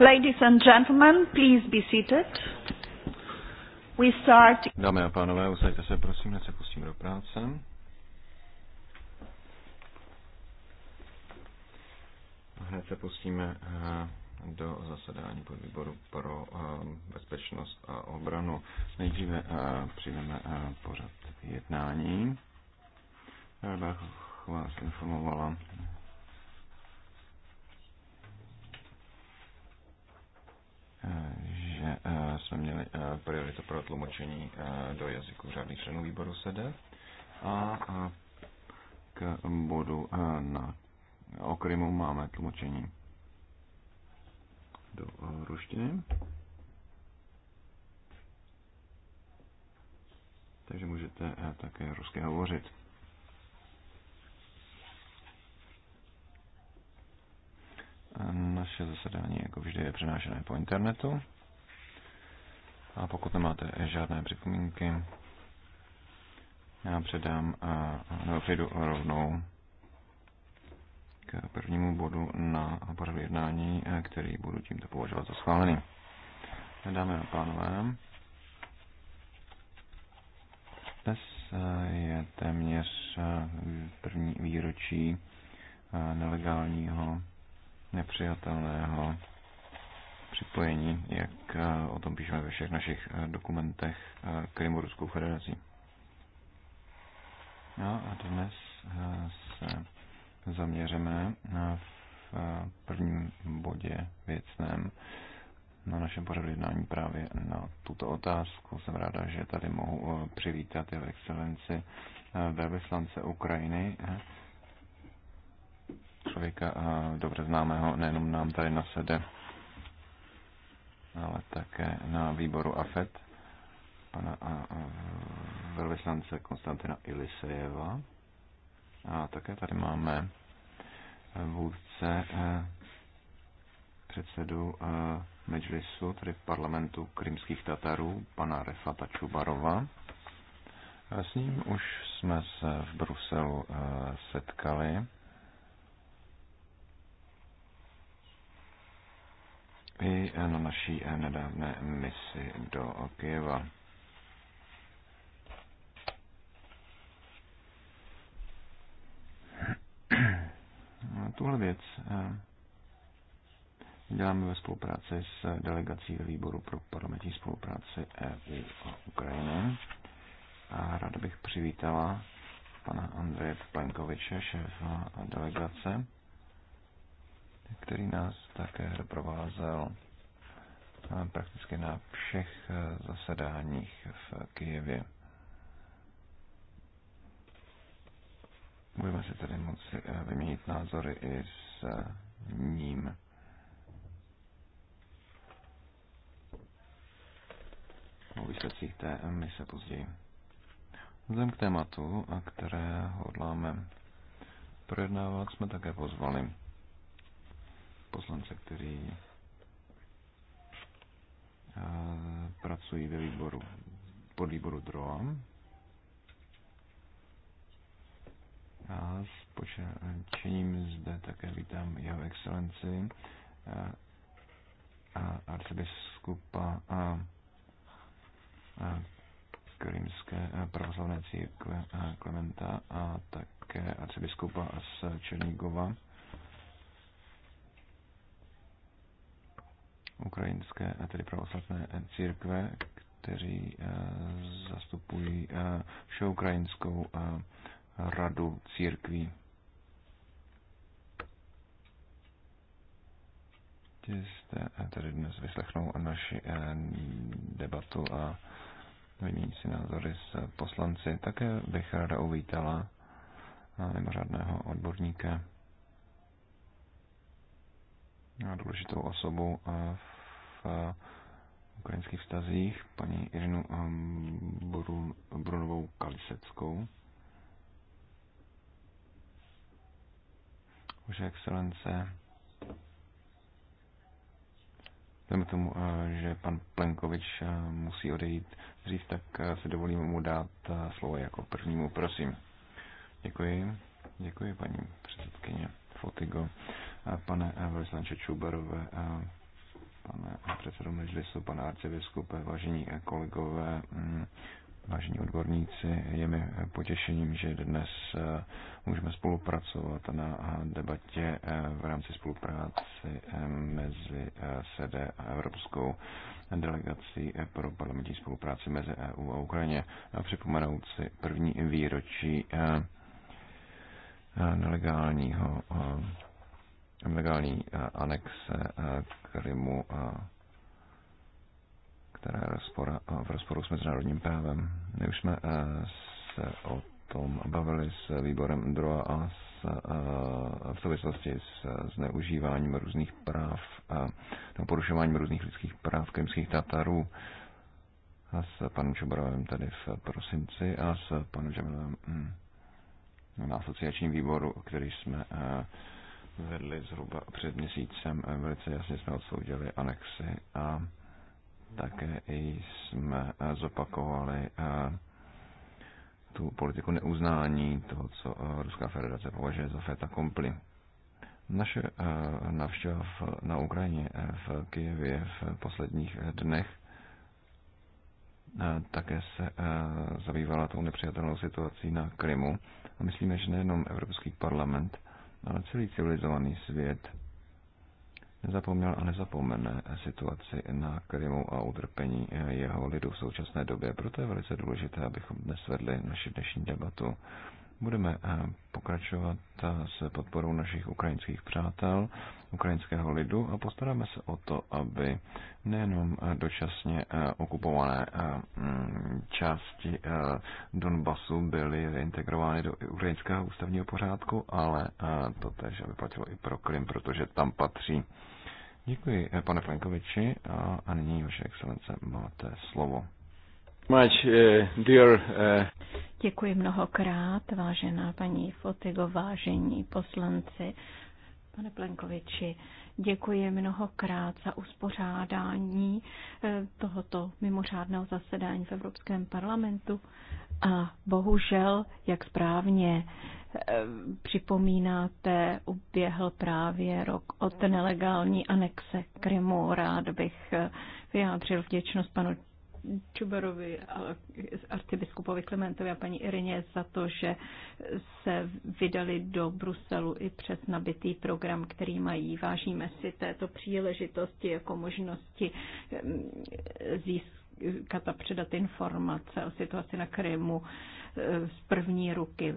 Ladies and gentlemen, please be seated. We start... Dámy a pánové, usaďte se, prosím, než se pustíme do práce. Hned se pustíme eh, do zasedání výboru pro eh, bezpečnost a obranu. Nejdříve eh, přijmeme eh, pořad jednání. Já bych vás informovala, že jsme měli prioritu pro tlumočení do jazyku řádných členů výboru SED a k bodu na okrymu máme tlumočení do eh, ruštiny. Takže můžete eh, také rusky hovořit. Naše zasedání, jako vždy, je přenášené po internetu. A pokud nemáte žádné připomínky, já předám, eh, nebo přejdu rovnou k prvnímu bodu na pořadu jednání, eh, který budu tímto považovat za schválený. Dámy a pánové, dnes eh, je téměř eh, první výročí nelegálního, nepřijatelného připojení, jak o tom píšeme ve všech našich dokumentech Krymu Ruskou federací. No a dnes se zaměřeme v eh, prvním bodě věcném na našem pořadu jednání právě na tuto otázku. Jsem ráda, že tady mohu eh, přivítat jeho excelenci eh, velvyslance Ukrajiny, člověka dobře známého nejenom nám tady na sede, ale také na výboru AFET, pana velvyslance Konstantina Ilisejeva. A také tady máme eh, vůdce eh, předsedu eh, Medžlisu, tedy parlamentu krymských Tatarů, pana Refata Čubarova. S ním už jsme se v Bruselu setkali. i na naší nedávné misi do Kyjeva. tuhle věc eh, děláme ve spolupráci s delegací výboru pro parlamentní spolupráci EU a Ukrajiny. A rád bych přivítala pana Andreje Plenkoviče, šéfa delegace, který nás také provázel eh, prakticky na všech eh, zasedáních v Kijevě. Budeme se tady moci eh, vyměnit názory i s eh, ním. O výsledcích té mise později. Vzhledem k tématu, a které hodláme projednávat, jsme také pozvali poslance, který eh, pracují ve výboru, pod výboru DROA, A s počením zde také vítám jeho excelenci a arcibiskupa a, a Krymské pravoslavné církve Klementa a také arcibiskupa z Černígova. ukrajinské, a tedy pravoslavné církve, kteří zastupují všeukrajinskou radu církví. Ti jste eh, tady dnes vyslechnou naši eh, debatu a vymění si názory s poslanci. Také bych rada uvítala eh, mimořádného odborníka a důležitou osobu v ukrajinských vztazích, paní Irinu Brunovou Kaliseckou. Vaše excelence, Vzhledem tomu, eh, že pan Plenkovič eh, musí odejít dřív, tak eh, Se dovolím mu dát slovo jako prvnímu, prosím. Děkuji. Děkuji, paní předsedkyně Fotigo. Pane Vyslanče Čuberové, pane předsedu Mežlisu, pane arcibiskupe, vážení kolegové, mm, vážení odborníci. Je mi potěšením, že dnes eh, můžeme spolupracovat na debatě eh, v rámci spolupráci eh, mezi SED a Evropskou delegací pro parlamentní spolupráci mezi EU a Ukrajině připomenout si první výročí nelegálního nelegální anexe Krymu a která je rozpora, v rozporu s mezinárodním právem. My už jsme eh, se o tom bavili s výborem DROA a s, eh, v souvislosti s zneužíváním různých práv, nebo porušováním různých lidských práv krymských Tatarů a s panem Čubarovem tady v prosinci a s panem Čobrovem hm, na asociačním výboru, který jsme eh, vedli zhruba před měsícem. Velice jasně jsme odsoudili anexy a také jsme eh, zopakovali eh, tu politiku neuznání toho, co eh, Ruská federace považuje za feta kompli. Naše navštěva na Ukrajině v Kijevě v posledních dnech také se zabývala tou nepřijatelnou situací na Krymu. A myslíme, že nejenom Evropský parlament, ale celý civilizovaný svět nezapomněl a nezapomene situaci na Krymu a utrpení jeho lidu v současné době. Proto je velice důležité, abychom dnes vedli naši dnešní debatu. Budeme eh, pokračovat eh, s podporou našich ukrajinských přátel, ukrajinského lidu a postaráme se o to, aby nejenom eh, dočasně okupované mm, části Donbasu byly reintegrovány do ukrajinského ústavního pořádku, ale to tež aby platilo i pro Krym, protože tam patří Děkuji, eh, pane Plenkoviči, a, a nyní, vaše excelence, máte slovo. Much, uh, dear, uh... Děkuji mnohokrát, vážená paní Fotigo, vážení poslanci, pane Plenkoviči. Děkuji mnohokrát za uspořádání tohoto mimořádného zasedání v Evropském parlamentu. A bohužel, jak správně připomínáte, uběhl právě rok od nelegální anexe Krymu. Rád bych vyjádřil vděčnost panu Čuberovi, arcibiskupovi Klementovi a paní Irině za to, že se vydali do Bruselu i přes nabitý program, který mají. Vážíme si této příležitosti jako možnosti ehm, získat a předat informace o situaci na Krymu z první ruky.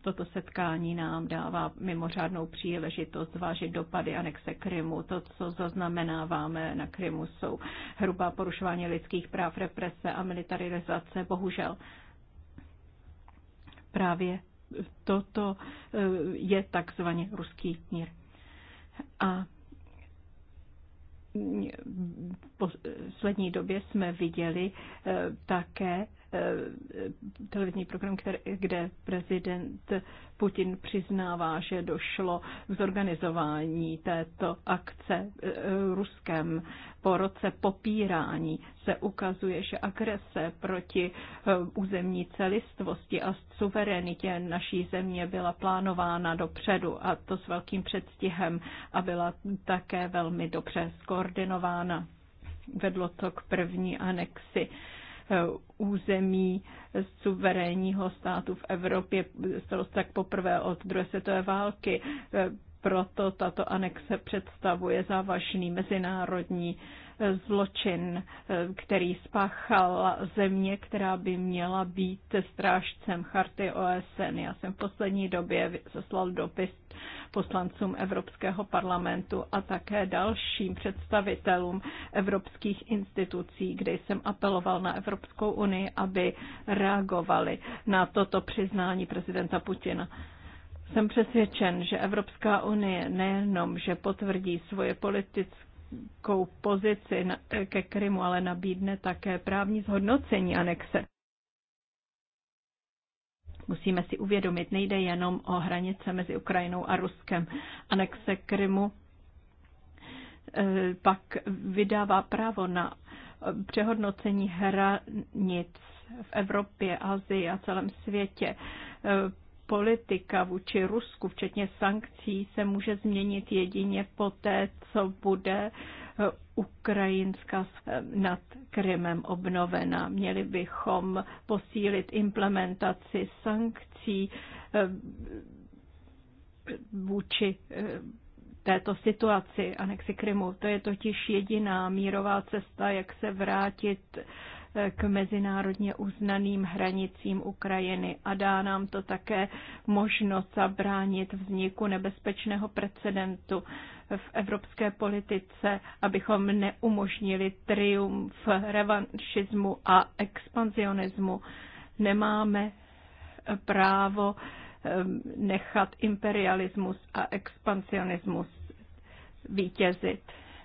Toto setkání nám dává mimořádnou příležitost zvážit dopady anexe Krymu. To, co zaznamenáváme na Krymu, jsou hrubá porušování lidských práv, represe a militarizace. Bohužel právě toto eh, je takzvaně ruský mír. A v poslední době jsme viděli eh, také Eh, televizní program, který, kde prezident Putin přiznává, že došlo k zorganizování této akce eh, Ruskem. Po roce popírání se ukazuje, že agrese proti eh, územní celistvosti a suverenitě naší země byla plánována dopředu a to s velkým předstihem a byla také velmi dobře skoordinována. Vedlo to k první anexi území suverénního státu v Evropě. Stalo se tak poprvé od druhé světové války. Proto tato anexe představuje závažný mezinárodní zločin, eh, který spáchala země, která by měla být strážcem charty OSN. Já jsem v poslední době zaslal dopis poslancům Evropského parlamentu a také dalším představitelům evropských institucí, kde jsem apeloval na Evropskou unii, aby reagovali na toto přiznání prezidenta Putina. Jsem přesvědčen, že Evropská unie nejenom, že potvrdí svoje politické kou pozici ke Krymu, ale nabídne také právní zhodnocení anexe. Musíme si uvědomit, nejde jenom o hranice mezi Ukrajinou a Ruskem. Anexe Krymu e, pak vydává právo na e, přehodnocení hranic v Evropě, Asii a celém světě e, politika vůči Rusku, včetně sankcí, se může změnit jedině poté, co bude eh, ukrajinská eh, nad Krymem obnovena. Měli bychom posílit implementaci sankcí eh, vůči této situaci anexi Krymu. To je totiž jediná mírová cesta, jak se vrátit k mezinárodně uznaným hranicím Ukrajiny a dá nám to také možnost zabránit vzniku nebezpečného precedentu v evropské politice, abychom neumožnili triumf revanšismu a expanzionismu. Nemáme právo ehm, nechat imperialismus a expansionismus vítězit.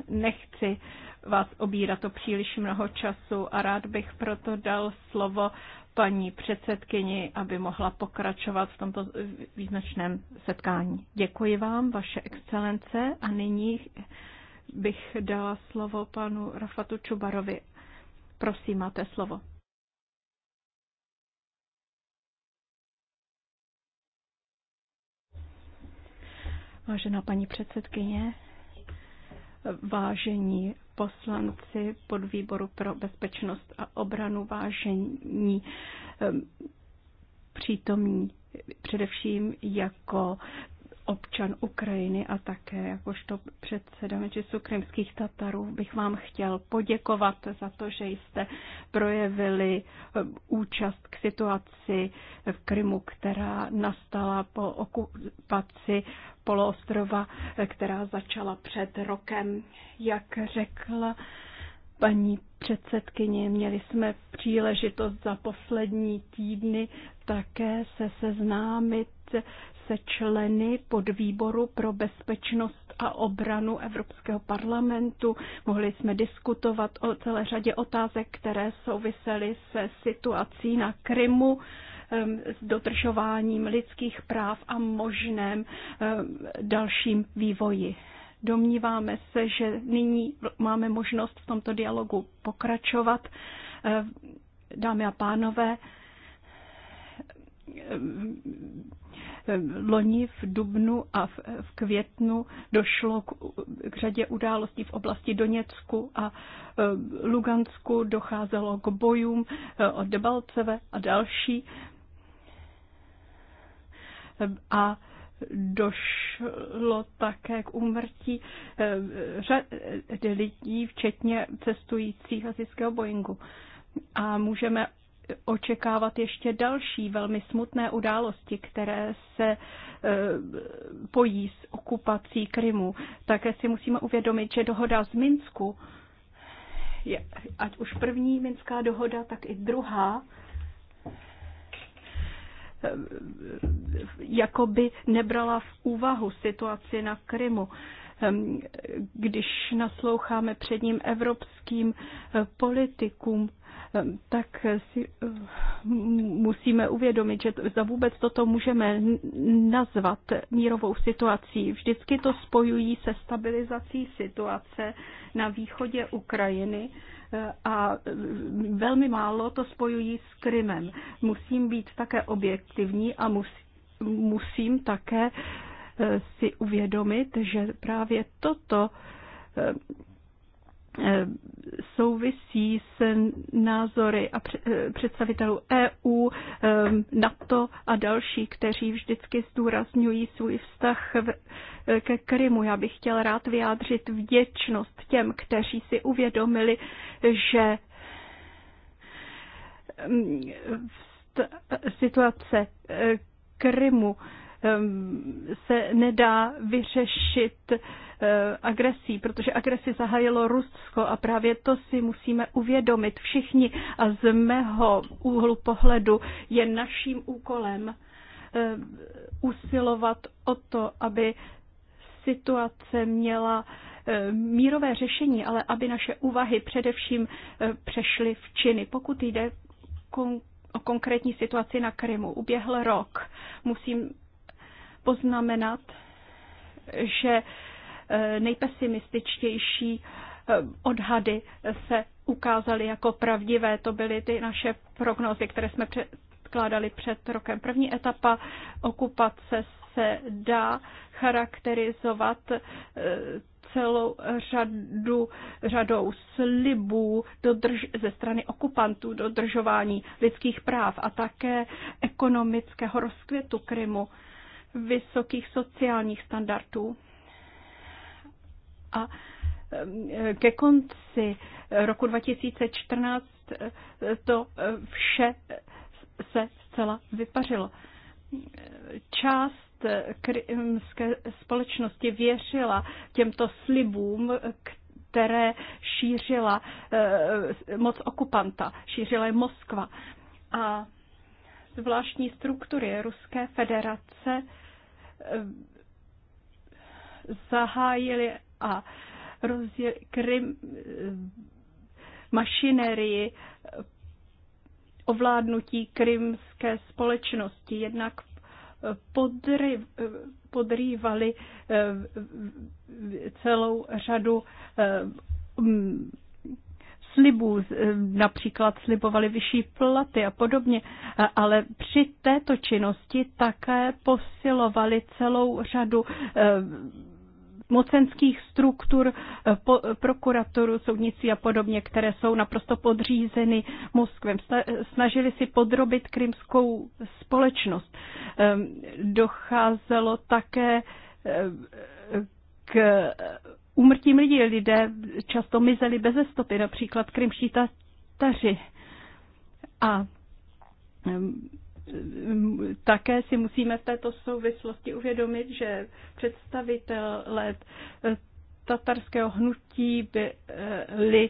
Nechci vás obírat o příliš mnoho času a rád bych proto dal slovo paní předsedkyni, aby mohla pokračovat v tomto význačném setkání. Děkuji vám, vaše excelence, a nyní bych dala slovo panu Rafatu Čubarovi. Prosím, máte slovo. Vážená paní předsedkyně, vážení poslanci pod výboru pro bezpečnost a obranu vážení ehm, přítomní především jako občan Ukrajiny a také jakožto předseda Mečisu krymských Tatarů bych vám chtěl poděkovat za to, že jste projevili eh, účast k situaci v Krymu, která nastala po okupaci poloostrova, eh, která začala před rokem. Jak řekla paní předsedkyně, měli jsme příležitost za poslední týdny také se seznámit se členy podvýboru pro bezpečnost a obranu Evropského parlamentu. Mohli jsme diskutovat o celé řadě otázek, které souvisely se situací na Krymu s dodržováním lidských práv a možném dalším vývoji. Domníváme se, že nyní máme možnost v tomto dialogu pokračovat. Dámy a pánové, Loni v dubnu a v květnu došlo k, k řadě událostí v oblasti Doněcku a e, Lugansku, docházelo k bojům e, od Debalceve a další. A došlo také k úmrtí e, řady lidí, včetně cestujících azijského Boeingu. A můžeme očekávat ještě další velmi smutné události, které se e, pojí s okupací Krymu. Také si musíme uvědomit, že dohoda z Minsku, ať už první minská dohoda, tak i druhá, e, jakoby nebrala v úvahu situaci na Krymu e, když nasloucháme předním evropským politikům, tak si eh, musíme uvědomit, že za vůbec toto můžeme nazvat mírovou situací. Vždycky to spojují se stabilizací situace na východě Ukrajiny eh, a eh, velmi málo to spojují s Krymem. Musím být také objektivní a musím také si uvědomit, že právě toto Eh, souvisí s názory a eh, představitelů EU, eh, NATO a další, kteří vždycky zdůrazňují svůj vztah ke Krymu. Já bych chtěl rád vyjádřit vděčnost těm, kteří si uvědomili, že mm, situace Krymu Ehm, se nedá vyřešit eh, agresí, protože agresi zahájilo Rusko a právě to si musíme uvědomit všichni a z mého úhlu pohledu je naším úkolem eh, usilovat o to, aby situace měla eh, mírové řešení, ale aby naše úvahy především přešly v činy. Pokud jde o konkrétní situaci na Krymu, uběhl rok, musím poznamenat, že e, nejpesimističtější e, odhady se ukázaly jako pravdivé. To byly ty naše prognózy, které jsme předkládali před rokem. První etapa okupace se dá charakterizovat e, celou řadu, řadou slibů dodrž, ze strany okupantů dodržování lidských práv a také ekonomického rozkvětu Krymu vysokých sociálních standardů. A eh, ke konci roku 2014 eh, to eh, vše se zcela vypařilo. Část krymské společnosti věřila těmto slibům, které šířila moc okupanta, šířila je Moskva. A zvláštní struktury Ruské federace zahájili a rozjeli krim, mašinerii ovládnutí krymské společnosti. Jednak podry, podrývali eh, celou řadu eh, slibů, eh, například slibovali vyšší platy a podobně, eh, ale při této činnosti také posilovali celou řadu eh, mocenských struktur, po, prokuraturu, soudnictví a podobně, které jsou naprosto podřízeny Moskvem. Snažili si podrobit krymskou společnost. Ehm, docházelo také k úmrtím lidí. Lidé často mizeli bez stopy, například krymští taři. A také si musíme v této souvislosti uvědomit, že představitelé eh, tatarského hnutí byli eh,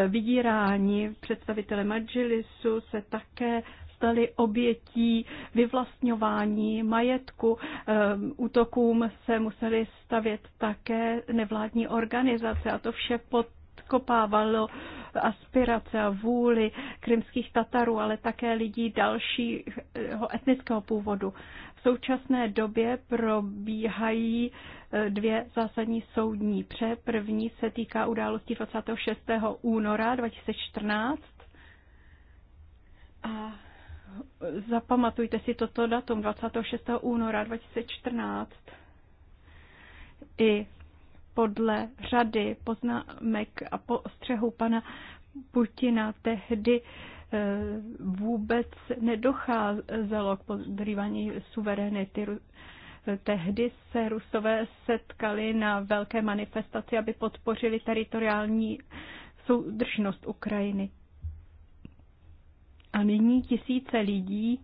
eh, vydíráni. Představitelé Majilisu se také staly obětí vyvlastňování majetku. Ehm, útokům se museli stavět také nevládní organizace a to vše pod podkopávalo aspirace a vůli krymských Tatarů, ale také lidí dalšího etnického původu. V současné době probíhají eh, dvě zásadní soudní pře. První se týká události 26. února 2014 a zapamatujte si toto datum 26. února 2014. I podle řady poznámek a postřehu pana Putina tehdy eh, vůbec nedocházelo k podrývání suverenity. Tehdy se Rusové setkali na velké manifestaci, aby podpořili teritoriální soudržnost Ukrajiny. A nyní tisíce lidí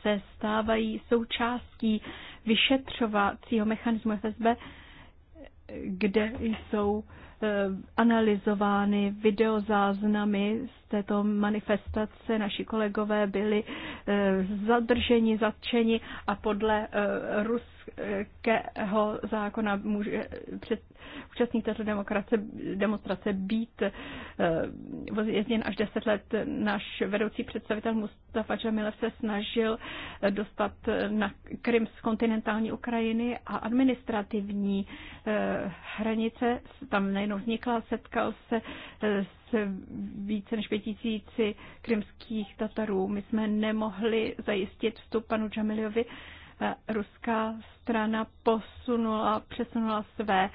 se stávají součástí vyšetřovacího mechanismu FSB, kde jsou eh, analyzovány videozáznamy této manifestace naši kolegové byli eh, zadrženi, zatčeni a podle eh, ruského zákona může před, účastník této demokrace, demonstrace být eh, vězněn až 10 let. Náš vedoucí představitel Mustafa Džamilev se snažil dostat na Krym z kontinentální Ukrajiny a administrativní hranice tam nejenom vznikla, setkal se s s více než pětisíci krymských Tatarů. My jsme nemohli zajistit vstup panu Džamiliovi. Eh, ruská strana posunula, přesunula své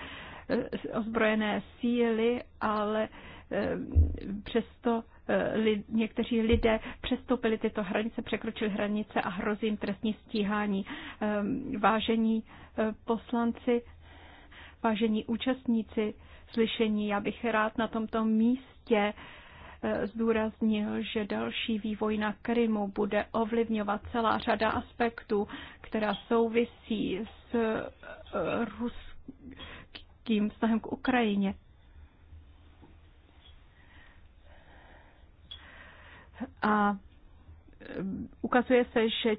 eh, ozbrojené síly, ale eh, přesto lid, někteří lidé přestoupili tyto hranice, překročili hranice a hrozí jim trestní stíhání. Vážení poslanci, vážení účastníci slyšení, já bych rád na tomto místě místě eh, zdůraznil, že další vývoj na Krymu bude ovlivňovat celá řada aspektů, která souvisí s eh, ruským vztahem k Ukrajině. A eh, ukazuje se, že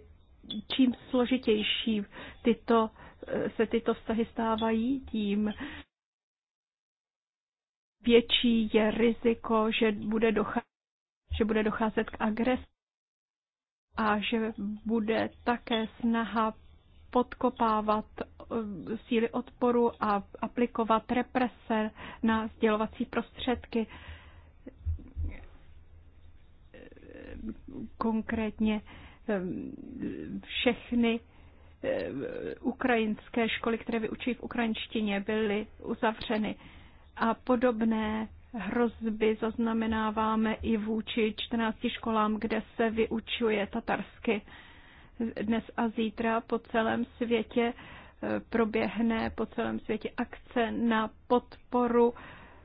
čím složitější tyto, se tyto vztahy stávají, tím větší je riziko, že bude, docházet, že bude docházet k agresi a že bude také snaha podkopávat eh, síly odporu a aplikovat represe na sdělovací prostředky. Konkrétně eh, všechny eh, ukrajinské školy, které vyučují v ukrajinštině, byly uzavřeny. A podobné hrozby zaznamenáváme i vůči 14 školám, kde se vyučuje tatarsky. Dnes a zítra po celém světě eh, proběhne po celém světě akce na podporu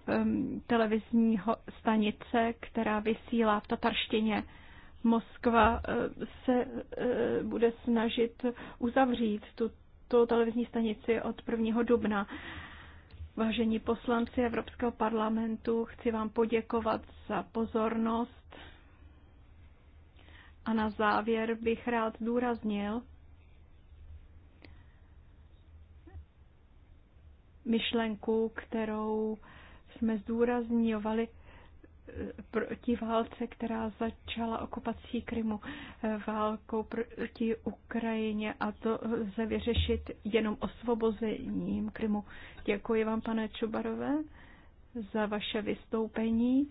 ehm, televizního stanice, která vysílá v tatarštině. Moskva eh, se eh, bude snažit uzavřít tuto televizní stanici od 1. dubna. Vážení poslanci Evropského parlamentu, chci vám poděkovat za pozornost a na závěr bych rád zdůraznil myšlenku, kterou jsme zdůrazňovali proti válce, která začala okupací Krymu, eh, válkou proti Ukrajině a to lze vyřešit jenom osvobozením Krymu. Děkuji vám, pane Čubarové, za vaše vystoupení.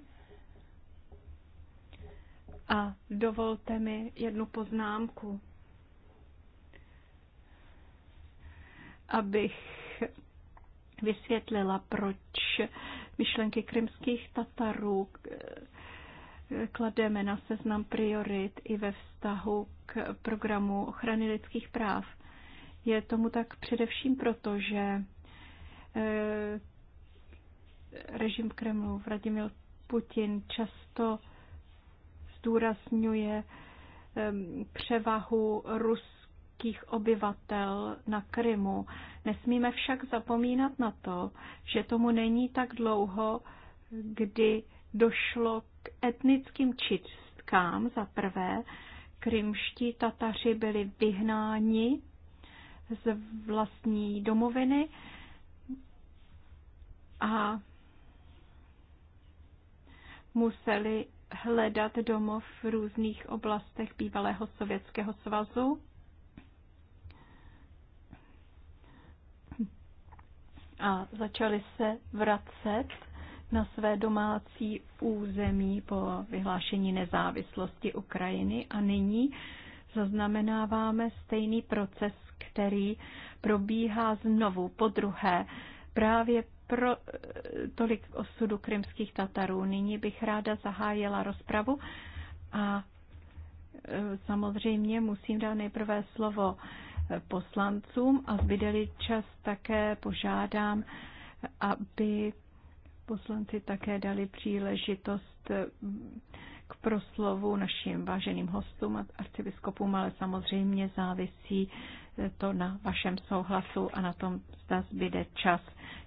A dovolte mi jednu poznámku, abych vysvětlila, proč myšlenky krymských Tatarů, eh, klademe na seznam priorit i ve vztahu k programu ochrany lidských práv. Je tomu tak především proto, že eh, režim Kremlu, Vladimir Putin často zdůrazňuje eh, převahu Rus ruských obyvatel na Krymu. Nesmíme však zapomínat na to, že tomu není tak dlouho, kdy došlo k etnickým čistkám za prvé. Krymští Tataři byli vyhnáni z vlastní domoviny a museli hledat domov v různých oblastech bývalého Sovětského svazu. a začali se vracet na své domácí území po vyhlášení nezávislosti Ukrajiny a nyní zaznamenáváme stejný proces, který probíhá znovu po druhé právě pro tolik osudu krymských Tatarů. Nyní bych ráda zahájila rozpravu a e, samozřejmě musím dát nejprve slovo poslancům a vydali čas také požádám, aby poslanci také dali příležitost k proslovu našim váženým hostům a arcibiskupům, ale samozřejmě závisí to na vašem souhlasu a na tom zda zbyde čas.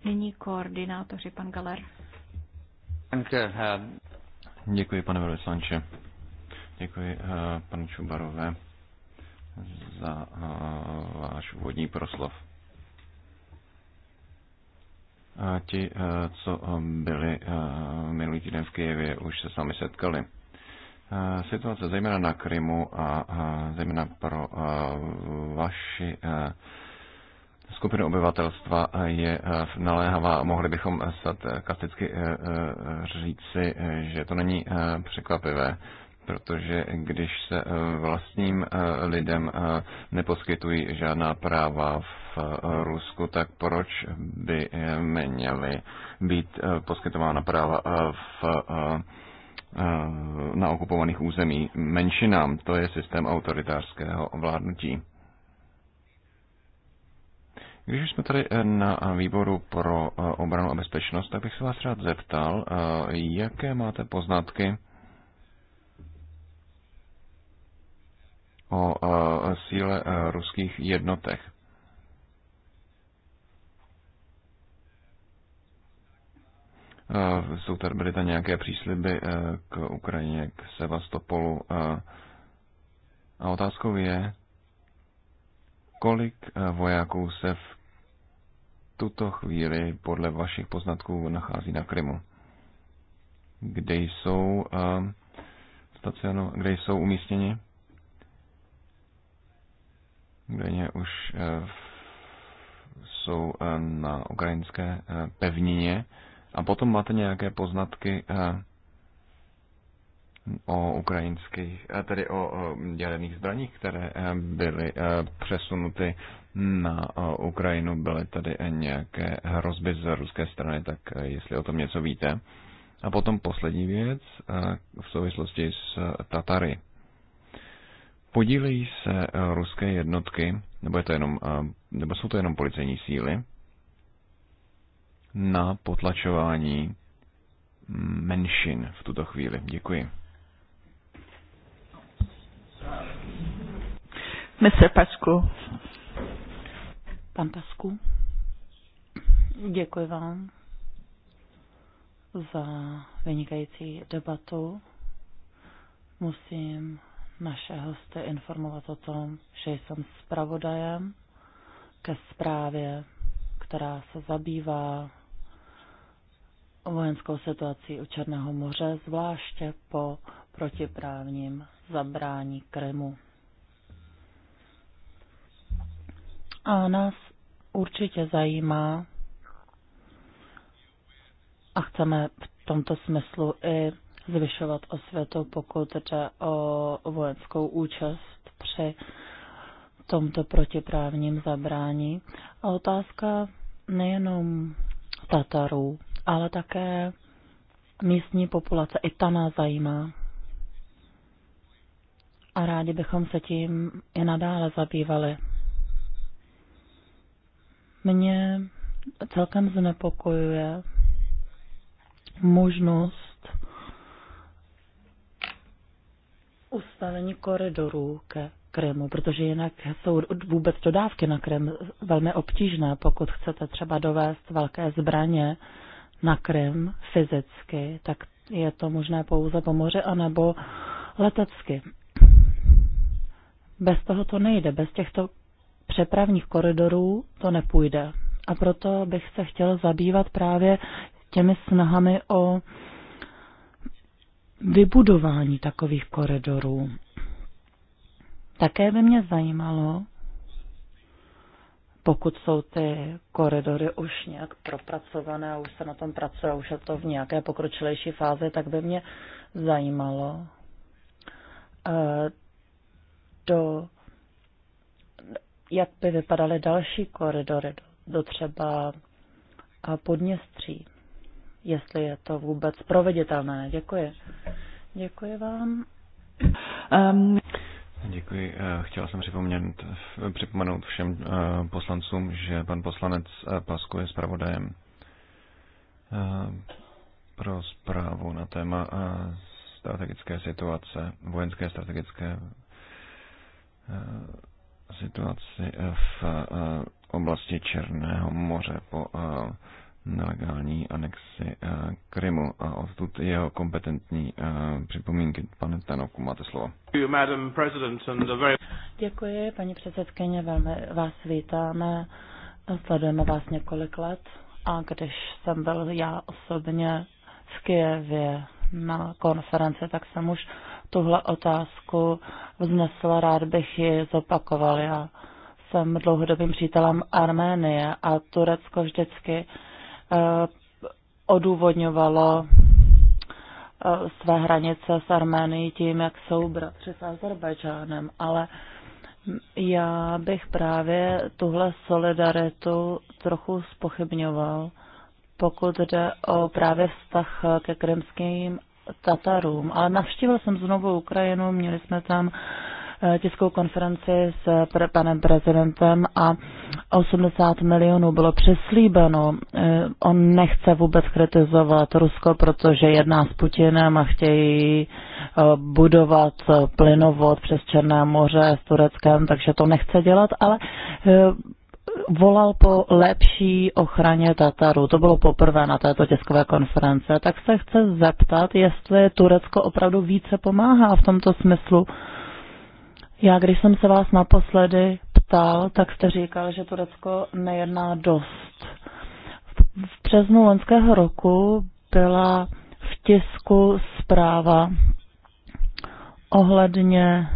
Nyní koordinátoři, pan Galer. Děkuji, pane velvyslanče. Děkuji, eh, pane Čubarové za eh, váš úvodní proslov. A ti, eh, co eh, byli minulý týden v Kijevě, už se sami setkali. Situace zejména na Krymu a zejména pro vaši skupinu obyvatelstva je naléhavá. Mohli bychom sarkasticky říci, že to není překvapivé protože když se eh, vlastním eh, lidem eh, neposkytují žádná práva v Rusku, tak proč by měly být poskytována práva v na okupovaných území menšinám. To je systém autoritářského vládnutí. Když už jsme tady na výboru pro obranu a bezpečnost, tak bych se vás rád zeptal, jaké máte poznatky o síle e, ruských jednotek. E, jsou tady byly tam nějaké přísliby e, k Ukrajině, k Sevastopolu. A otázkou je, kolik vojáků se v tuto chvíli podle vašich poznatků nachází na Krymu? Kde jsou, stacionu, kde jsou umístěni? údajně už eh, jsou eh, na ukrajinské eh, pevnině. A potom máte nějaké poznatky o ukrajinských, tedy o jaderných zbraních, které byly přesunuty na Ukrajinu, byly tady nějaké hrozby z ruské strany, tak jestli o tom něco víte. A potom poslední věc v souvislosti s Tatary. Podílejí se eh, ruské jednotky, nebo, je to jenom, eh, nebo jsou to jenom policejní síly, na potlačování mm, menšin v tuto chvíli. Děkuji. Mr. Pasku. Pan Pasku. Děkuji vám za vynikající debatu. Musím naše hosty informovat o tom, že jsem zpravodajem ke zprávě, která se zabývá vojenskou situací u Černého moře, zvláště po protiprávním zabrání Krymu. A nás určitě zajímá a chceme v tomto smyslu i zvyšovat osvětu, pokud jde o vojenskou účast při tomto protiprávním zabrání. A otázka nejenom Tatarů, ale také místní populace. I ta nás zajímá. A rádi bychom se tím i nadále zabývali. Mě celkem znepokojuje možnost ustavení koridorů ke Krymu, protože jinak jsou vůbec dodávky na Krym velmi obtížné, pokud chcete třeba dovést velké zbraně na Krym fyzicky, tak je to možné pouze po moři anebo letecky. Bez toho to nejde, bez těchto přepravních koridorů to nepůjde. A proto bych se chtěl zabývat právě těmi snahami o vybudování takových koridorů. Také by mě zajímalo, pokud jsou ty koridory už nějak propracované, už se na tom pracuje, už je to v nějaké pokročilejší fázi, tak by mě zajímalo, eh, do, jak by vypadaly další koridory do, do třeba eh, Podněstří jestli je to vůbec proveditelné. Děkuji. Děkuji vám. Um... Děkuji. Eh, Chtěla jsem připomenout, připomenout všem eh, poslancům, že pan poslanec eh, Pasku je zpravodajem pro zprávu na téma strategické situace, vojenské strategické situaci v oblasti Černého moře po nelegální anexi eh, Krymu a odtud jeho kompetentní eh, připomínky. Pane Tanoku, máte slovo. Děkuji, paní předsedkyně, velmi vás vítáme. Sledujeme vás několik let a když jsem byl já osobně v Kijevě na konferenci, tak jsem už tuhle otázku vznesla, rád bych ji zopakoval. Já jsem dlouhodobým přítelem Arménie a Turecko vždycky uh, Eh, odůvodňovalo eh, své hranice s Arménií tím, jak jsou bratři s Azerbajdžánem, ale já bych právě tuhle solidaritu trochu spochybňoval, pokud jde o právě vztah ke krymským Tatarům. Ale navštívil jsem znovu Ukrajinu, měli jsme tam Eh, tiskovou konferenci s panem prezidentem a 80 milionů bylo přeslíbeno. Eh, on nechce vůbec kritizovat Rusko, protože jedná s Putinem a chtějí eh, budovat plynovod přes Černé moře s Tureckem, takže to nechce dělat, ale volal po lepší ochraně Tataru. To bylo poprvé na této tiskové konference. Tak se chce zeptat, jestli Turecko opravdu více pomáhá v tomto smyslu já, když jsem se vás naposledy ptal, tak jste říkal, že Turecko nejedná dost. V březnu loňského roku byla v tisku zpráva ohledně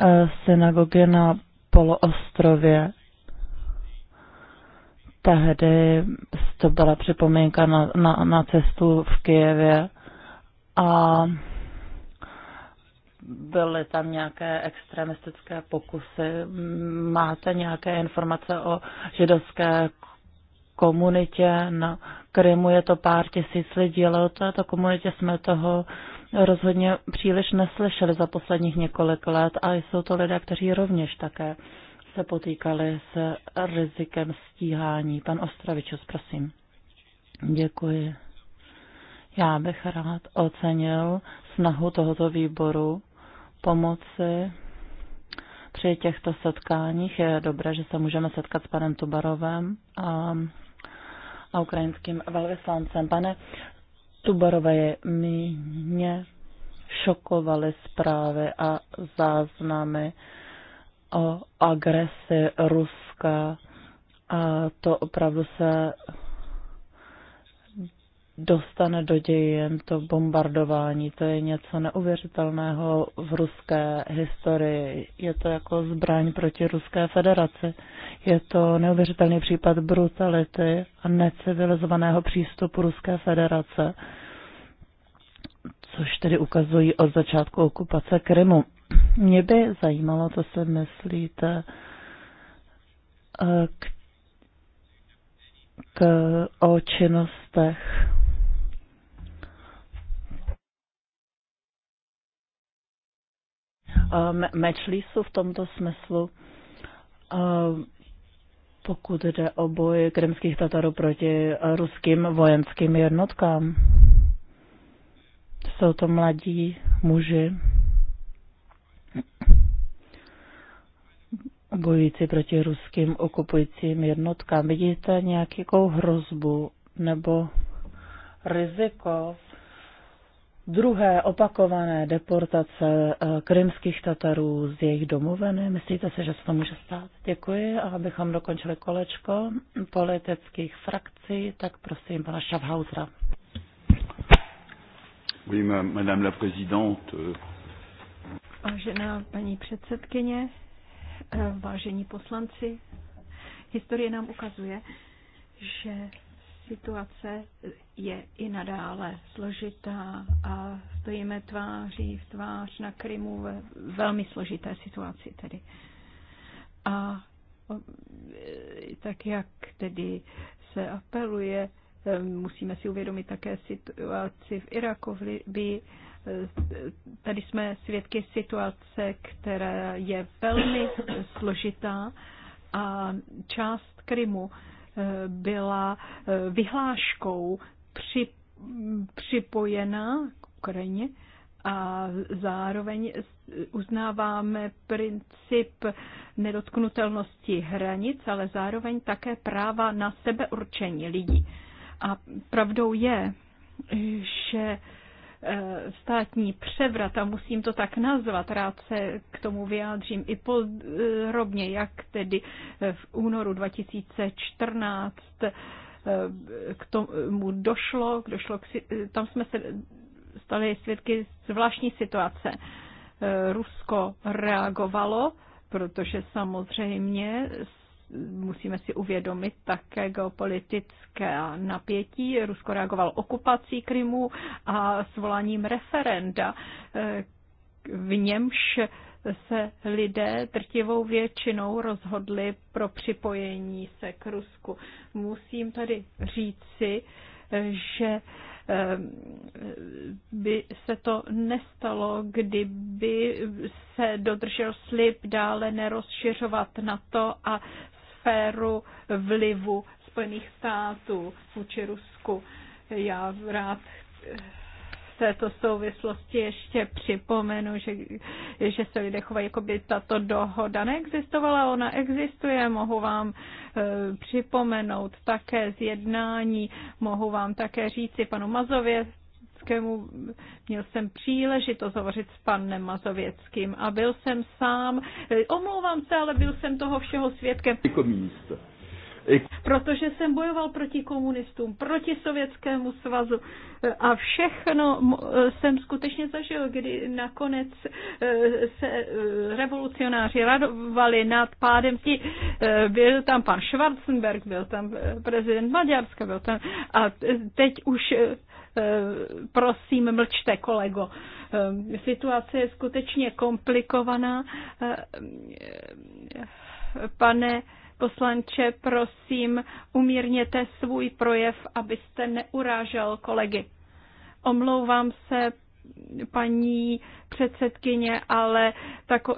eh, synagogy na poloostrově. Tehdy to byla připomínka na, na, na cestu v Kijevě a byly tam nějaké extremistické pokusy. Máte nějaké informace o židovské komunitě na Krymu? Je to pár tisíc lidí, ale o této komunitě jsme toho rozhodně příliš neslyšeli za posledních několik let a jsou to lidé, kteří rovněž také se potýkali s rizikem stíhání. Pan Ostravičus, prosím. Děkuji. Já bych rád ocenil snahu tohoto výboru pomoci při těchto setkáních. Je dobré, že se můžeme setkat s panem Tubarovem a, a ukrajinským velvyslancem. Pane Tubarové, mě šokovaly zprávy a záznamy o agresi Ruska a to opravdu se dostane do dějin to bombardování. To je něco neuvěřitelného v ruské historii. Je to jako zbraň proti Ruské federaci. Je to neuvěřitelný případ brutality a necivilizovaného přístupu Ruské federace, což tedy ukazují od začátku okupace Krymu. Mě by zajímalo, co si myslíte eh, k, k, o činnostech jsou ehm, v tomto smyslu, ehm, pokud jde o boj krymských Tatarů proti eh, ruským vojenským jednotkám. Jsou to mladí muži, bojující proti ruským okupujícím jednotkám. Vidíte nějakou hrozbu nebo riziko druhé opakované deportace eh, krymských Tatarů z jejich domoviny. Myslíte si, že se to může stát? Děkuji. A abychom dokončili kolečko politických frakcí, tak prosím pana Schaffhausera. Oui, madame la présidente. Vážená paní předsedkyně, eh, vážení poslanci, historie nám ukazuje, že Situace je i nadále složitá a stojíme tváří v tvář na Krymu ve velmi složité situaci tedy. A tak jak tedy se apeluje, eh, musíme si uvědomit také situaci v Iraku, v Libii. Eh, tady jsme svědky situace, která je velmi složitá a část Krymu byla eh, vyhláškou při, připojena k Ukrajině a zároveň uznáváme princip nedotknutelnosti hranic, ale zároveň také práva na sebeurčení lidí. A pravdou je, že Eh, státní převrat a musím to tak nazvat. Rád se k tomu vyjádřím i podrobně, jak tedy v únoru 2014 eh, k tomu došlo, došlo k, eh, tam jsme se stali svědky zvláštní situace. Rusko reagovalo, protože samozřejmě musíme si uvědomit také geopolitické napětí. Rusko reagoval okupací Krymu a svoláním referenda, v němž se lidé trtivou většinou rozhodli pro připojení se k Rusku. Musím tady říci, že eh, by se to nestalo, kdyby se dodržel slib dále nerozšiřovat na to a sféru vlivu Spojených států vůči Rusku. Já rád této souvislosti ještě připomenu, že, že se lidé chovají, jako by tato dohoda neexistovala, ona existuje, mohu vám e, připomenout také z jednání, mohu vám také říci panu Mazově, Pirinejskému. Měl jsem příležitost hovořit s panem Mazověckým a byl jsem sám, eh, omlouvám se, ale byl jsem toho všeho svědkem. Komunista. Protože jsem bojoval proti komunistům, proti Sovětskému svazu eh, a všechno eh, jsem skutečně zažil, kdy nakonec se revolucionáři radovali nad pádem. byl tam pan Schwarzenberg, byl tam prezident Maďarska, byl tam a teď už Eh, prosím, mlčte, kolego. Eh, situace je skutečně komplikovaná. Eh, pane poslanče, prosím, umírněte svůj projev, abyste neurážel kolegy. Omlouvám se, paní předsedkyně, ale tako,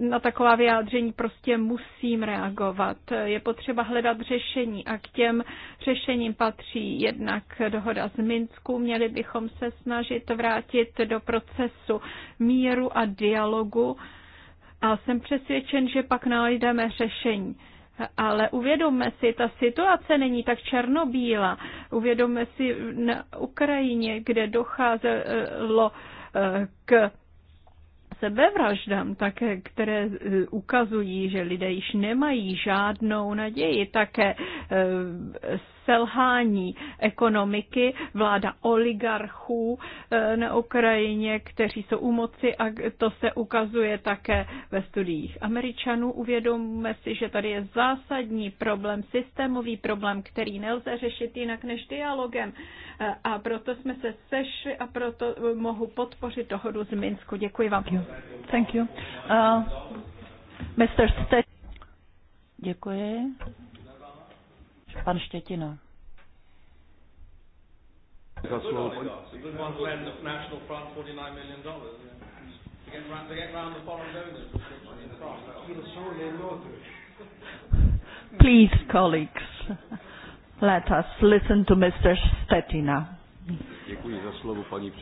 na taková vyjádření prostě musím reagovat. Je potřeba hledat řešení a k těm řešením patří jednak dohoda z Minsku. Měli bychom se snažit vrátit do procesu míru a dialogu a jsem přesvědčen, že pak najdeme řešení. Ale uvědomme si, ta situace není tak černobílá. Uvědomme si na Ukrajině, kde docházelo eh, k sebevraždám, také, které eh, ukazují, že lidé již nemají žádnou naději, také eh, selhání ekonomiky, vláda oligarchů eh, na Ukrajině, kteří jsou u moci a to se ukazuje také ve studiích Američanů. Uvědomme si, že tady je zásadní problém, systémový problém, který nelze řešit jinak než dialogem. Eh, a proto jsme se sešli a proto mohu podpořit dohodu z Minsku. Děkuji vám. Thank you. Uh, Mr. Děkuji. Pan Štětina. Za slovo. Please, colleagues, let us listen to Mr. Stetina. Děkuji za slovo, paní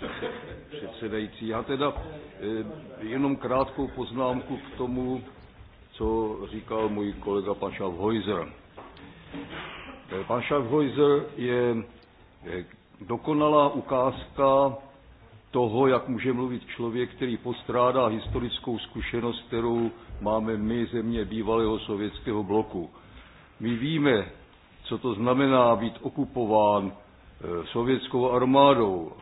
předsedající. Já teda eh, jenom krátkou poznámku k tomu, co říkal můj kolega pan Schaffhäuser. Eh, pan Schaffhäuser je eh, dokonalá ukázka toho, jak může mluvit člověk, který postrádá historickou zkušenost, kterou máme my, země bývalého sovětského bloku. My víme, co to znamená být okupován eh, sovětskou armádou.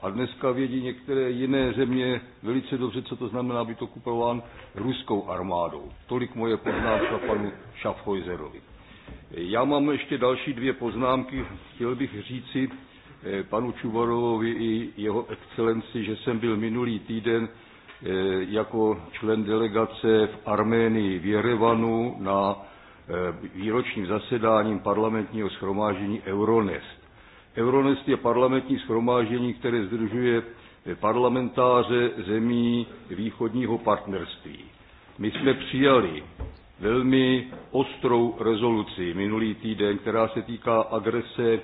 A dneska vědí některé jiné země velice dobře, co to znamená být okupován ruskou armádou. Tolik moje poznámka panu Schaffhäuserovi. Já mám ještě další dvě poznámky. Chtěl bych říci eh, panu Čuvarovovi i jeho excelenci, že jsem byl minulý týden eh, jako člen delegace v Arménii v Jerevanu na eh, výročním zasedáním parlamentního schromáždění Euronest. Euronest je parlamentní schromáždění, které združuje parlamentáře zemí východního partnerství. My jsme přijali velmi ostrou rezoluci minulý týden, která se týká agrese eh,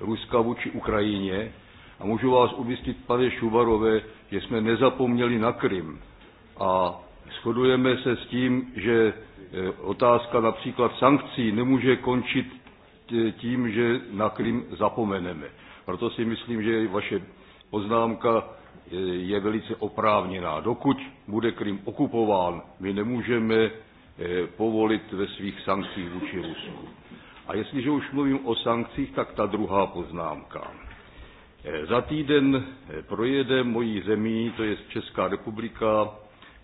Ruska vůči Ukrajině. A můžu vás ubistit, pane Šuvarové, že jsme nezapomněli na Krym. A shodujeme se s tím, že eh, otázka například sankcí nemůže končit eh, tím, že na Krym zapomeneme. Proto si myslím, že vaše poznámka je velice oprávněná. Dokud bude Krym okupován, my nemůžeme eh, povolit ve svých sankcích vůči Rusku. A jestliže už mluvím o sankcích, tak ta druhá poznámka. Eh, za týden eh, projede mojí zemí, to je Česká republika,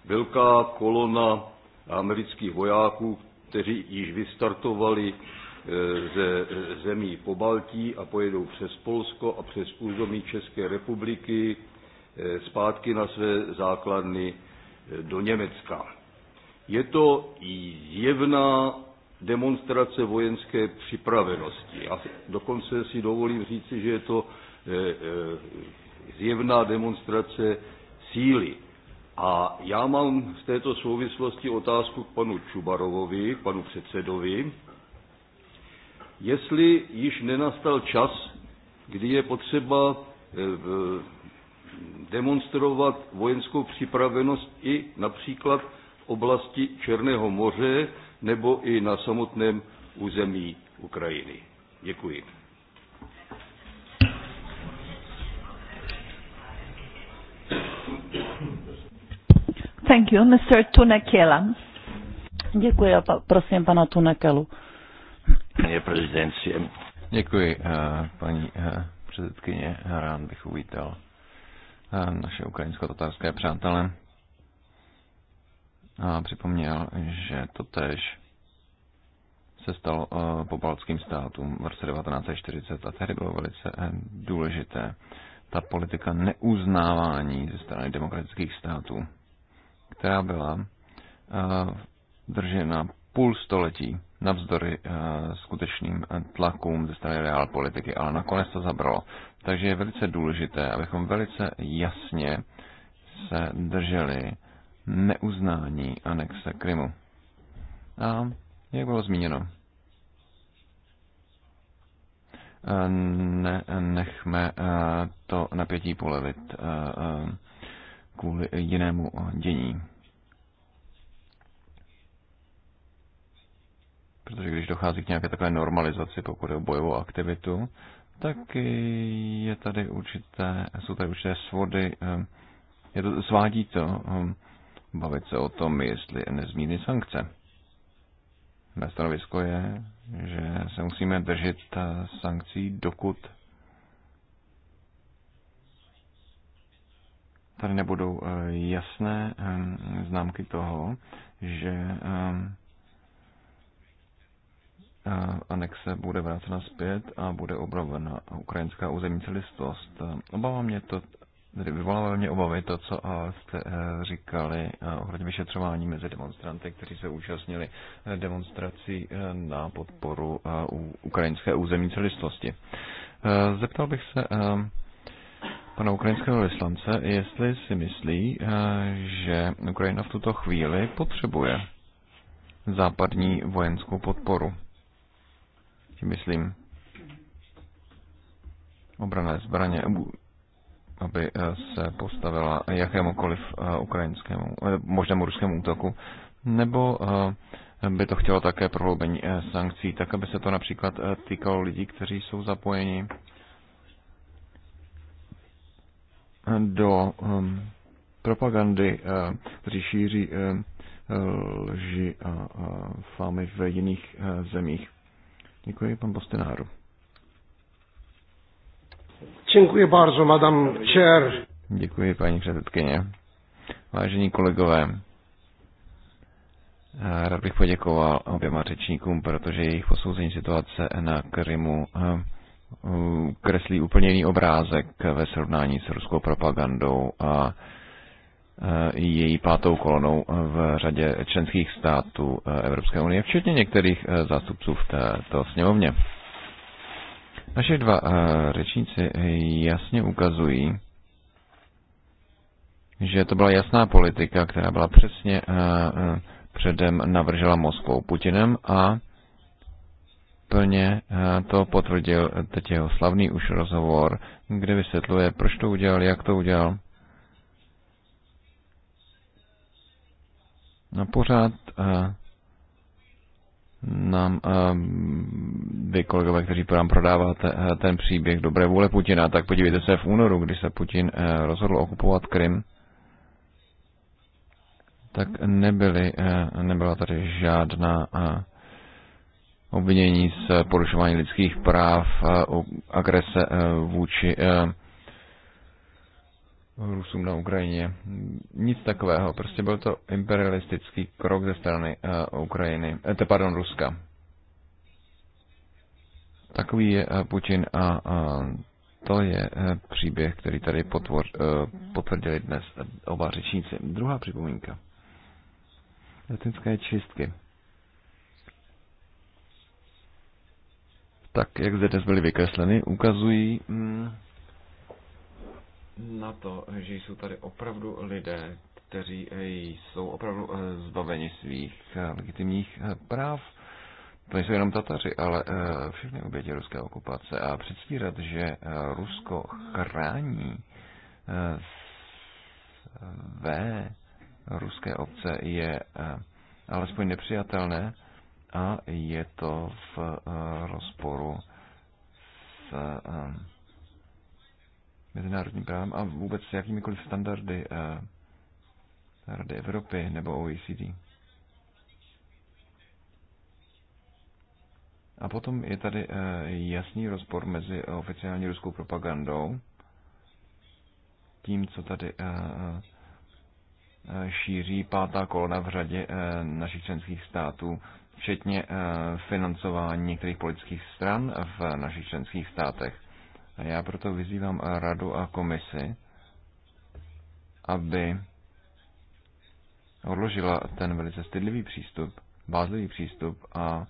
velká kolona amerických vojáků, kteří již vystartovali ze zemí po Baltí a pojedou přes Polsko a přes území České republiky Eh, zpátky na své základny eh, do Německa. Je to zjevná demonstrace vojenské připravenosti. A dokonce si dovolím říci, že je to eh, zjevná demonstrace síly. A já mám v této souvislosti otázku k panu Čubarovovi, k panu předsedovi, jestli již nenastal čas, kdy je potřeba v demonstrovat vojenskou připravenost i například v oblasti Černého moře nebo i na samotném území Ukrajiny. Děkuji. Thank you, Mr. Tunekela. Děkuji a prosím pana Tunekelu. Pane Děkuji, eh, paní eh, předsedkyně. Rád bych uvítal naše ukrajinsko-tatarské přátelé a připomněl, že to tež se stalo eh, po baltským státům v roce 1940 a tehdy bylo velice eh, důležité ta politika neuznávání ze strany demokratických států, která byla eh, držena půl století navzdory eh, skutečným eh, tlakům ze strany reál politiky, ale nakonec to zabralo. Takže je velice důležité, abychom velice jasně se drželi neuznání anexe Krymu. A jak bylo zmíněno, eh, ne, nechme to napětí polevit kvůli jinému dění. Protože když dochází k nějaké takové normalizaci, pokud je o bojovou aktivitu, tak je tady určité, jsou tady určité svody, eh, je to, svádí to eh, bavit se o tom, jestli nezmíny sankce. Mé stanovisko je, že se musíme držet eh, sankcí, dokud tady nebudou jasné známky toho, že anexe bude vrácena zpět a bude obnovena ukrajinská územní celistost. Obává mě to, tedy vyvolává mě obavy to, co jste eh, říkali eh, ohledně vyšetřování mezi demonstranty, kteří se účastnili eh, demonstrací na podporu ukrajinské územní celistosti. Zeptal bych se pana ukrajinského vyslance, jestli si myslí, že Ukrajina v tuto chvíli potřebuje západní vojenskou podporu si myslím, obrané zbraně, eh, aby eh, se postavila jakémukoliv eh, ukrajinskému, možnému ruskému útoku, nebo by to chtělo také prohloubení sankcí, tak aby se to například týkalo lidí, kteří jsou zapojeni do ehm, propagandy, kteří šíří lži a famy v jiných zemích. Děkuji, pan Bostenáru. Děkuji bardzo, madam chair. Děkuji, paní předsedkyně. Vážení kolegové, rád bych poděkoval oběma řečníkům, protože jejich posouzení situace na Krymu eh, kreslí úplně jiný obrázek ve srovnání s ruskou propagandou a Eh, její pátou kolonou v řadě členských států eh, Evropské unie, včetně některých eh, zástupců v této sněmovně. Naše dva řečníci jasně ukazují, že to byla jasná politika, která byla přesně předem navržela Moskvou Putinem a plně to potvrdil teď jeho slavný už rozhovor, kde vysvětluje, proč to udělal, jak to udělal A pořád eh, nám eh, vy kolegové, kteří nám prodáváte eh, ten příběh dobré vůle Putina, tak podívejte se v únoru, kdy se Putin rozhodl okupovat Krym, tak nebyly, nebyla tady žádná obvinění z porušování lidských práv, agrese vůči Rusům na Ukrajině. Nic takového, prostě byl to imperialistický krok ze strany uh, Ukrajiny, eh, pardon, Ruska. Takový je uh, Putin a uh, to je uh, příběh, který tady potvor, uh, potvrdili dnes oba řečníci. Druhá připomínka. Latinské čistky. Tak, jak zde dnes byly vykresleny, ukazují... Mm, na to, že jsou tady opravdu lidé, kteří eh, jsou opravdu eh, zbaveni svých eh, legitimních práv. To nejsou jenom Tataři, ale všechny oběti ruské okupace. A předstírat, že Rusko chrání své ruské obce, je alespoň nepřijatelné a je to v rozporu s mezinárodním právem a vůbec s jakýmikoliv standardy eh, Rady Evropy nebo OECD. A potom je tady eh, jasný rozpor mezi oficiální ruskou propagandou, tím, co tady eh, šíří pátá kolona v řadě našich členských států, včetně financování některých politických stran v našich členských státech. A já proto vyzývám radu a komisi, aby odložila ten velice stydlivý přístup, bázlivý přístup a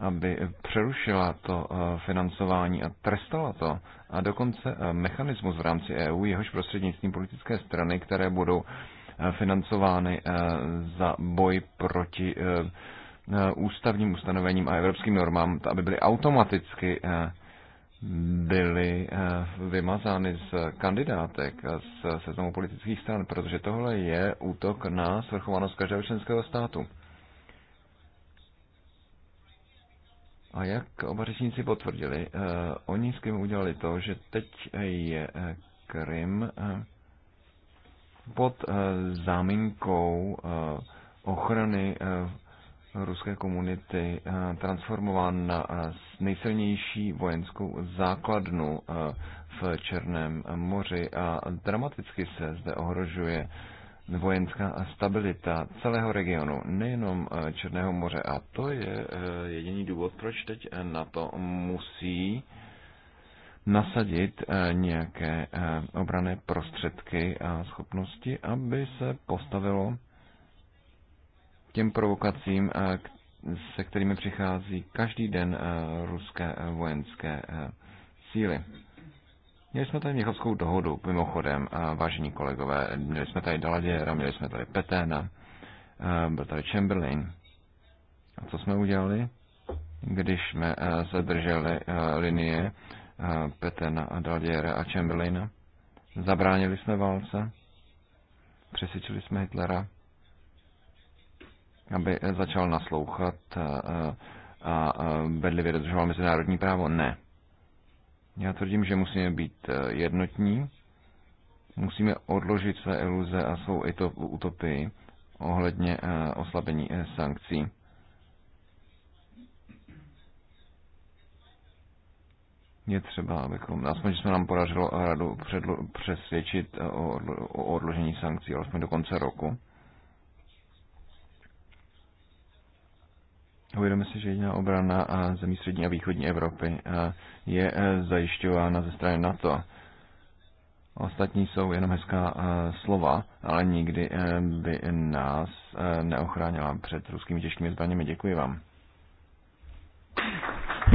aby přerušila to eh, financování a trestala to. A dokonce eh, mechanismus v rámci EU, jehož prostřednictvím politické strany, které budou eh, financovány za boj proti ústavním ustanovením a evropským normám, aby byly automaticky byly eh, vymazány z kandidátek a z seznamu politických stran, protože tohle je útok na svrchovanost každého členského státu. A jak oba řečníci potvrdili, eh, oni s kým udělali to, že teď je eh, Krym pod záminkou ochrany ruské komunity eh, transformován na eh, nejsilnější vojenskou základnu eh, v Černém moři a dramaticky se zde ohrožuje vojenská stabilita celého regionu, nejenom Černého moře. A to je jediný důvod, proč teď na to musí nasadit nějaké obrané prostředky a schopnosti, aby se postavilo těm provokacím, eh, se kterými přichází každý den eh, ruské eh, vojenské síly. Měli jsme tady Měchovskou dohodu, mimochodem, vážení kolegové. Měli jsme tady Daladěra, měli jsme tady Peténa, byl tady Chamberlain. A co jsme udělali? Když jsme se drželi linie Peténa a Daladěra a Chamberlaina, zabránili jsme válce, přesvědčili jsme Hitlera, aby eh, začal naslouchat eh, eh, a bedlivě dodržoval mezinárodní právo? Ne. Já tvrdím, že musíme být jednotní, musíme odložit své iluze a svou utopii ohledně oslabení sankcí. je třeba, abychom, aspoň, že se nám podařilo radu předlo, přesvědčit o, o odložení sankcí, alespoň do konce roku. Uvědomíme si, že jediná obrana a zemí střední a východní Evropy je e, zajišťována ze strany NATO. Ostatní jsou jenom hezká e, slova, ale nikdy e, by nás neochránila před ruskými těžkými zbraněmi. Děkuji vám.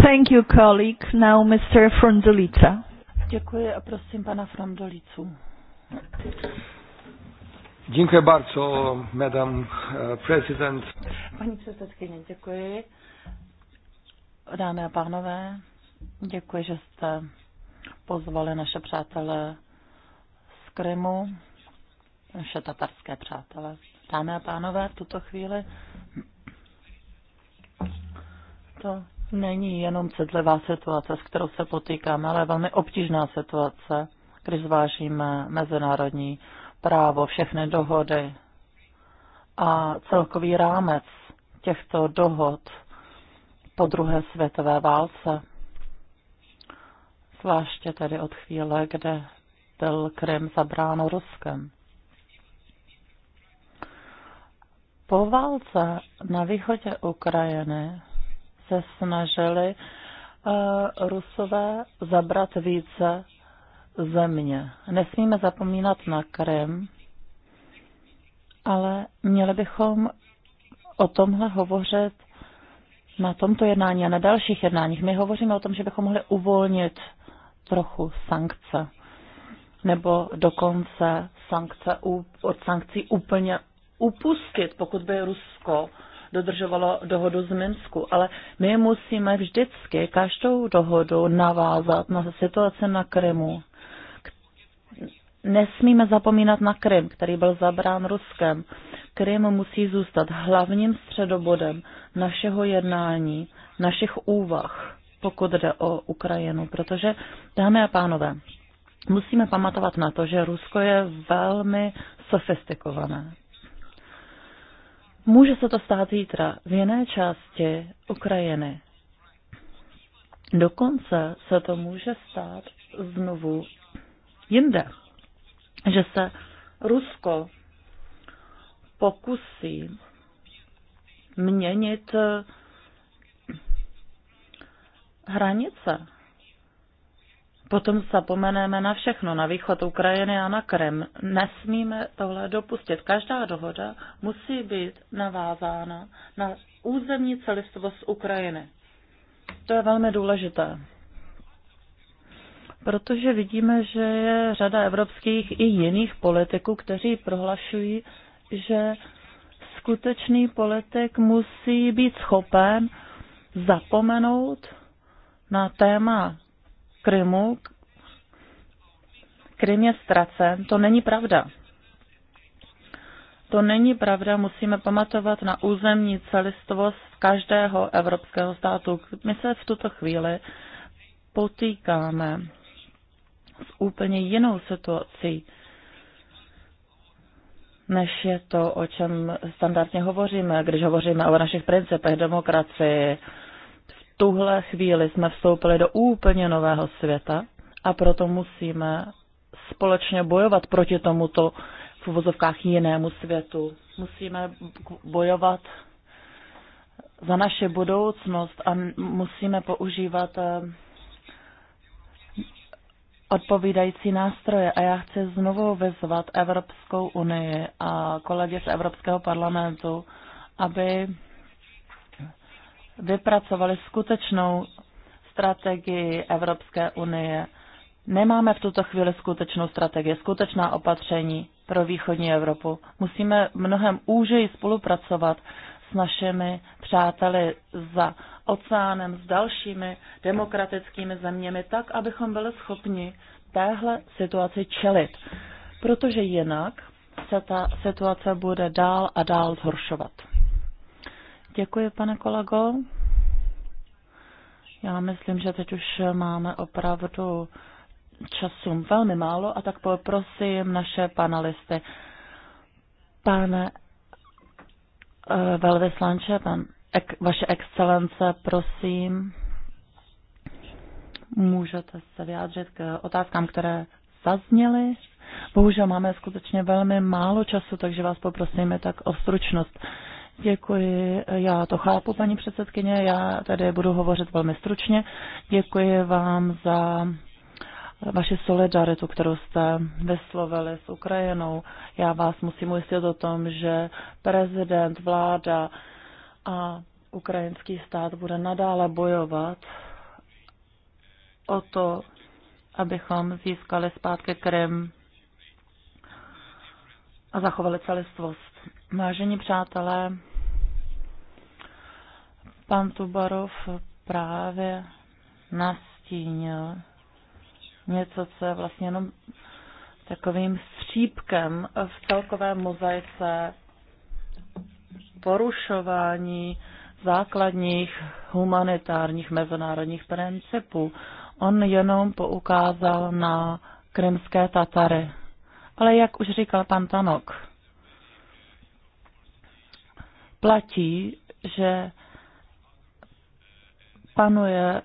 Thank you, colleague. Now Mr. Frondolica. Děkuji a prosím pana Frondolicu. Děkuji bardzo, madam e, president. Paní předsedkyně, děkuji. Dámy a pánové, děkuji, že jste pozvali naše přátelé z Krymu, naše tatarské přátelé. Dámy a pánové, v tuto chvíli to není jenom citlivá situace, s kterou se potýkáme, ale velmi obtížná situace, když zvážíme mezinárodní právo, všechny dohody a celkový rámec těchto dohod po druhé světové válce, zvláště tedy od chvíle, kde byl Krym zabrán Ruskem. Po válce na východě Ukrajiny se snažili eh, Rusové zabrat více země. Nesmíme zapomínat na Krem, ale měli bychom o tomhle hovořit na tomto jednání a na dalších jednáních. My hovoříme o tom, že bychom mohli uvolnit trochu sankce nebo dokonce sankce, od sankcí úplně upustit, pokud by Rusko dodržovalo dohodu z Minsku. Ale my musíme vždycky každou dohodu navázat na situaci na Krymu nesmíme zapomínat na Krym, který byl zabrán Ruskem. Krym musí zůstat hlavním středobodem našeho jednání, našich úvah, pokud jde o Ukrajinu, protože, dámy a pánové, musíme pamatovat na to, že Rusko je velmi sofistikované. Může se to stát zítra v jiné části Ukrajiny. Dokonce se to může stát znovu jinde že se Rusko pokusí měnit eh, hranice. Potom zapomeneme na všechno, na východ Ukrajiny a na Krem. Nesmíme tohle dopustit. Každá dohoda musí být navázána na územní celistvost Ukrajiny. To je velmi důležité protože vidíme, že je řada evropských i jiných politiků, kteří prohlašují, že skutečný politik musí být schopen zapomenout na téma Krymu. Krym je ztracen, to není pravda. To není pravda, musíme pamatovat na územní celistvost každého evropského státu. My se v tuto chvíli potýkáme s úplně jinou situací, než je to, o čem standardně hovoříme, když hovoříme o našich principech demokracie. V tuhle chvíli jsme vstoupili do úplně nového světa a proto musíme společně bojovat proti tomuto v uvozovkách jinému světu. Musíme bojovat za naše budoucnost a musíme používat eh, odpovídající nástroje. A já chci znovu vyzvat Evropskou unii a kolegy z Evropského parlamentu, aby vypracovali skutečnou strategii Evropské unie. Nemáme v tuto chvíli skutečnou strategii, skutečná opatření pro východní Evropu. Musíme mnohem úžeji spolupracovat s našimi přáteli za oceánem, s dalšími demokratickými zeměmi, tak, abychom byli schopni téhle situaci čelit. Protože jinak se ta situace bude dál a dál zhoršovat. Děkuji, pane kolego. Já myslím, že teď už máme opravdu času velmi málo a tak poprosím naše panelisty. Pane Eh, velvyslanče, pan, ek, vaše excelence, prosím, můžete se vyjádřit k otázkám, které zazněly. Bohužel máme skutečně velmi málo času, takže vás poprosíme tak o stručnost. Děkuji, já to chápu, paní předsedkyně, já tady budu hovořit velmi stručně. Děkuji vám za vaši solidaritu, kterou jste vyslovili s Ukrajinou. Já vás musím ujistit o tom, že prezident, vláda a ukrajinský stát bude nadále bojovat o to, abychom získali zpátky Krym a zachovali celistvost. Vážení přátelé, pan Tubarov právě nastínil něco, co je vlastně jenom takovým střípkem v celkové mozaice porušování základních humanitárních mezinárodních principů. On jenom poukázal na krymské Tatary. Ale jak už říkal pan Tanok, platí, že panuje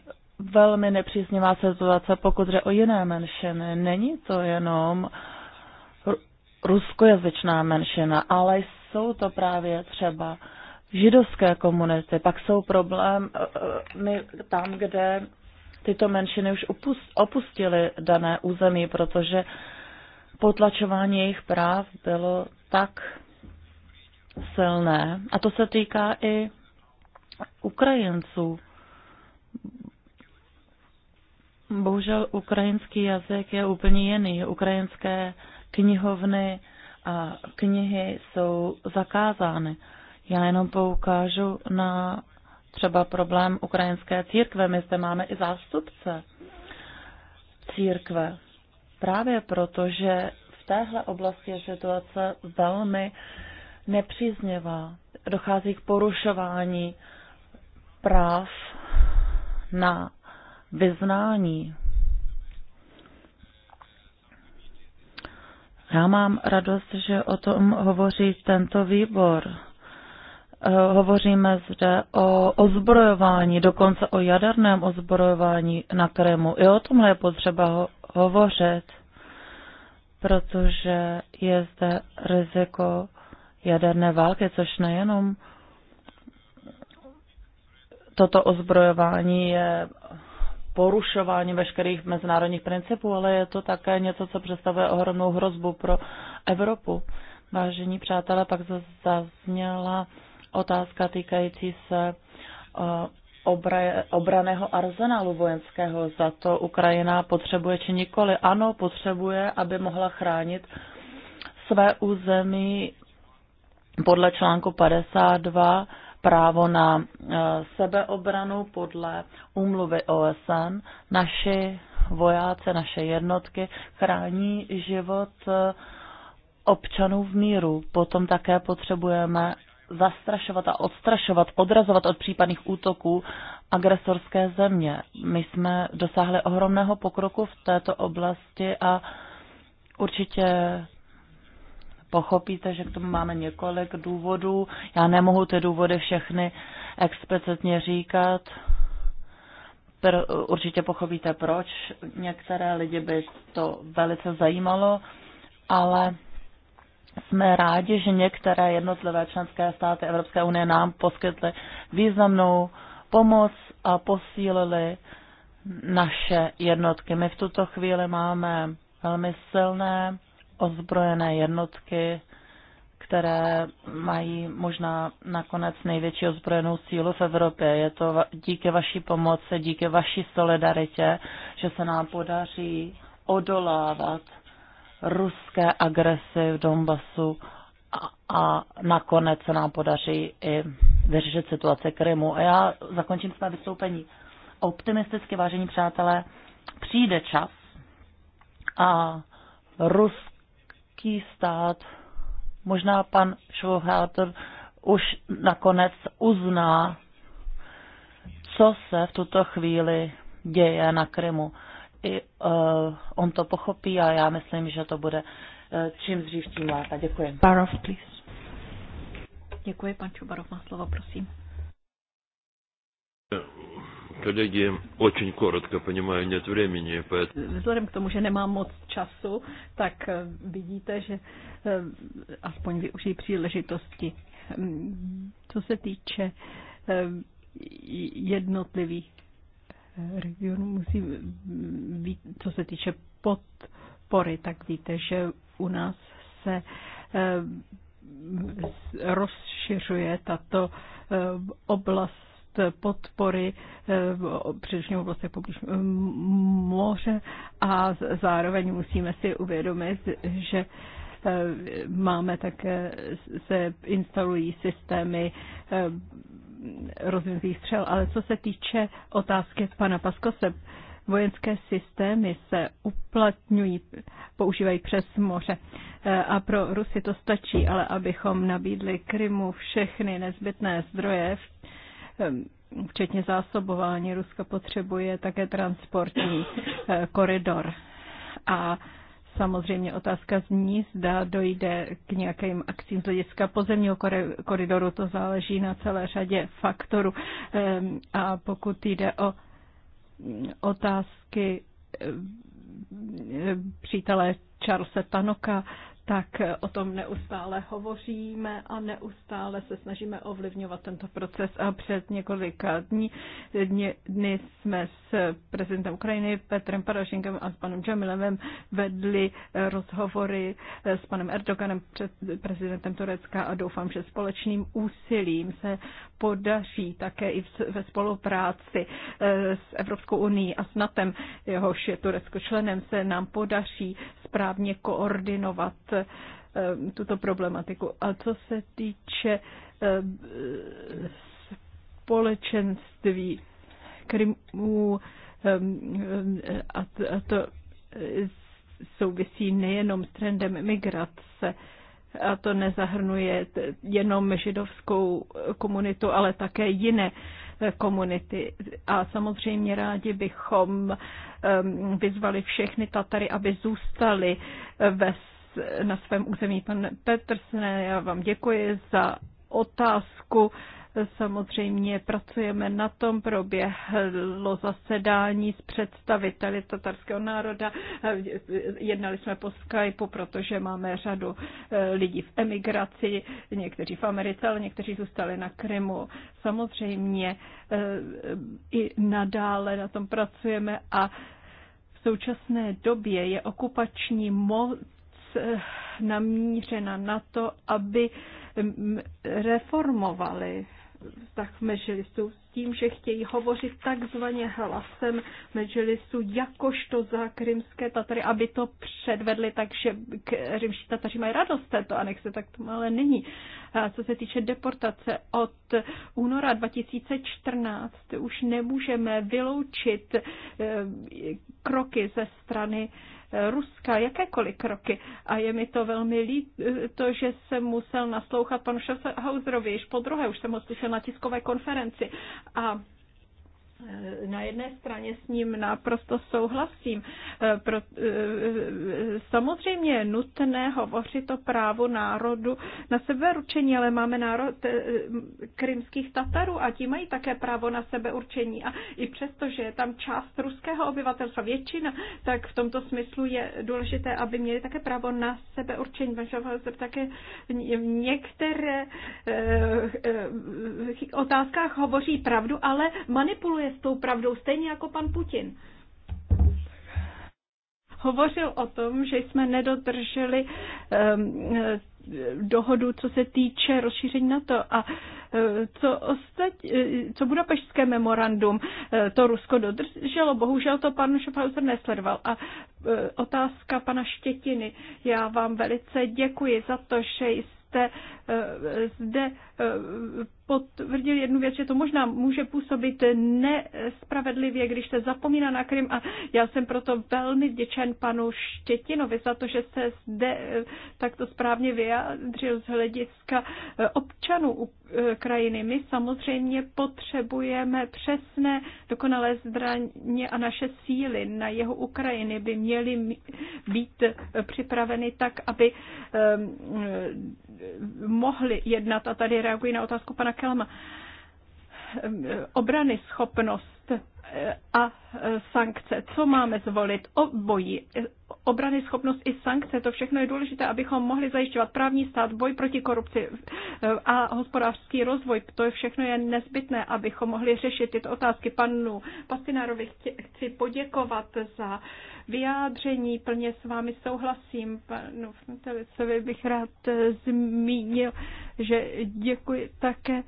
velmi nepříznivá situace, pokud jde o jiné menšiny. Není to jenom ruskojazyčná menšina, ale jsou to právě třeba židovské komunity. Pak jsou problémy eh, eh, tam, kde tyto menšiny už opustily dané území, protože potlačování jejich práv bylo tak silné. A to se týká i Ukrajinců. Bohužel ukrajinský jazyk je úplně jiný. Ukrajinské knihovny a knihy jsou zakázány. Já jenom poukážu na třeba problém ukrajinské církve. My zde máme i zástupce církve. Právě proto, že v téhle oblasti je situace velmi nepříznivá. Dochází k porušování práv na vyznání. Já mám radost, že o tom hovoří tento výbor. Eh, hovoříme zde o ozbrojování, dokonce o jaderném ozbrojování na Krymu. I o tomhle je potřeba ho- hovořit, protože je zde riziko jaderné války, což nejenom toto ozbrojování je porušování veškerých mezinárodních principů, ale je to také něco, co představuje ohromnou hrozbu pro Evropu. Vážení přátelé, pak zazněla otázka týkající se eh, obraného arzenálu vojenského. Za to Ukrajina potřebuje či nikoli. Ano, potřebuje, aby mohla chránit své území podle článku 52 právo na eh, sebeobranu podle úmluvy OSN. Naši vojáci, naše jednotky chrání život eh, občanů v míru. Potom také potřebujeme zastrašovat a odstrašovat, odrazovat od případných útoků agresorské země. My jsme dosáhli ohromného pokroku v této oblasti a určitě pochopíte, že k tomu máme několik důvodů. Já nemohu ty důvody všechny explicitně říkat. Pr- určitě pochopíte, proč. Některé lidi by to velice zajímalo, ale jsme rádi, že některé jednotlivé členské státy Evropské unie nám poskytly významnou pomoc a posílili naše jednotky. My v tuto chvíli máme velmi silné ozbrojené jednotky, které mají možná nakonec největší ozbrojenou sílu v Evropě. Je to díky vaší pomoci, díky vaší solidaritě, že se nám podaří odolávat ruské agresi v Donbasu a, a nakonec se nám podaří i vyřešit situace Krymu. A já zakončím své vystoupení. Optimisticky, vážení přátelé, přijde čas a Rusko členský stát, možná pan Švohátor už nakonec uzná, co se v tuto chvíli děje na Krymu. I uh, on to pochopí a já myslím, že to bude uh, čím dřív, tím lépe. Děkuji. Barov, please. Děkuji, pan Čubarov, má slovo, prosím. Eh, Коллеги, очень коротко, понимаю, нет времени, поэтому... Vzhledem k tomu, že nemám moc času, tak eh, vidíte, že eh, aspoň využijí příležitosti. Mm, co se týče eh, jednotlivých regionů, musím být, mm, co se týče podpory, tak víte, že u nás se rozšiřuje tato oblast podpory eh, především v oblastech poblíž eh, moře a zároveň musíme si uvědomit, že eh, máme také, se instalují systémy rozvinutých střel. Ale co se týče otázky pana Paskose, vojenské systémy se uplatňují, používají přes moře. A pro Rusy to stačí, ale abychom nabídli Krymu všechny nezbytné zdroje, Ehm, včetně zásobování Ruska potřebuje také transportní eh, koridor. A Samozřejmě otázka zní, zda dojde k nějakým akcím z hlediska pozemního koridoru, to záleží na celé řadě faktorů. Ehm, a pokud jde o mm, otázky ehm, e, přítelé Charlesa Tanoka, tak o tom neustále hovoříme a neustále se snažíme ovlivňovat tento proces. A před několika dní, dny, dny jsme s prezidentem Ukrajiny Petrem Parašinkem a s panem Jamilevem vedli rozhovory s panem Erdoganem, před prezidentem Turecka a doufám, že společným úsilím se podaří také i ve spolupráci e, s Evropskou unii a s NATO, jehož je Turecko členem, se nám podaří správně koordinovat e, tuto problematiku. A co se týče e, společenství Krymů, a to souvisí nejenom s trendem migrace, a to nezahrnuje jenom židovskou komunitu, ale také jiné eh, komunity. A samozřejmě rádi bychom ehm, vyzvali všechny Tatary, aby zůstali eh, ve, na svém území. Pan Petersen, já vám děkuji za otázku. Samozřejmě pracujeme na tom, proběhlo zasedání s představiteli tatarského národa, jednali jsme po Skypeu, protože máme řadu eh, lidí v emigraci, někteří v Americe, ale někteří zůstali na Krymu. Samozřejmě eh, i nadále na tom pracujeme a v současné době je okupační moc eh, namířena na to, aby mm, reformovali vztah medželistů s tím, že chtějí hovořit takzvaně hlasem medželistů jakožto za krymské Tatary, aby to předvedli, takže krymští Tataři mají radost této anexe, tak to ale není. A co se týče deportace, od února 2014 už nemůžeme vyloučit eh, kroky ze strany Ruska, jakékoliv kroky. A je mi to velmi líto, že jsem musel naslouchat panu Schaffhauserovi již po druhé, už jsem ho slyšel na tiskové konferenci. A na jedné straně s ním naprosto souhlasím. samozřejmě je nutné hovořit o právu národu na sebeurčení, ale máme národ krymských Tatarů a ti mají také právo na sebeurčení. A i přesto, že je tam část ruského obyvatelstva většina, tak v tomto smyslu je důležité, aby měli také právo na sebeurčení. se také v některé otázkách hovoří pravdu, ale manipuluje s tou pravdou, stejně jako pan Putin hovořil o tom, že jsme nedodrželi um, dohodu, co se týče rozšíření NATO a eh, co, ostať, eh, co budapeštské memorandum to Rusko dodrželo. Bohužel to pan Schaffhauser nesledoval. A otázka pana Štětiny. Já vám velice děkuji za to, že jste zde potvrdil jednu věc, že to možná může působit nespravedlivě, když se zapomíná na Krym a já jsem proto velmi vděčen panu Štětinovi za to, že se zde eh, takto správně vyjádřil z hlediska eh, občanů Ukrajiny. Eh, My samozřejmě potřebujeme přesné dokonalé zbraně a naše síly na jeho Ukrajiny by měly být připraveny tak, aby mohli jednat a tady reagovat reaguji na otázku pana Kelma. Obrany schopnost a sankce. Co máme zvolit? Obojí. Obrany schopnost i sankce, to všechno je důležité, abychom mohli zajišťovat právní stát, boj proti korupci e, a hospodářský rozvoj. To je všechno je nezbytné, abychom mohli řešit tyto otázky. Panu Pastinárovi chci poděkovat za vyjádření. Plně s vámi souhlasím. Panu Frontelicovi bych rád e, zmínil, že děkuji také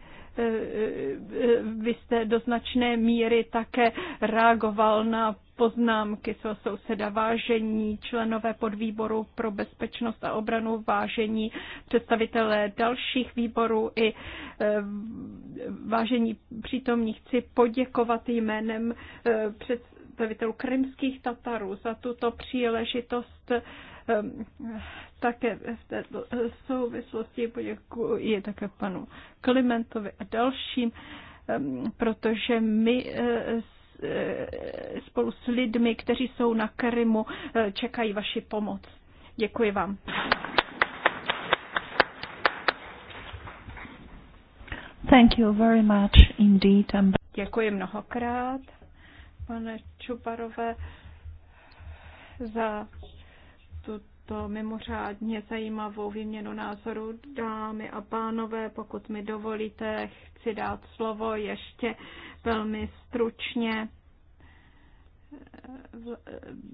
vy jste do značné míry také reagoval na poznámky svého souseda, vážení členové podvýboru pro bezpečnost a obranu, vážení představitelé dalších výborů i eh, vážení přítomní. Chci poděkovat jménem eh, představitelů krymských Tatarů za tuto příležitost Ehm, také v této souvislosti poděkuji také panu Klimentovi a dalším, ehm, protože my eh, eh, spolu s lidmi, kteří jsou na Krymu, eh, čekají vaši pomoc. Děkuji vám. Thank you very much indeed. Děkuji mnohokrát, pane Čuparové, za tuto mimořádně zajímavou výměnu názoru. Dámy a pánové, pokud mi dovolíte, chci dát slovo ještě velmi stručně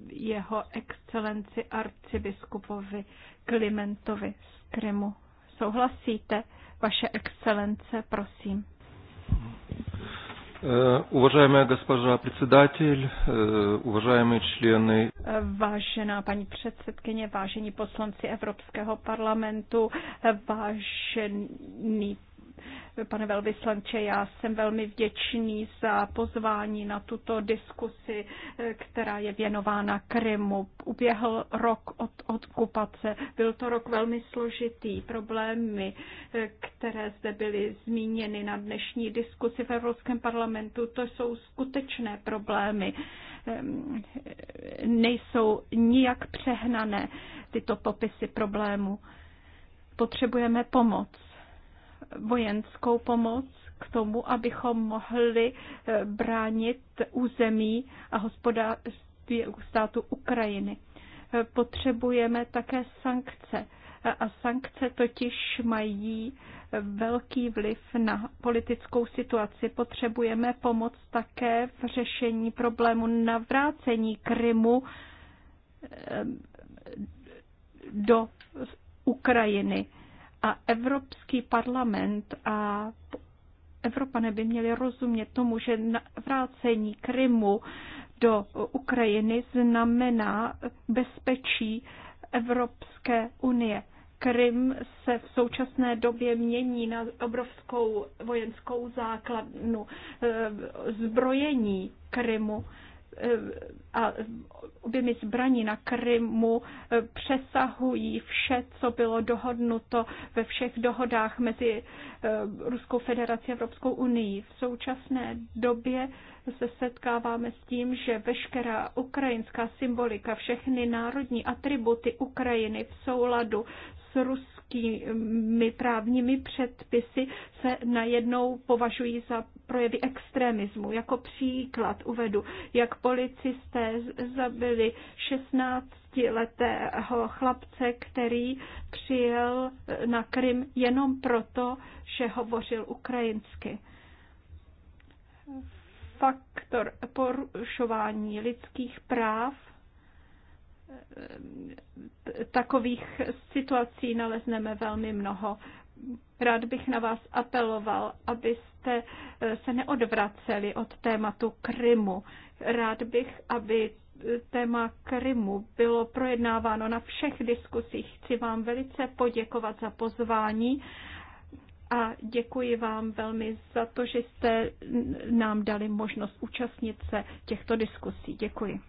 jeho excelenci arcibiskupovi Klimentovi z Krymu. Souhlasíte, vaše excelence, prosím. Э, уважаемая госпожа председатель, э, уважаемые члены. Vážená paní předsedkyně, vážení poslanci Evropského parlamentu, vážený Pane velvyslanče, já jsem velmi vděčný za pozvání na tuto diskusi, která je věnována Krymu. Uběhl rok od okupace. Byl to rok velmi složitý. Problémy, které zde byly zmíněny na dnešní diskusi v Evropském parlamentu, to jsou skutečné problémy. Nejsou nijak přehnané tyto popisy problémů. Potřebujeme pomoc vojenskou pomoc k tomu, abychom mohli eh, bránit území a hospodářství státu Ukrajiny. Eh, potřebujeme také sankce. Eh, a sankce totiž mají velký vliv na politickou situaci. Potřebujeme pomoc také v řešení problému navrácení Krymu do Ukrajiny a Evropský parlament a Evropané by měli rozumět tomu, že vrácení Krymu do Ukrajiny znamená bezpečí Evropské unie. Krym se v současné době mění na obrovskou vojenskou základnu eh, zbrojení Krymu Eh, a objemy zbraní na Krymu eh, přesahují vše, co bylo dohodnuto ve všech dohodách mezi eh, Ruskou federací a Evropskou unii. V současné době se setkáváme s tím, že veškerá ukrajinská symbolika, všechny národní atributy Ukrajiny v souladu s ruskými právními předpisy se najednou považují za projevy extremismu. Jako příklad uvedu, jak policisté zabili 16-letého chlapce, který přijel na Krym jenom proto, že hovořil ukrajinsky faktor porušování lidských práv takových situací nalezneme velmi mnoho. Rád bych na vás apeloval, abyste eh, se neodvraceli od tématu Krymu. Rád bych, aby téma Krymu bylo projednáváno na všech diskusích. Chci vám velice poděkovat za pozvání a děkuji vám velmi za to, že jste nám dali možnost účastnit se těchto diskusí. Děkuji.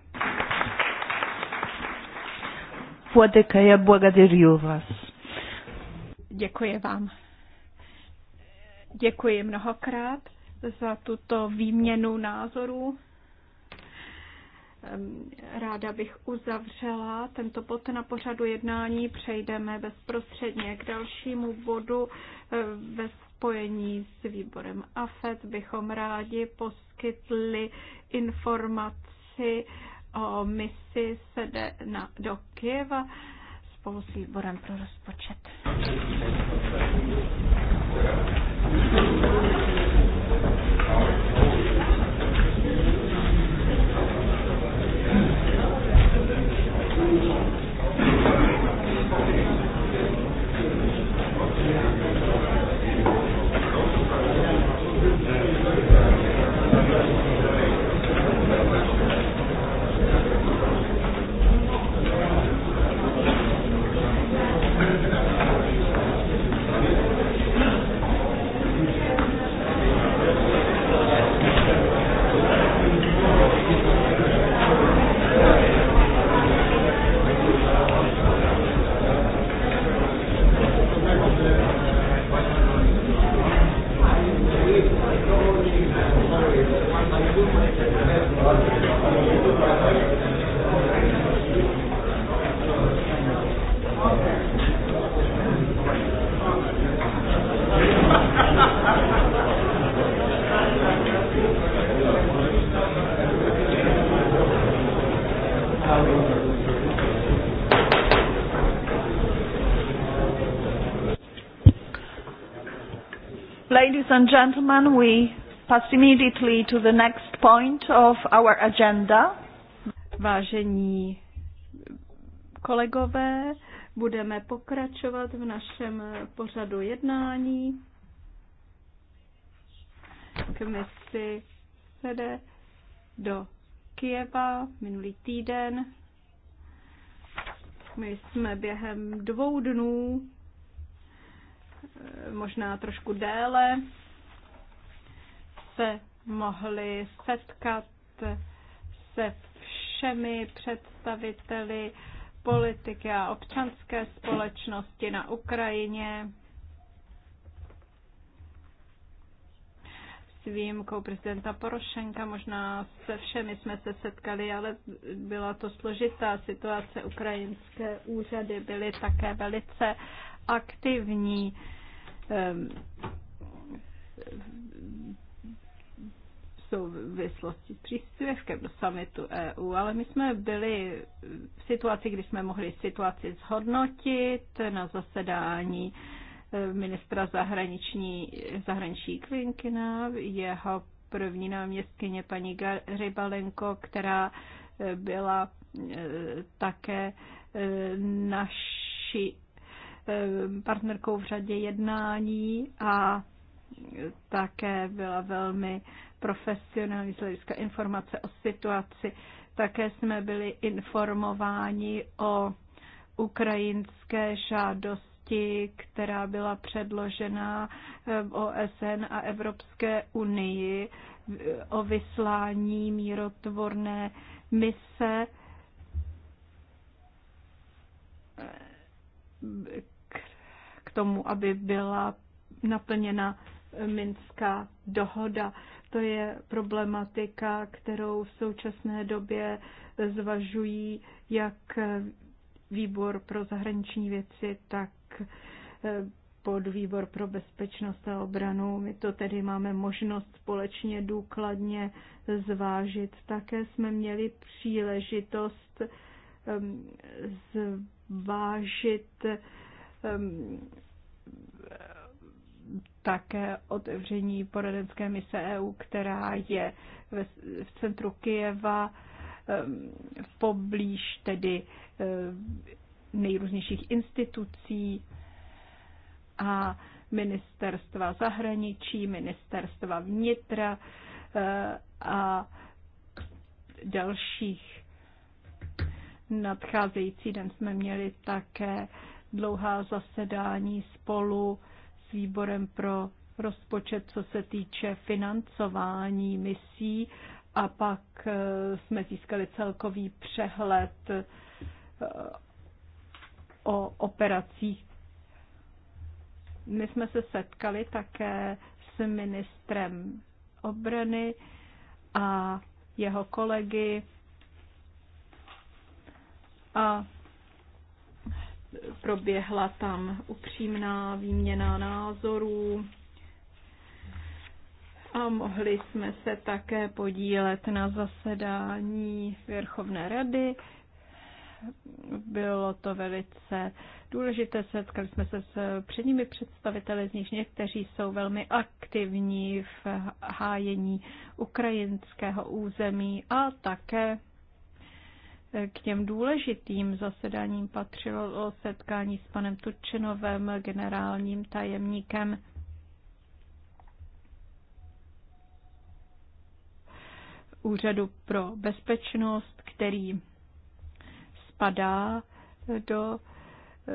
Владыка, я благодарю вас. Děkuji vám. Děkuji mnohokrát za tuto výměnu názorů. Ráda bych uzavřela tento bod na pořadu jednání. Přejdeme bezprostředně k dalšímu bodu eh, ve spojení s výborem AFET. Bychom rádi poskytli informaci o misi se jde na, do Kyjeva spolu s výborem pro rozpočet. Ladies and gentlemen, we pass immediately to the next point of our agenda. Vážení kolegové, budeme pokračovat v našem pořadu jednání. Komisi sede do Kieva minulý týden. My jsme během dvou dnů Eh, možná trošku déle se mohli setkat se všemi představiteli politiky a občanské společnosti na Ukrajině. S výjimkou prezidenta Porošenka, možná se všemi jsme se setkali, ale byla to složitá situace. Ukrajinské úřady byly také velice aktivní Ehm, v souvislosti s příspěvkem do samitu EU, ale my jsme byli v situaci, kdy jsme mohli situaci zhodnotit na zasedání eh, ministra zahraniční, zahraniční Klinkina, jeho první náměstkyně paní Rybalenko, která eh, byla eh, také naši, Eh, partnerkou v řadě jednání a také byla velmi profesionální z hlediska informace o situaci. Také jsme byli informováni o ukrajinské žádosti, která byla předložena eh, OSN a Evropské unii eh, o vyslání mírotvorné mise tomu, aby byla naplněna Minská dohoda. To je problematika, kterou v současné době zvažují jak výbor pro zahraniční věci, tak eh, pod výbor pro bezpečnost a obranu. My to tedy máme možnost společně důkladně zvážit. Také jsme měli příležitost ehm, zvážit také otevření poradenské mise EU, která je v centru Kijeva, poblíž tedy nejrůznějších institucí a ministerstva zahraničí, ministerstva vnitra eh, a dalších. Nadcházející den jsme měli také dlouhá zasedání spolu s výborem pro rozpočet, co se týče financování misí a pak eh, jsme získali celkový přehled eh, o operacích. My jsme se setkali také s ministrem obrany a jeho kolegy a proběhla tam upřímná výměna názorů a mohli jsme se také podílet na zasedání Věrchovné rady. Bylo to velice důležité, setkali jsme se s předními představiteli, z nich někteří jsou velmi aktivní v hájení ukrajinského území a také k těm důležitým zasedáním patřilo setkání s panem Turčinovem, generálním tajemníkem Úřadu pro bezpečnost, který spadá do eh,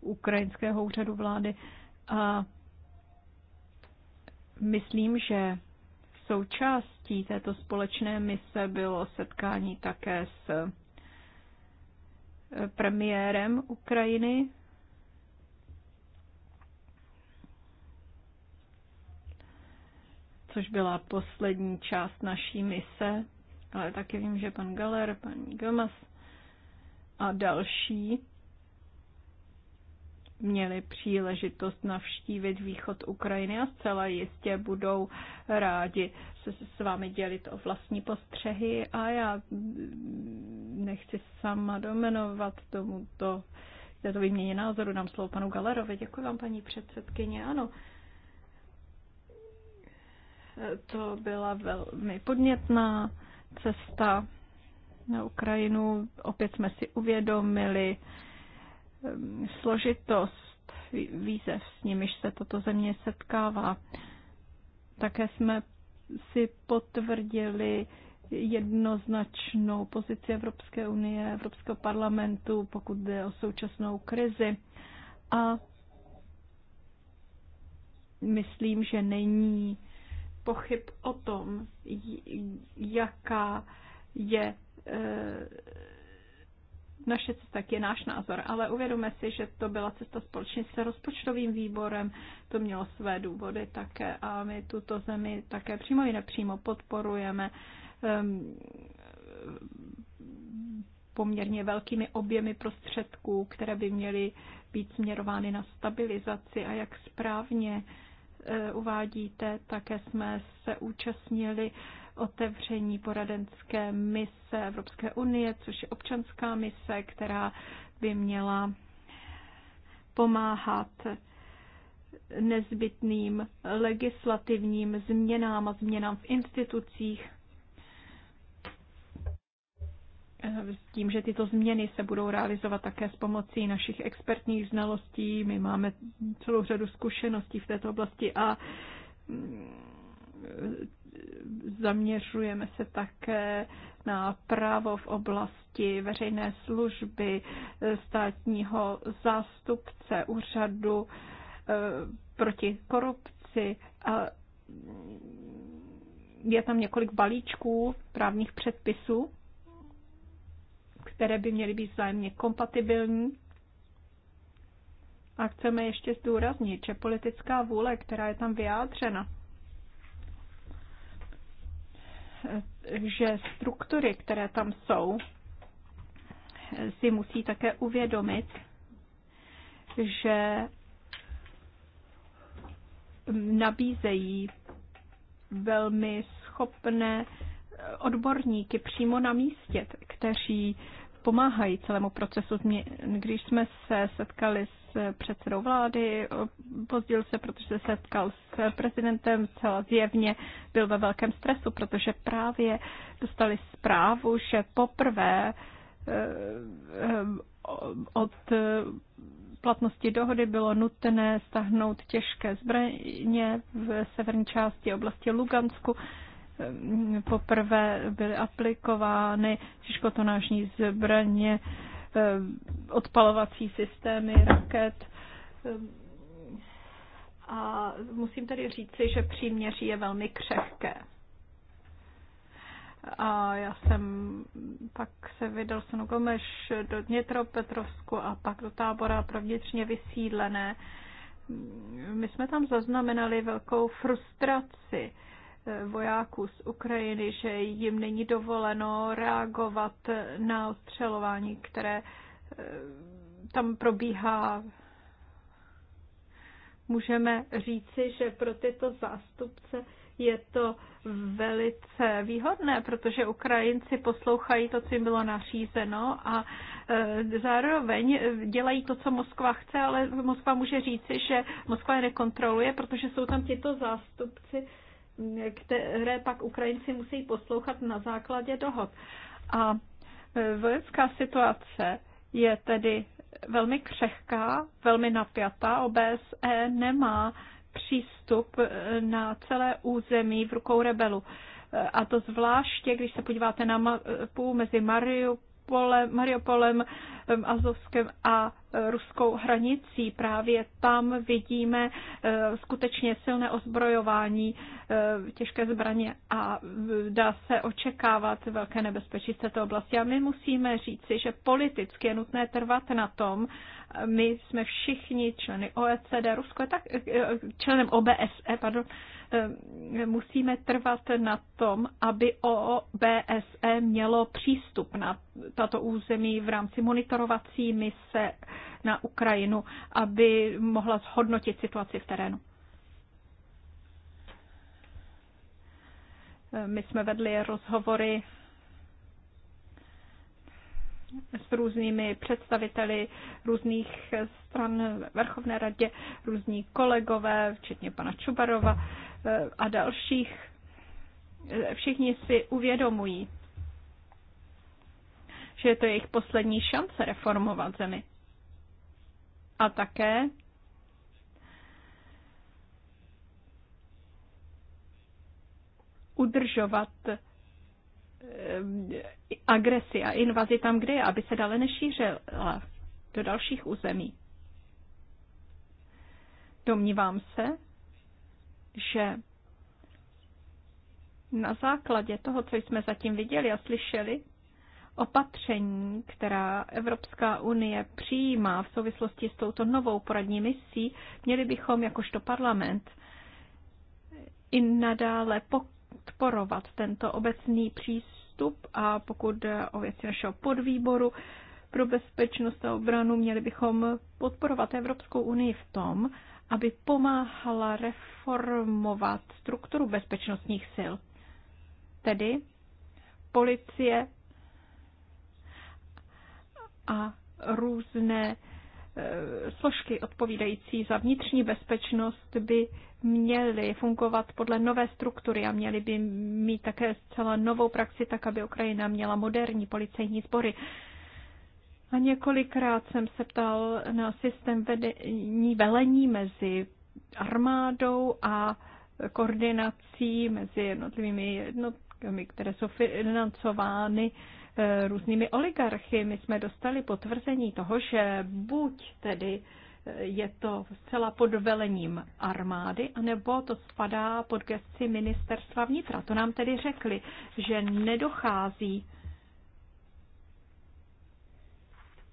ukrajinského úřadu vlády. A myslím, že Součástí této společné mise bylo setkání také s eh, premiérem Ukrajiny. což byla poslední část naší mise, ale taky vím, že pan Galer, paní Gomas a další měli příležitost navštívit východ Ukrajiny a zcela jistě budou rádi se s vámi dělit o vlastní postřehy a já nechci sama domenovat tomuto této výměně názoru. Dám slovo panu Galerovi. Děkuji vám, paní předsedkyně. Ano, to byla velmi podnětná cesta na Ukrajinu. Opět jsme si uvědomili, Ehm, složitost výzev, s nimiž se toto země setkává. Také jsme si potvrdili jednoznačnou pozici Evropské unie, Evropského parlamentu, pokud jde o současnou krizi. A myslím, že není pochyb o tom, jaká je eh, naše cesta, je náš názor, ale uvědomme si, že to byla cesta společně s rozpočtovým výborem, to mělo své důvody také a my tuto zemi také přímo i nepřímo podporujeme um, poměrně velkými objemy prostředků, které by měly být směrovány na stabilizaci a jak správně eh, uvádíte, také jsme se účastnili uh, otevření poradenské mise Evropské unie, což je občanská mise, která by měla pomáhat nezbytným legislativním změnám a změnám v institucích s tím, že tyto změny se budou realizovat také s pomocí našich expertních znalostí. My máme celou řadu zkušeností v této oblasti a zaměřujeme se také na právo v oblasti veřejné služby, státního zástupce, úřadu eh, proti korupci a je tam několik balíčků právních předpisů, které by měly být vzájemně kompatibilní. A chceme ještě zdůraznit, že politická vůle, která je tam vyjádřena, že struktury, které tam jsou, si musí také uvědomit, že nabízejí velmi schopné odborníky přímo na místě, kteří pomáhají celému procesu změn. Když jsme se setkali s předsedou vlády, pozdil se, protože se setkal s prezidentem, celá zjevně byl ve velkém stresu, protože právě dostali zprávu, že poprvé eh, od platnosti dohody bylo nutné stahnout těžké zbraně v severní části oblasti Lugansku poprvé byly aplikovány těžkotonážní zbraně, eh, odpalovací systémy raket. A musím tady říci, že příměří je velmi křehké. A já jsem pak se vydal s Nogomeš do Petrovsku a pak do tábora pro vnitřně vysídlené. My jsme tam zaznamenali velkou frustraci vojáků z Ukrajiny, že jim není dovoleno reagovat na ostřelování, které eh, tam probíhá. Můžeme říci, že pro tyto zástupce je to velice výhodné, protože Ukrajinci poslouchají to, co jim bylo nařízeno a eh, zároveň dělají to, co Moskva chce, ale Moskva může říci, že Moskva je nekontroluje, protože jsou tam tyto zástupci které pak Ukrajinci musí poslouchat na základě dohod. A e, vojenská situace je tedy velmi křehká, velmi napjatá. OBSE nemá přístup e, na celé území v rukou rebelu. E, a to zvláště, když se podíváte na mapu mezi Mariupol Mariupolem, Mariupolem eh, Azovskem a eh, ruskou hranicí. Právě tam vidíme eh, skutečně silné ozbrojování, těžké zbraně a dá se očekávat velké nebezpečí z této oblasti. A my musíme říci, že politicky je nutné trvat na tom, my jsme všichni členy OECD, Rusko je tak, členem OBSE, pardon, Eh, musíme trvat na tom, aby OBSE mělo přístup na tato území v rámci monitorovací mise na Ukrajinu, aby mohla zhodnotit situaci v terénu. Eh, my jsme vedli rozhovory s různými představiteli různých stran Verchovné radě, různí kolegové, včetně pana Čubarova eh, a dalších. Eh, všichni si uvědomují, že je to jejich poslední šance reformovat zemi. A také udržovat Eh, agresi a invazi tam, kde je, aby se dále nešířila do dalších území. Domnívám se, že na základě toho, co jsme zatím viděli a slyšeli, opatření, která Evropská unie přijímá v souvislosti s touto novou poradní misí, měli bychom jakožto parlament i nadále pokračovat podporovat tento obecný přístup a pokud jde o věci našeho podvýboru pro bezpečnost a obranu, měli bychom podporovat Evropskou unii v tom, aby pomáhala reformovat strukturu bezpečnostních sil, tedy policie a různé Eh, složky odpovídající za vnitřní bezpečnost by měly fungovat podle nové struktury a měly by mít také zcela novou praxi, tak aby Ukrajina měla moderní policejní sbory. A několikrát jsem se ptal na systém vedení velení mezi armádou a koordinací mezi jednotlivými jednotkami, které jsou financovány uh, E, různými oligarchy. My jsme dostali potvrzení toho, že buď tedy e, je to zcela pod velením armády, anebo to spadá pod gesci ministerstva vnitra. To nám tedy řekli, že nedochází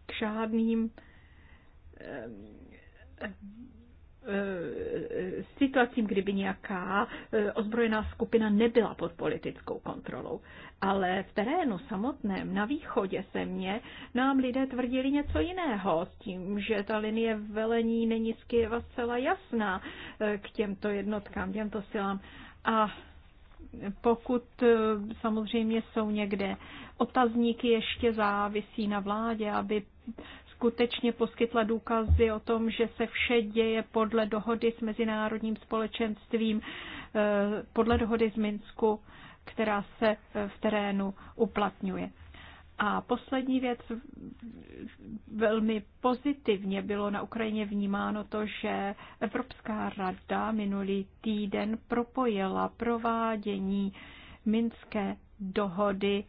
k žádným E, e, situacím, kdyby nějaká e, ozbrojená skupina nebyla pod politickou kontrolou. Ale v terénu samotném, na východě se mě nám lidé tvrdili něco jiného, s tím, že ta linie velení není z Kyjeva zcela jasná k těmto jednotkám, těmto silám. A pokud samozřejmě jsou někde otazníky, ještě závisí na vládě, aby skutečně poskytla důkazy o tom, že se vše děje podle dohody s mezinárodním společenstvím, eh, podle dohody z Minsku, která se eh, v terénu uplatňuje. A poslední věc, velmi pozitivně bylo na Ukrajině vnímáno to, že Evropská rada minulý týden propojila provádění Minské dohody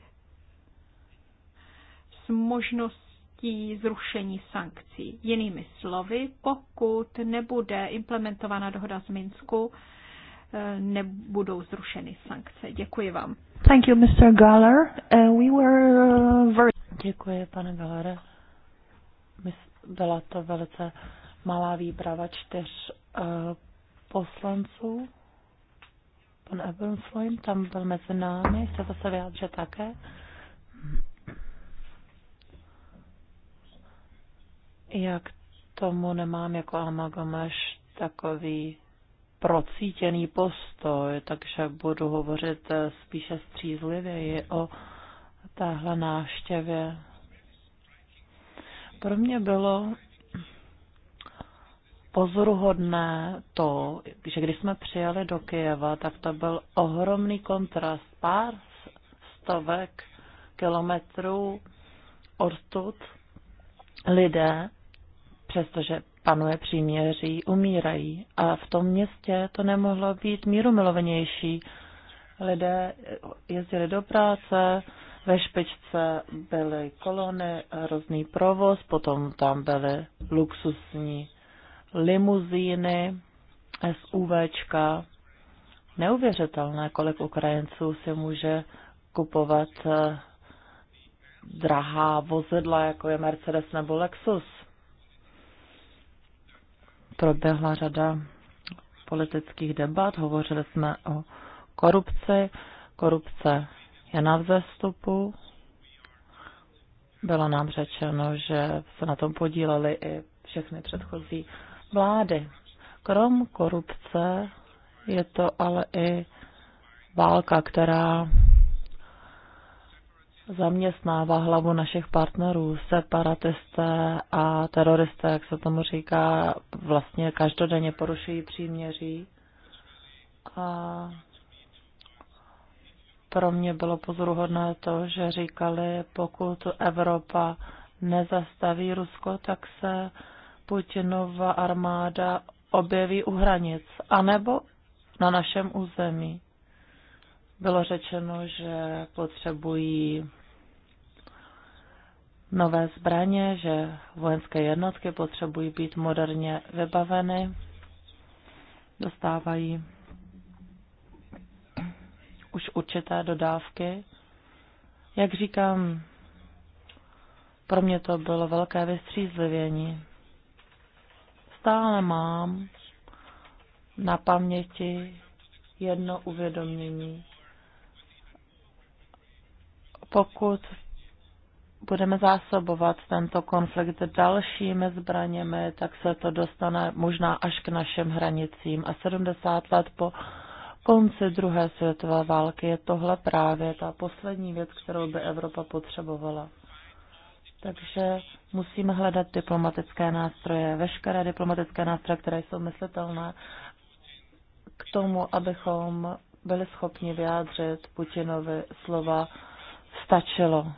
s možností nutí zrušení sankcí. Jinými slovy, pokud nebude implementována dohoda z Minsku, eh, nebudou zrušeny sankce. Děkuji vám. Thank you, Mr. Galler. Uh, we were uh, very... Děkuji, pane Galere. Byla to velice malá výprava čtyř uh, poslanců. Pan Abelfloim tam byl mezi námi. Chcete se vyjádřit také? Jak tomu nemám jako Almagomeš takový procítěný postoj, takže budu hovořit eh, spíše střízlivěji o téhle návštěvě. Pro mě bylo pozoruhodné to, že když jsme přijeli do Kyjeva, tak to byl ohromný kontrast. Pár stovek kilometrů odtud lidé přestože panuje příměří, umírají. A v tom městě to nemohlo být milovenější. Lidé jezdili do práce, ve špičce byly kolony, hrozný provoz, potom tam byly luxusní limuzíny, SUVčka. Neuvěřitelné, kolik Ukrajinců si může kupovat eh, drahá vozidla, jako je Mercedes nebo Lexus proběhla řada politických debat, hovořili jsme o korupci, korupce je na vzestupu. Bylo nám řečeno, že se na tom podíleli i všechny předchozí vlády. Krom korupce je to ale i válka, která zaměstnává hlavu našich partnerů, separatisté a teroristé, jak se tomu říká, vlastně každodenně porušují příměří. A pro mě bylo pozoruhodné to, že říkali, pokud Evropa nezastaví Rusko, tak se Putinova armáda objeví u hranic, anebo na našem území. Bylo řečeno, že potřebují nové zbraně, že vojenské jednotky potřebují být moderně vybaveny, dostávají už určité dodávky. Jak říkám, pro mě to bylo velké vystřízlivění. Stále mám na paměti jedno uvědomění. Pokud budeme zásobovat tento konflikt dalšími zbraněmi, tak se to dostane možná až k našim hranicím. A 70 let po konci druhé světové války je tohle právě ta poslední věc, kterou by Evropa potřebovala. Takže musíme hledat diplomatické nástroje, veškeré diplomatické nástroje, které jsou myslitelné k tomu, abychom byli schopni vyjádřit Putinovi slova stačilo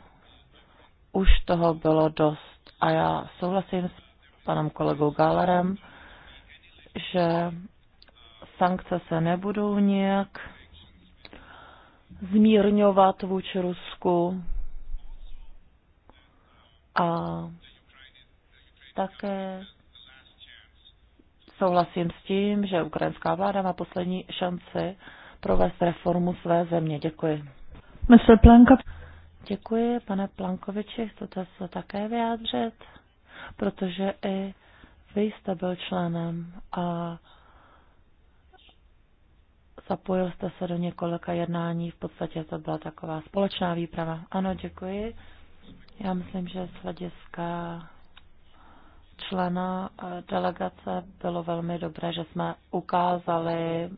už toho bylo dost. A já souhlasím s panem kolegou Galerem, že sankce se nebudou nějak zmírňovat vůči Rusku a také souhlasím s tím, že ukrajinská vláda má poslední šanci provést reformu své země. Děkuji. Mr. Planka. Děkuji, pane Plankoviči, chcete se také vyjádřit, protože i vy jste byl členem a zapojil jste se do několika jednání, v podstatě to byla taková společná výprava. Ano, děkuji. Já myslím, že z hlediska člena eh, delegace bylo velmi dobré, že jsme ukázali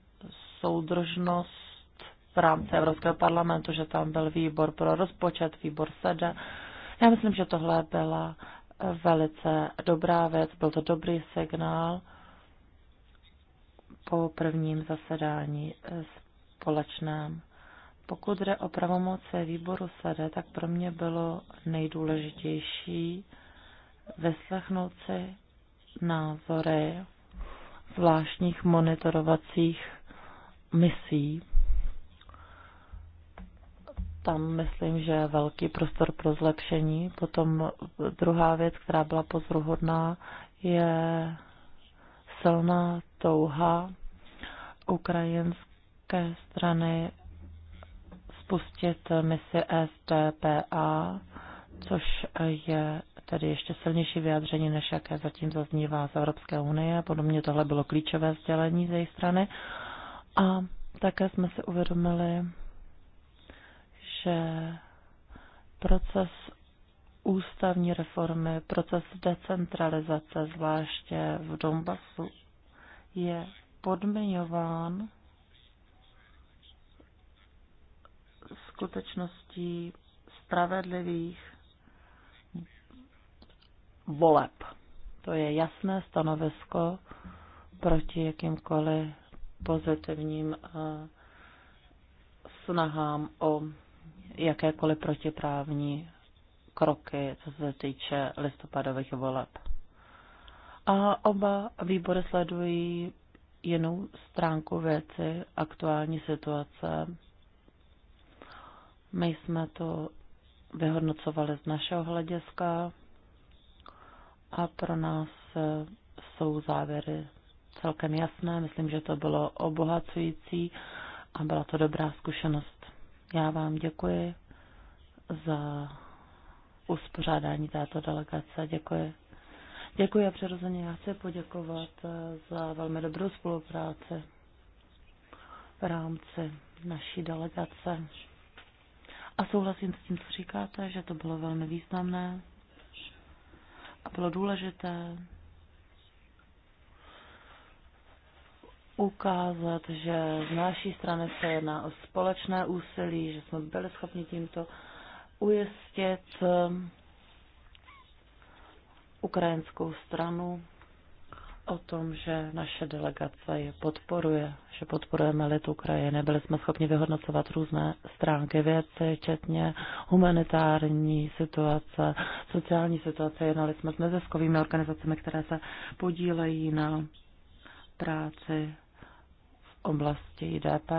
soudržnost v rámci Evropského parlamentu, že tam byl výbor pro rozpočet, výbor sede. Já myslím, že tohle byla velice dobrá věc, byl to dobrý signál po prvním zasedání společném. Pokud jde o pravomoce výboru sede, tak pro mě bylo nejdůležitější vyslechnout si názory zvláštních monitorovacích misí tam myslím, že je velký prostor pro zlepšení. Potom druhá věc, která byla pozoruhodná, je silná touha ukrajinské strany spustit misi SDPA, což je tedy ještě silnější vyjádření, než jaké zatím zaznívá z Evropské unie. Podobně tohle bylo klíčové sdělení z její strany. A také jsme si uvědomili, že proces ústavní reformy, proces decentralizace, zvláště v Donbasu, je podmiňován skutečností spravedlivých voleb. To je jasné stanovisko proti jakýmkoliv pozitivním eh, snahám o jakékoliv protiprávní kroky, co se týče listopadových voleb. A oba výbory sledují jinou stránku věci, aktuální situace. My jsme to vyhodnocovali z našeho hlediska a pro nás eh, jsou závěry celkem jasné. Myslím, že to bylo obohacující a byla to dobrá zkušenost. Já vám děkuji za uspořádání této delegace. Děkuji. Děkuji a přirozeně já chci poděkovat eh, za velmi dobrou spolupráci v rámci naší delegace. A souhlasím s tím, co říkáte, že to bylo velmi významné a bylo důležité ukázat, že z naší strany se jedná o společné úsilí, že jsme byli schopni tímto ujistit um, ukrajinskou stranu o tom, že naše delegace je podporuje, že podporujeme lid Ukrajiny. Byli jsme schopni vyhodnocovat různé stránky věci, včetně humanitární situace, sociální situace. Jednali jsme s neziskovými organizacemi, které se podílejí na práci oblasti IDP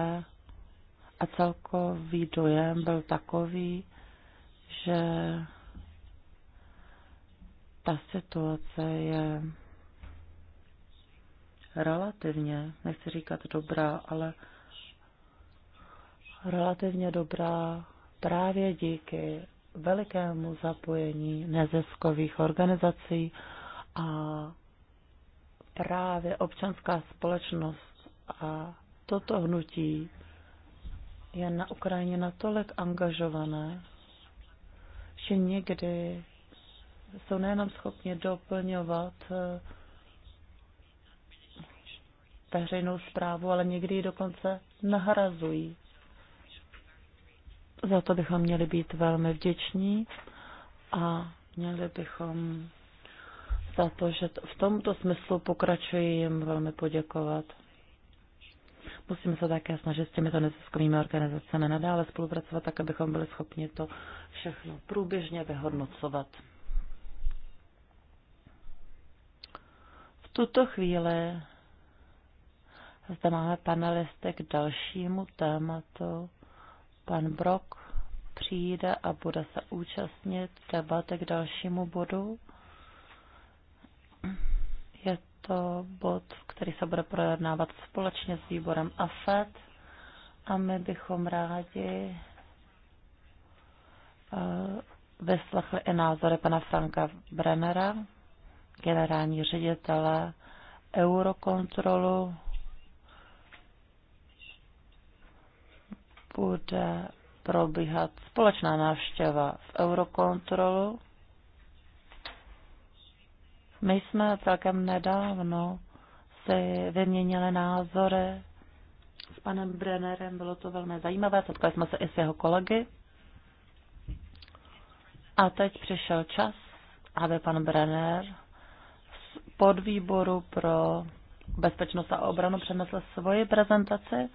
a celkový dojem byl takový, že ta situace je relativně, nechci říkat dobrá, ale relativně dobrá právě díky velikému zapojení neziskových organizací a právě občanská společnost a toto hnutí je na Ukrajině natolik angažované, že někdy jsou nejenom schopni doplňovat eh, veřejnou zprávu, ale někdy ji dokonce nahrazují. Za to bychom měli být velmi vděční a měli bychom za to, že v tomto smyslu pokračuji jim velmi poděkovat. Musíme se také snažit s těmito neziskovými organizacemi nadále spolupracovat, tak abychom byli schopni to všechno průběžně vyhodnocovat. V tuto chvíli zde máme panelisty k dalšímu tématu. Pan Brok přijde a bude se účastnit debaty k dalšímu bodu to bod, který se bude projednávat společně s výborem AFED a my bychom rádi eh, vyslechli i názory pana Franka Brennera, generální ředitele Eurokontrolu. Bude probíhat společná návštěva v Eurokontrolu my jsme celkem nedávno si vyměnili názory s panem Brennerem, bylo to velmi zajímavé, setkali jsme se i s jeho kolegy. A teď přišel čas, aby pan Brenner z podvýboru pro bezpečnost a obranu přenesl svoji prezentaci.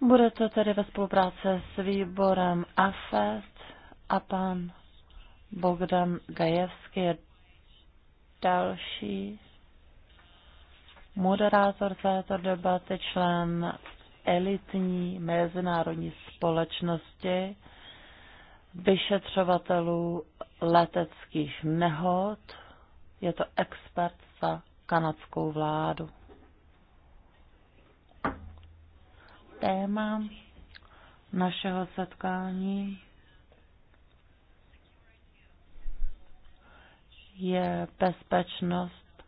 Bude to tedy ve spolupráci s výborem AFET a pan Bogdan Gajevský je Další moderátor této debaty, člen elitní mezinárodní společnosti vyšetřovatelů leteckých nehod. Je to expert za kanadskou vládu. Téma našeho setkání je bezpečnost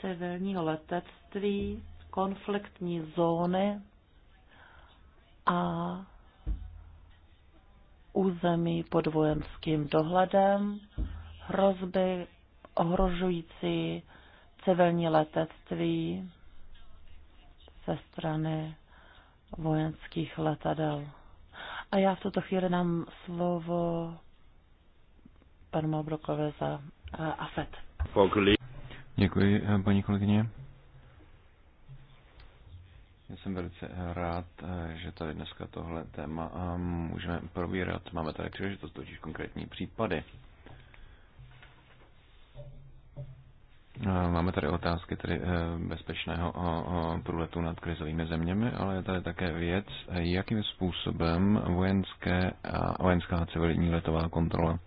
civilního letectví, konfliktní zóny a území pod vojenským dohledem, hrozby ohrožující civilní letectví ze strany vojenských letadel. A já v tuto chvíli dám slovo panu Malbrokovi za Eh, AFET. Děkuji, eh, paní kolegyně. Já jsem velice eh, rád, že tady dneska tohle téma můžeme probírat. Máme tady příležitost totiž konkrétní případy. Máme tady otázky tedy bezpečného průletu nad krizovými zeměmi, ale je tady také věc, jakým způsobem vojenské a vojenská civilní letová kontrola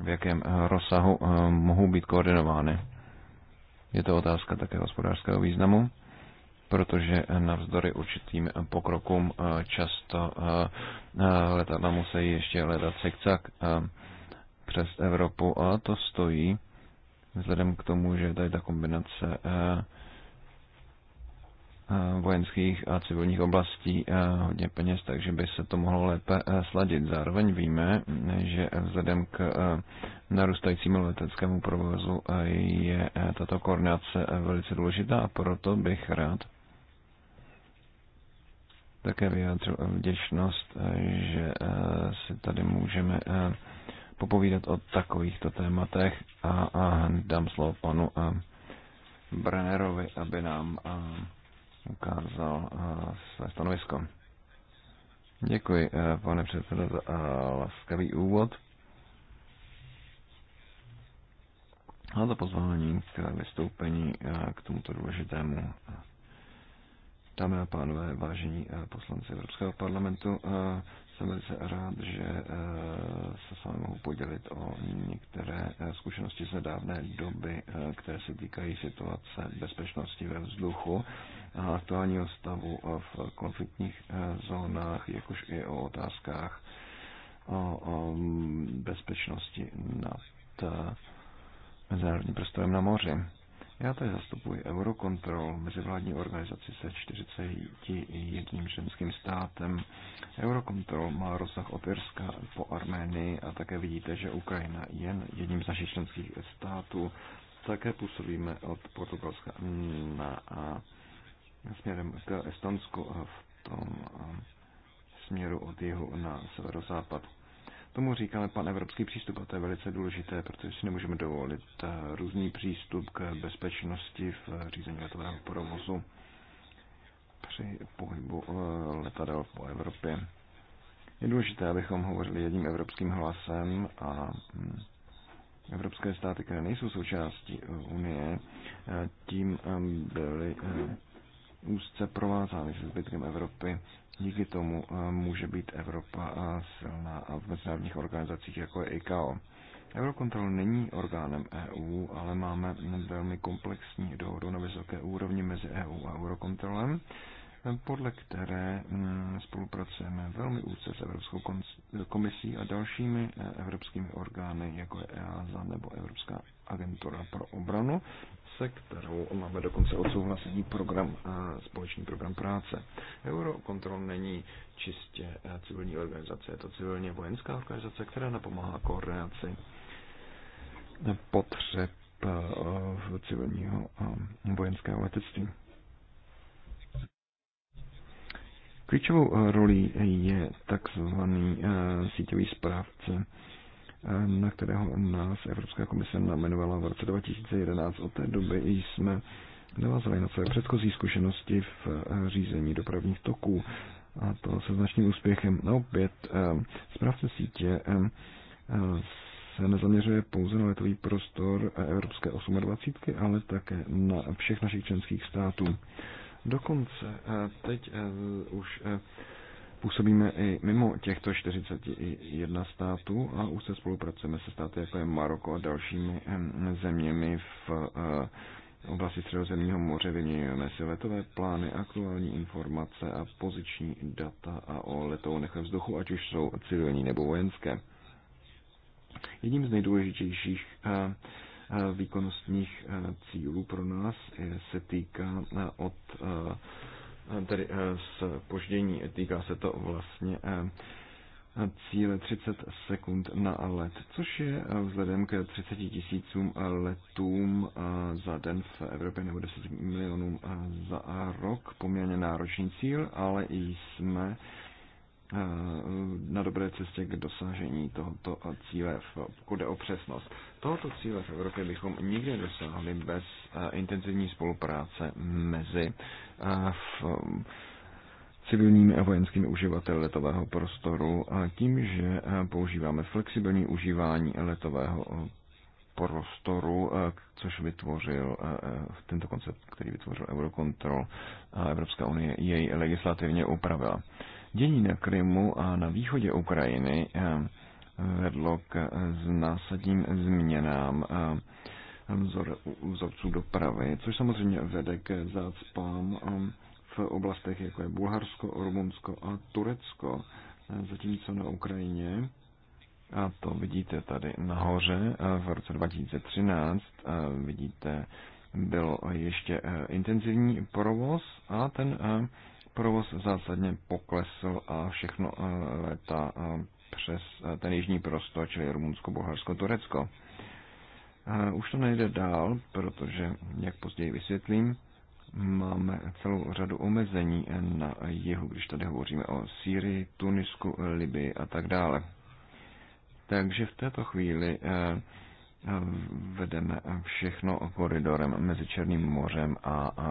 v jakém eh, rozsahu eh, mohou být koordinovány. Je to otázka také hospodářského významu, protože navzdory určitým pokrokům eh, často letadla musí ještě letat cikcak přes Evropu a to stojí vzhledem k tomu, že tady ta kombinace Eh, vojenských a civilních oblastí eh, hodně peněz, takže by se to mohlo lépe eh, sladit. Zároveň víme, že vzhledem k narůstajícímu leteckému provozu je tato koordinace velice důležitá a proto bych rád také vyjádřil vděčnost, že si tady můžeme popovídat o takovýchto tématech a, dám slovo panu Brennerovi, aby nám ukázal eh, své stanovisko. Děkuji, eh, pane předsedo, za eh, laskavý úvod. A za pozvání k vystoupení k tomuto důležitému. Dámy a pánové, vážení poslanci Evropského parlamentu, jsem velice rád, že se s vámi mohu podělit o některé zkušenosti z nedávné doby, které se týkají situace bezpečnosti ve vzduchu aktuálního stavu v konfliktních eh, zónách, jakož i o otázkách o, bezpečnosti nad eh, mezinárodním prostorem na moři. Já tady zastupuji Eurocontrol, mezivládní organizaci se 41 ženským státem. Eurocontrol má rozsah od Irska po Arménii a také vidíte, že Ukrajina je jedním z našich členských států. Také působíme od Portugalska na a směrem k Estonsku v tom směru od jihu na severozápad. Tomu říkáme pan evropský přístup a to je velice důležité, protože si nemůžeme dovolit různý přístup k bezpečnosti v řízení letového provozu při pohybu letadel po Evropě. Je důležité, abychom hovořili jedním evropským hlasem a hm, evropské státy, které nejsou součástí Unie, tím byly úzce provázány se zbytkem Evropy. Díky tomu eh, může být Evropa eh, silná a v mezinárodních organizacích, jako je ICAO. Eurokontrol není orgánem EU, ale máme velmi komplexní dohodu na vysoké úrovni mezi EU a Eurokontrolem, eh, podle které mm, spolupracujeme velmi úzce s Evropskou komisí a dalšími evropskými orgány, jako je EASA nebo Evropská agentura pro obranu se kterou máme dokonce odsouhlasený program, eh, společný program práce. Eurokontrol není čistě eh, civilní organizace, je to civilně vojenská organizace, která napomáhá koordinaci potřeb eh, civilního vojenského letectví. Klíčovou rolí je takzvaný síťový správce na kterého nás Evropská komise namenovala v roce 2011. Od té doby jsme navázali na své předchozí zkušenosti v eh, řízení dopravních toků a to se značným úspěchem. A no, opět zprávce eh, sítě eh, se nezaměřuje pouze na letový prostor Evropské 28, ale také na všech našich členských států. Dokonce teď už Působíme i mimo těchto 41 států a už se spolupracujeme se státy, jako je Maroko a dalšími zeměmi v eh, oblasti Středozemního moře. Vyměňujeme si letové plány, aktuální informace a poziční data a o letounech ve vzduchu, ať už jsou civilní nebo vojenské. Jedním z nejdůležitějších eh, eh, výkonnostních cílů pro nás se týká od tedy eh, poždění, Týká se to vlastně eh, cíle 30 sekund na let, což je eh, vzhledem k 30 tisícům letům za den v Evropě nebo 10 milionům za rok poměrně náročný cíl, ale i jsme Eh, na dobré cestě k dosažení tohoto cíle, pokud jde o přesnost. Tohoto cíle v Evropě bychom nikdy dosáhli bez eh, intenzivní spolupráce mezi eh, v civilními a vojenskými uživateli letového prostoru a tím, že používáme flexibilní užívání letového prostoru, což vytvořil tento koncept, který vytvořil Eurocontrol a Evropská unie jej legislativně upravila. Dění na Krymu a na východě Ukrajiny eh, vedlo k eh, zásadním změnám eh, vzor, vzorců dopravy, což samozřejmě vede k zácpám v oblastech, jako je Bulharsko, Rumunsko a Turecko, zatímco na Ukrajině a to vidíte tady nahoře v roce 2013, vidíte, byl ještě intenzivní provoz a ten provoz zásadně poklesl a všechno eh, létá eh, přes eh, ten jižní prostor, čili Rumunsko, Bulharsko, Turecko. Už to nejde dál, protože, jak později vysvětlím, máme celou řadu omezení na jihu, když tady hovoříme o Sýrii, Tunisku, Libii a tak dále. Takže v této chvíli eh, vedeme všechno koridorem mezi Černým mořem a, a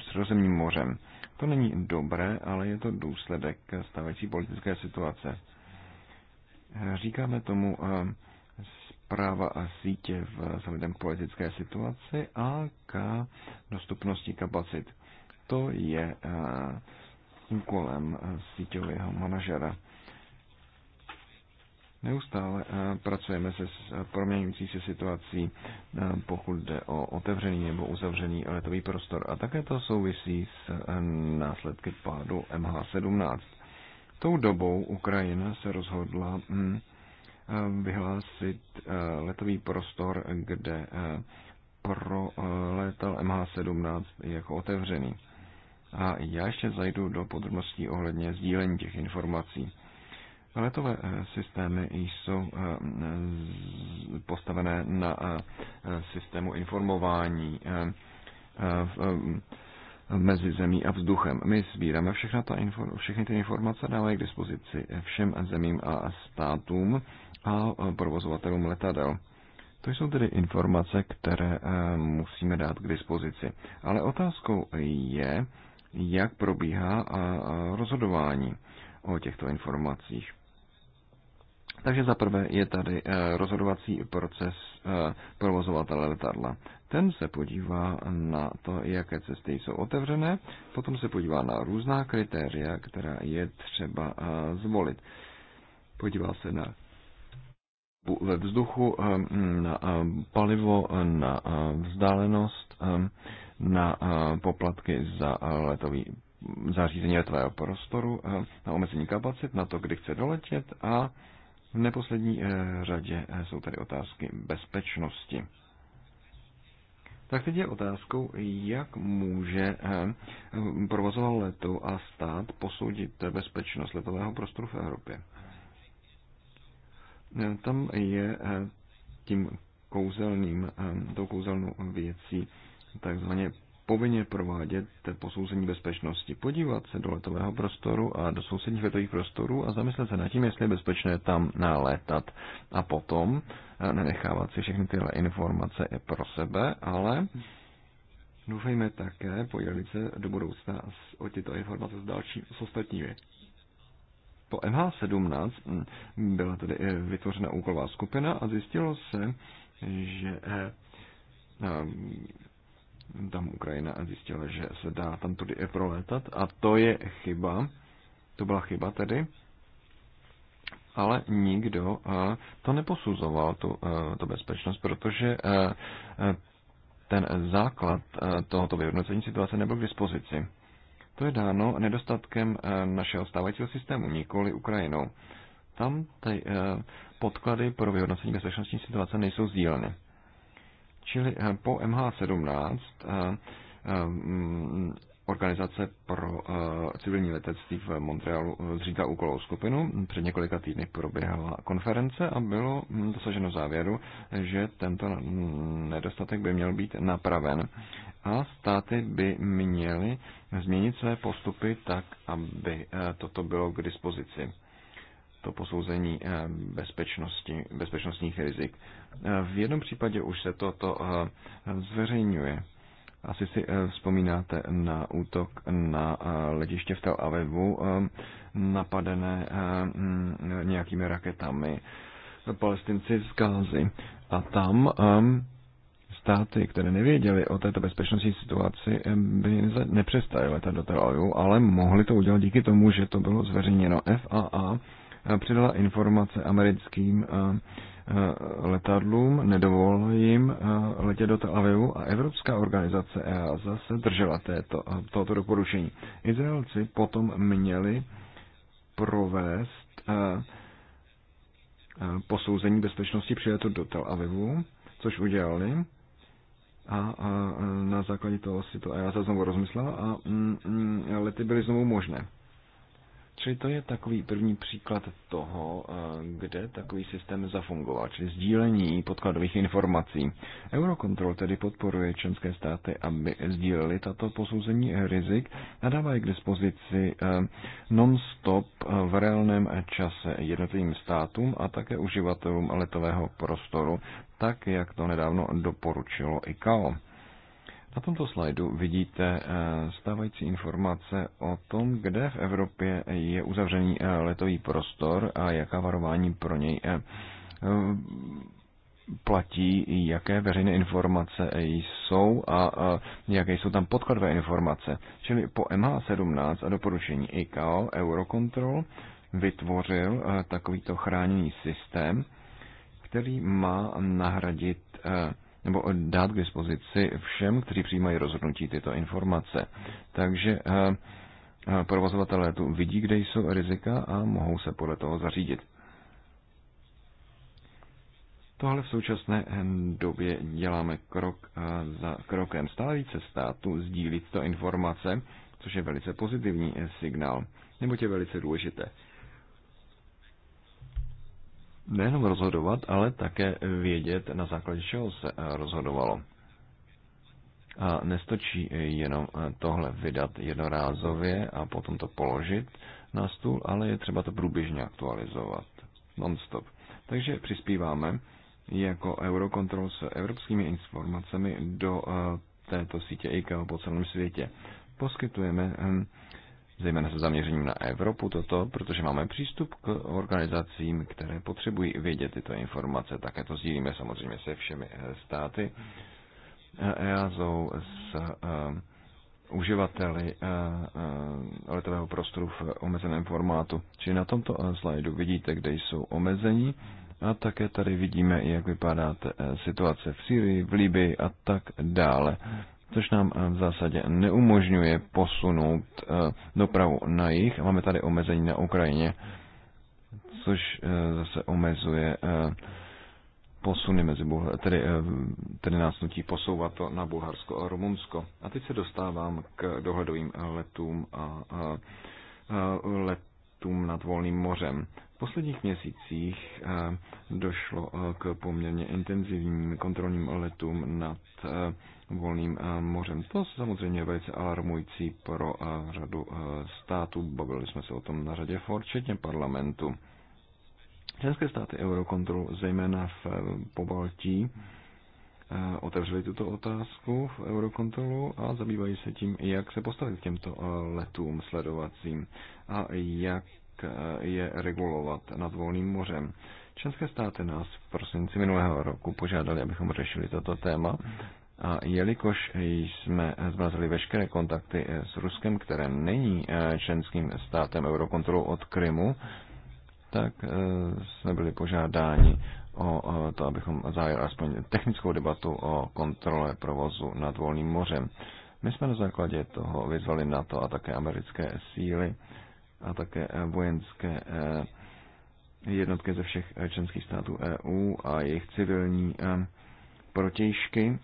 Středozemním mořem. To není dobré, ale je to důsledek stavecí politické situace. Říkáme tomu eh, zpráva a sítě v samotném politické situaci a k dostupnosti kapacit. To je eh, úkolem síťového manažera Neustále eh, pracujeme se s eh, proměňující se situací, eh, pokud jde o otevřený nebo uzavřený letový prostor. A také to souvisí s následky pádu MH17. Tou dobou Ukrajina se rozhodla hm, vyhlásit letový prostor, kde pro letal MH17 jako otevřený. A já ještě zajdu do podrobností ohledně sdílení těch informací. Letové eh, systémy jsou eh, postavené na eh, systému informování mezi zemí a vzduchem. My sbíráme všechna ta všechny ty informace, dáme k dispozici všem zemím a státům a provozovatelům letadel. To jsou tedy informace, které musíme dát k dispozici. Ale otázkou je, jak probíhá rozhodování o těchto informacích. Takže za prvé je tady eh, rozhodovací proces eh, provozovatele letadla. Ten se podívá na to, jaké cesty jsou otevřené, potom se podívá na různá kritéria, která je třeba eh, zvolit. Podívá se na ve vzduchu, na palivo, na vzdálenost, na poplatky za letový zařízení letového prostoru, na omezení kapacit, na to, kdy chce doletět a v neposlední eh, řadě eh, jsou tady otázky bezpečnosti. Tak teď je otázkou, jak může eh, provozovat letu a stát posoudit bezpečnost letového prostoru v Evropě. Tam je tím kouzelným, tou kouzelnou věcí takzvaně povinně provádět posouzení bezpečnosti, podívat se do letového prostoru a do sousedních letových prostorů a zamyslet se nad tím, jestli je bezpečné tam nalétat. A potom eh, nenechávat si všechny tyhle informace i pro sebe, ale doufejme také podělit se do budoucna o tyto informace s, další, s ostatními. Po MH17 hm, byla tedy eh, vytvořena úkolová skupina a zjistilo se, že eh, tam Ukrajina a zjistila, že se dá tam tudy prolétat a to je chyba, to byla chyba tedy, ale nikdo eh, to neposuzoval, tu, eh, to bezpečnost, protože eh, ten základ tohoto vyhodnocení situace nebyl k dispozici. To je dáno nedostatkem našeho stávajícího systému, nikoli Ukrajinou. Tam ty podklady pro vyhodnocení bezpečnostní situace nejsou sdíleny. Čili eh, po MH17 eh, eh, mm, organizace pro civilní letectví v Montrealu zřídila úkolovou skupinu. Před několika týdny proběhla konference a bylo hm, dosaženo závěru, že tento mm, nedostatek by měl být napraven a státy by měly změnit své postupy tak, aby toto bylo k dispozici to posouzení eh, bezpečnosti, bezpečnostních rizik. Eh, v jednom případě už se toto eh, zveřejňuje. Asi si vzpomínáte na útok na letiště v Tel Avivu, napadené mm, nějakými raketami palestinci z Gázy. A tam státy, které nevěděly o této bezpečnostní situaci, by nepřestaly letat do Tel Avivu, ale mohli to udělat díky tomu, že to bylo zveřejněno. FAA předala informace americkým letadlům, nedovolila jim letět do Tel Avivu a evropská organizace EASA se držela této, tohoto doporučení. Izraelci potom měli provést posouzení bezpečnosti přiletu do Tel Avivu, což udělali a, a na základě toho si to EASA znovu rozmyslela a mm, mm, lety byly znovu možné. Čili to je takový první příklad toho, eh, kde takový systém zafungoval, čili sdílení podkladových informací. Eurocontrol tedy podporuje členské státy, aby sdíleli tato posouzení rizik a dávají k dispozici eh, non-stop eh, v reálném čase jednotlivým státům a také uživatelům letového prostoru, tak jak to nedávno doporučilo ICAO. Na tomto slajdu vidíte eh, stávající informace o tom, kde v Evropě je uzavřený eh, letový prostor a jaká varování pro něj eh, platí, jaké veřejné informace jsou a, jaké jsou tam podkladové informace. Čili po MH17 a doporučení ICAO Eurocontrol vytvořil takovýto chráněný systém, který má nahradit nebo dát k dispozici všem, kteří přijímají rozhodnutí tyto informace. Takže eh, eh, provozovatelé tu vidí, kde jsou rizika a mohou se podle toho zařídit. Tohle v současné eh, době děláme krok za krokem. Stále více států sdílí tyto informace, což je velice pozitivní signál, nebo je velice důležité nejenom rozhodovat, ale také vědět, na základě čeho se eh, rozhodovalo. A nestočí eh, jenom eh, tohle vydat jednorázově a potom to položit na stůl, ale je třeba to průběžně aktualizovat Nonstop. stop Takže přispíváme jako Eurocontrol s evropskými informacemi do této sítě ICAO po celém světě. Poskytujeme zejména se zaměřením na Evropu toto, protože máme přístup k organizacím, které potřebují vědět tyto informace. Také to sdílíme samozřejmě se všemi eh, státy, EASO e s eh, uživateli eh, letového prostoru v omezeném formátu. Čili na tomto slajdu vidíte, kde jsou omezení a také tady vidíme, jak vypadá situace v Syrii, v Libii a tak dále což nám eh, v zásadě neumožňuje posunout eh, dopravu na jich. Máme tady omezení na Ukrajině, což eh, zase omezuje posuny mezi tedy, tedy nás nutí posouvat to na Bulharsko a Rumunsko. A teď se dostávám k dohledovým letům a, a, a letům nad volným mořem. V posledních měsících došlo k poměrně intenzivním kontrolním letům nad volným eh, mořem. To samozřejmě je velice alarmující pro eh, řadu eh, států. Bavili jsme se o tom na řadě for, včetně parlamentu. České státy Eurokontrol zejména v Pobaltí, otevřeli tuto otázku v Eurokontrolu a zabývají se tím, jak se postavit k těmto letům sledovacím a jak je regulovat nad volným mořem. České státy nás v prosinci minulého roku požádali, abychom řešili toto téma a jelikož jsme zmrazili veškeré kontakty eh, s Ruskem, které není eh, členským státem Eurokontrolu od Krymu, tak eh, jsme byli požádáni o to, abychom zahájili aspoň technickou debatu o kontrole provozu nad volným mořem. My jsme na základě toho vyzvali NATO a také americké síly a také vojenské jednotky ze všech členských států EU a jejich civilní protějšky.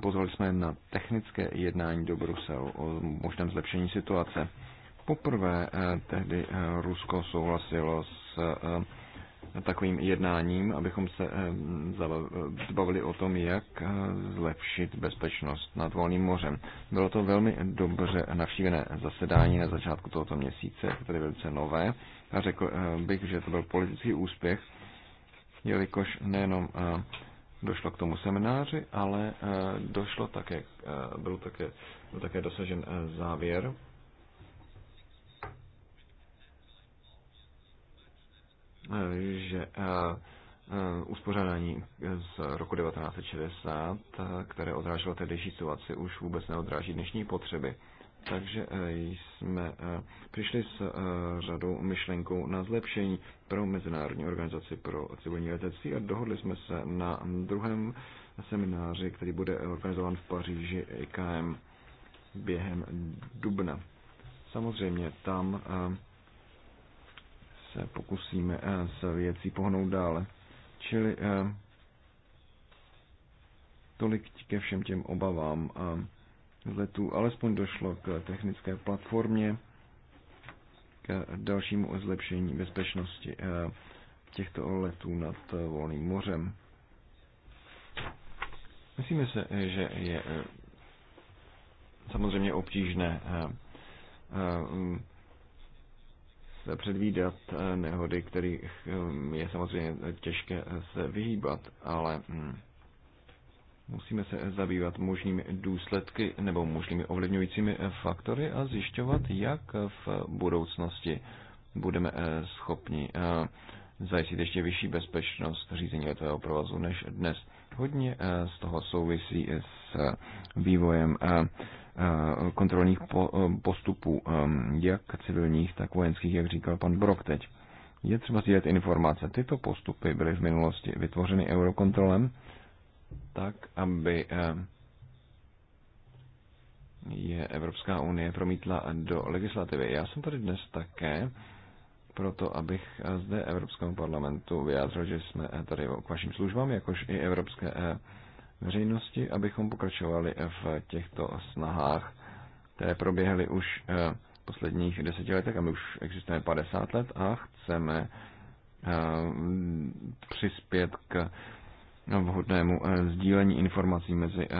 Pozvali jsme na technické jednání do Bruselu o možném zlepšení situace. Poprvé e, tehdy e, Rusko souhlasilo s e, takovým jednáním, abychom se zbavili o tom, jak zlepšit bezpečnost nad volným mořem. Bylo to velmi dobře navštívené zasedání na začátku tohoto měsíce, které je velice nové. A řekl bych, že to byl politický úspěch, jelikož nejenom Došlo k tomu semináři, ale eh, došlo také, eh, byl také, byl také dosažen eh, závěr, že uspořádání z roku 1960, které odráželo tehdejší situaci, už vůbec neodráží dnešní potřeby. Takže eh, jsme eh, přišli s eh, řadou myšlenkou na zlepšení pro Mezinárodní organizaci pro civilní letectví a dohodli jsme se na druhém semináři, který bude organizován v Paříži IKM během dubna. Samozřejmě tam se pokusíme s věcí pohnout dále. Čili tolik ke všem těm obavám letů alespoň došlo k technické platformě, k dalšímu zlepšení bezpečnosti eh, těchto letů nad eh, volným mořem. Myslíme se, eh, že je samozřejmě obtížné se předvídat nehody, kterých je samozřejmě těžké se vyhýbat, ale hm, Musíme se zabývat možnými důsledky nebo možnými ovlivňujícími faktory a zjišťovat, jak v budoucnosti budeme eh, schopni eh, zajistit ještě vyšší bezpečnost řízení letového provozu než dnes. Hodně eh, z toho souvisí s vývojem kontrolních postupů, jak civilních, tak vojenských, jak říkal pan Brok teď. Je třeba sdílet informace. Tyto postupy byly v minulosti vytvořeny Eurokontrolem tak, aby eh, je Evropská unie promítla do legislativy. Já jsem tady dnes také proto, abych eh, zde Evropskému parlamentu vyjádřil, že jsme eh, tady k vašim službám, jakož i Evropské veřejnosti, abychom pokračovali v těchto snahách, které proběhly už v posledních deseti letech a my už existujeme 50 let a chceme přispět k No, vhodnému eh, sdílení informací mezi eh,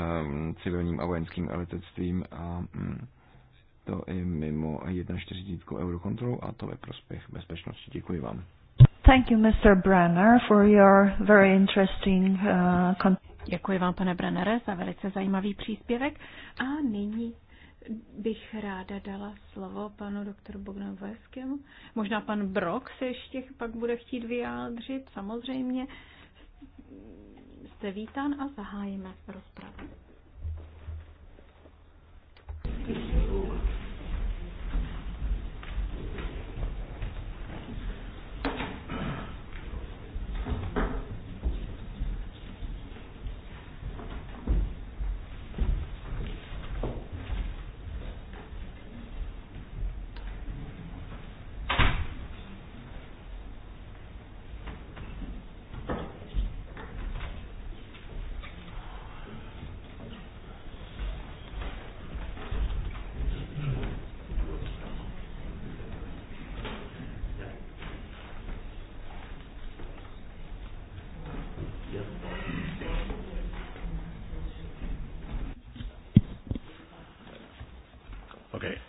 civilním a vojenským letectvím a mm, to i mimo 1.40 eurokontrolu a to ve prospěch bezpečnosti. Děkuji vám. Thank you, Mr. Brenner, for your very interesting uh, Děkuji vám, pane Brennere, za velice zajímavý příspěvek. A nyní bych ráda dala slovo panu doktoru Bogdanovskému. Možná pan Brok se ještě pak bude chtít vyjádřit, samozřejmě velice vítán a zahájíme rozpravu.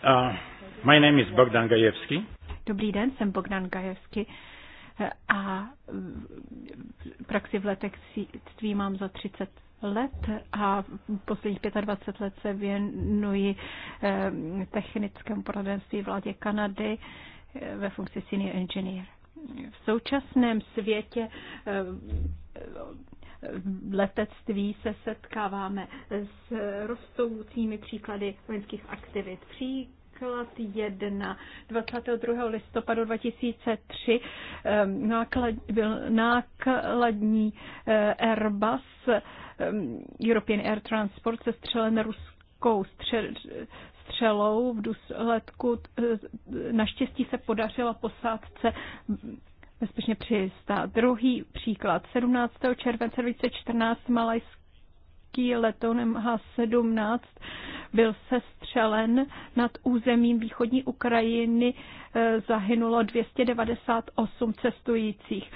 Uh, my name is Bogdan Gajewski. Dobrý den, jsem Bogdan Gajewski a praxi v letectví mám za 30 let a posledních 25 let se věnuji eh, technickému poradenství vládě Kanady eh, ve funkci senior engineer. V současném světě eh, letectví se setkáváme s rostoucími příklady vojenských aktivit. Pří náklad 1 22. listopadu 2003 ehm, náklad, byl nákladní eh, Airbus ehm, European Air Transport se střelen ruskou střel, střelou v důsledku eh, naštěstí se podařilo posádce bezpečně přistát. Druhý příklad. 17. července 2014 Malajská americký letounem H-17 byl sestřelen nad územím východní Ukrajiny. Eh, zahynulo 298 cestujících.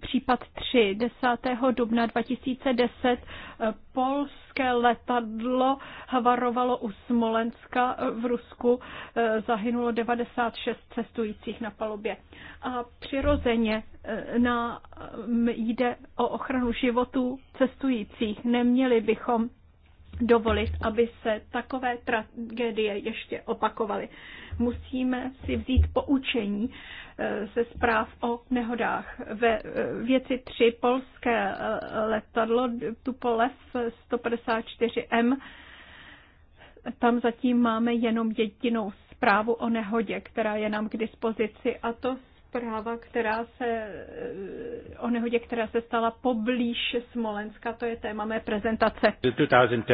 Případ 3. 10. dubna 2010 eh, Pols ruské letadlo havarovalo u Smolenska v Rusku. Eh, zahynulo 96 cestujících na palubě. A přirozeně eh, nám jde o ochranu životů cestujících. Neměli bychom dovolit, aby se takové tragédie ještě opakovaly. Musíme si vzít poučení eh, ze zpráv o nehodách. Ve eh, věci 3 polské eh, letadlo Tupolev 154M, tam zatím máme jenom jedinou zprávu o nehodě, která je nám k dispozici a to zpráva, která se eh, o nehodě, která se stala poblíž Smolenska, to je téma mé prezentace. 2010,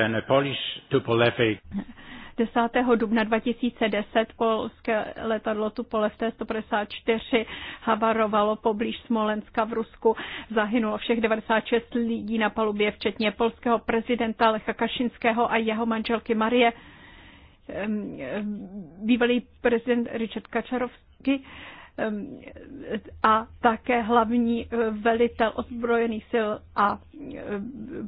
10. dubna 2010 polské letadlo Tupolev T-154 havarovalo poblíž Smolenska v Rusku. Zahynulo všech 96 lidí na palubě, včetně polského prezidenta Lecha Kašinského a jeho manželky Marie bývalý prezident Richard Kačarovský a také hlavní eh, velitel ozbrojených sil a eh,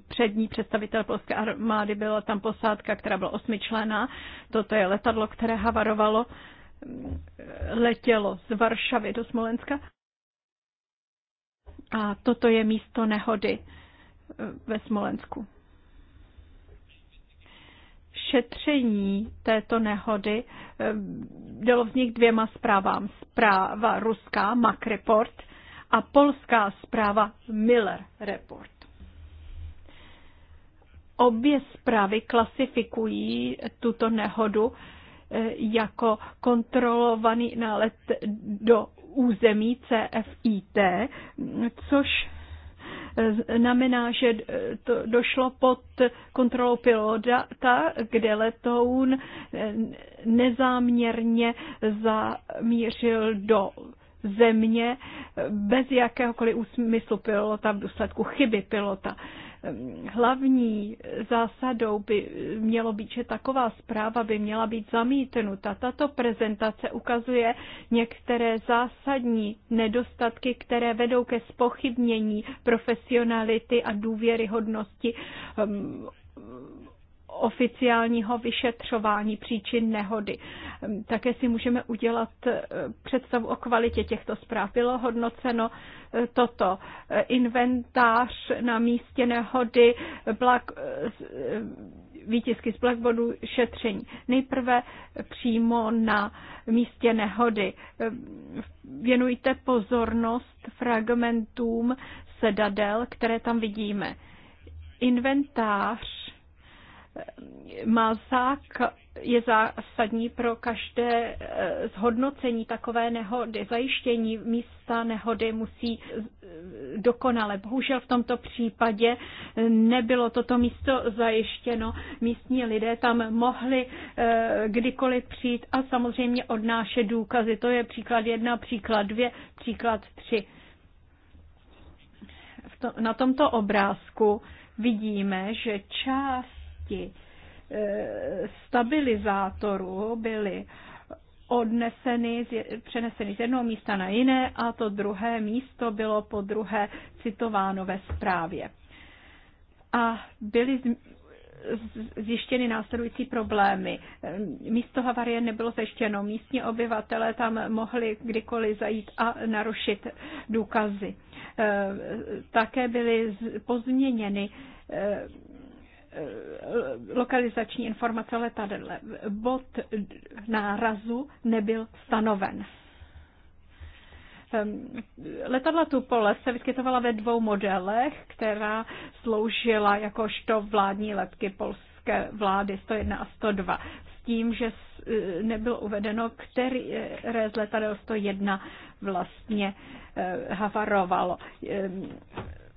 přední představitel polské armády byla tam posádka, která byla osmičlená. Toto je letadlo, které havarovalo, eh, letělo z Varšavy do Smolenska. A toto je místo nehody ve Smolensku šetření této nehody eh, dalo vznik dvěma zprávám. Zpráva ruská MAC Report a polská zpráva Miller Report. Obě zprávy klasifikují tuto nehodu eh, jako kontrolovaný nálet do území CFIT, což Eh, znamená, že eh, to došlo pod kontrolou pilota, kde letoun eh, nezáměrně zamířil do země bez jakéhokoliv úsmyslu pilota v důsledku chyby pilota. Hlavní zásadou by mělo být, že taková zpráva by měla být zamítnuta. Tato prezentace ukazuje některé zásadní nedostatky, které vedou ke spochybnění profesionality a důvěryhodnosti oficiálního vyšetřování příčin nehody. Také si můžeme udělat eh, představu o kvalitě těchto zpráv. Bylo hodnoceno eh, toto eh, inventář na místě nehody, blak, výtisky z blackboardu, šetření. Nejprve přímo na místě nehody. Věnujte pozornost fragmentům sedadel, které tam vidíme. Inventář Malzák je zásadní pro každé eh, zhodnocení takové nehody. Zajištění místa nehody musí eh, dokonale. Bohužel v tomto případě eh, nebylo toto místo zajištěno. Místní lidé tam mohli kdykoliv přijít a samozřejmě odnášet důkazy. To je příklad jedna, příklad dvě, příklad tři. na tomto obrázku vidíme, že část části eh, stabilizátorů byly odneseny, přeneseny z jednoho místa na jiné a to druhé místo bylo po druhé citováno ve zprávě. A byly zjištěny následující problémy. Eh, místo havarie nebylo zjištěno, místní obyvatelé tam mohli kdykoliv zajít a narušit důkazy. Eh, také byly pozměněny Eh, lokalizační informace letadle. Bod nárazu nebyl stanoven. Letadla Tupolev se vyskytovala ve dvou modelech, která sloužila jakožto vládní letky polské vlády 101 a 102 s tím, že eh, nebylo uvedeno, který z letadel 101 vlastně eh, havarovalo.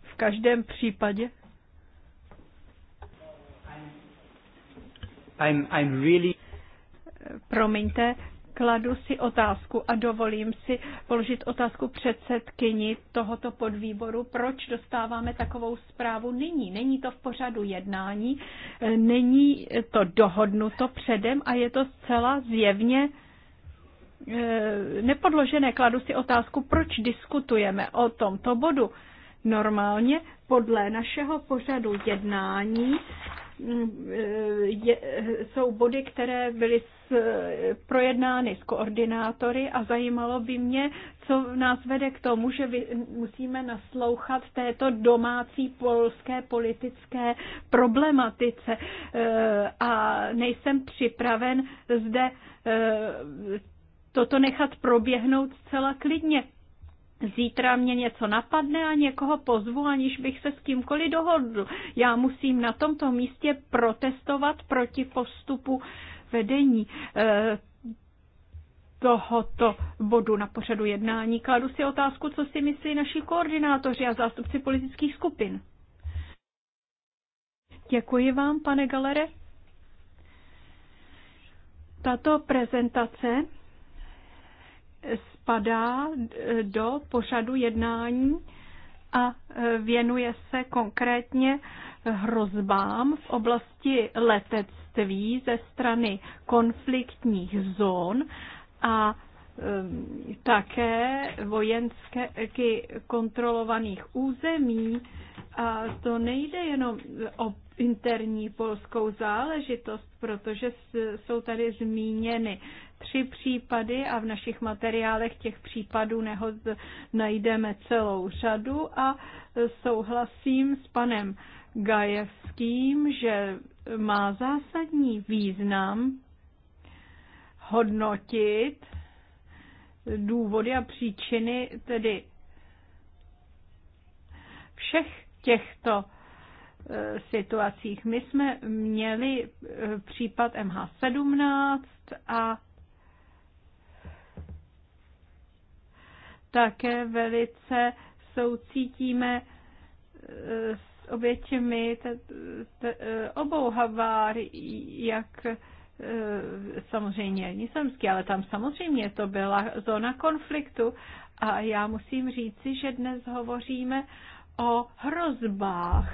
V každém případě I'm, I'm really... Promiňte, kladu si otázku a dovolím si položit otázku předsedkyni tohoto podvýboru, proč dostáváme takovou zprávu nyní. Není to v pořadu jednání, není to dohodnuto předem a je to zcela zjevně eh, nepodložené. Kladu si otázku, proč diskutujeme o tomto bodu. Normálně podle našeho pořadu jednání Mm, eh, je, jsou body, které byly s, projednány s koordinátory a zajímalo by mě, co nás vede k tomu, že vy, musíme naslouchat této domácí polské politické problematice. Eh, a nejsem připraven zde eh, toto nechat proběhnout zcela klidně. Zítra mě něco napadne a někoho pozvu, aniž bych se s kýmkoliv dohodl. Já musím na tomto místě protestovat proti postupu vedení eh, tohoto bodu na pořadu jednání. Kladu si otázku, co si myslí naši koordinátoři a zástupci politických skupin. Děkuji vám, pane Galere. Tato prezentace spadá eh, do pořadu jednání a eh, věnuje se konkrétně hrozbám v oblasti letectví ze strany konfliktních zón a eh, také vojensky kontrolovaných území. A to nejde jenom o interní polskou záležitost, protože jsou tady zmíněny tři případy a v našich materiálech těch případů nehod najdeme celou řadu a souhlasím s panem Gajevským, že má zásadní význam hodnotit důvody a příčiny tedy všech těchto Eh, situacích. My jsme měli eh, případ MH17 a také velice soucítíme eh, s oběťmi obou havár, jak samozřejmě nizozemský, ale tam samozřejmě to byla zóna konfliktu a já musím říci, že dnes hovoříme o hrozbách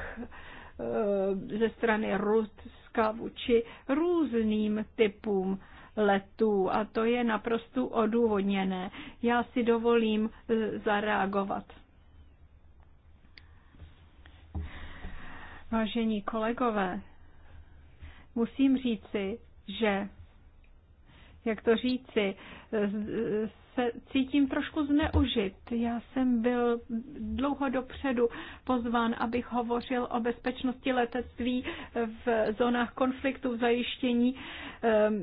Eh, ze strany Ruska vůči různým typům letů a to je naprosto odůvodněné. Já si dovolím eh, zareagovat. Vážení kolegové, musím říci, že, jak to říci, eh, se cítím trošku zneužit. Já jsem byl dlouho dopředu pozván, abych hovořil o bezpečnosti letectví v zónách konfliktu, v zajištění ehm,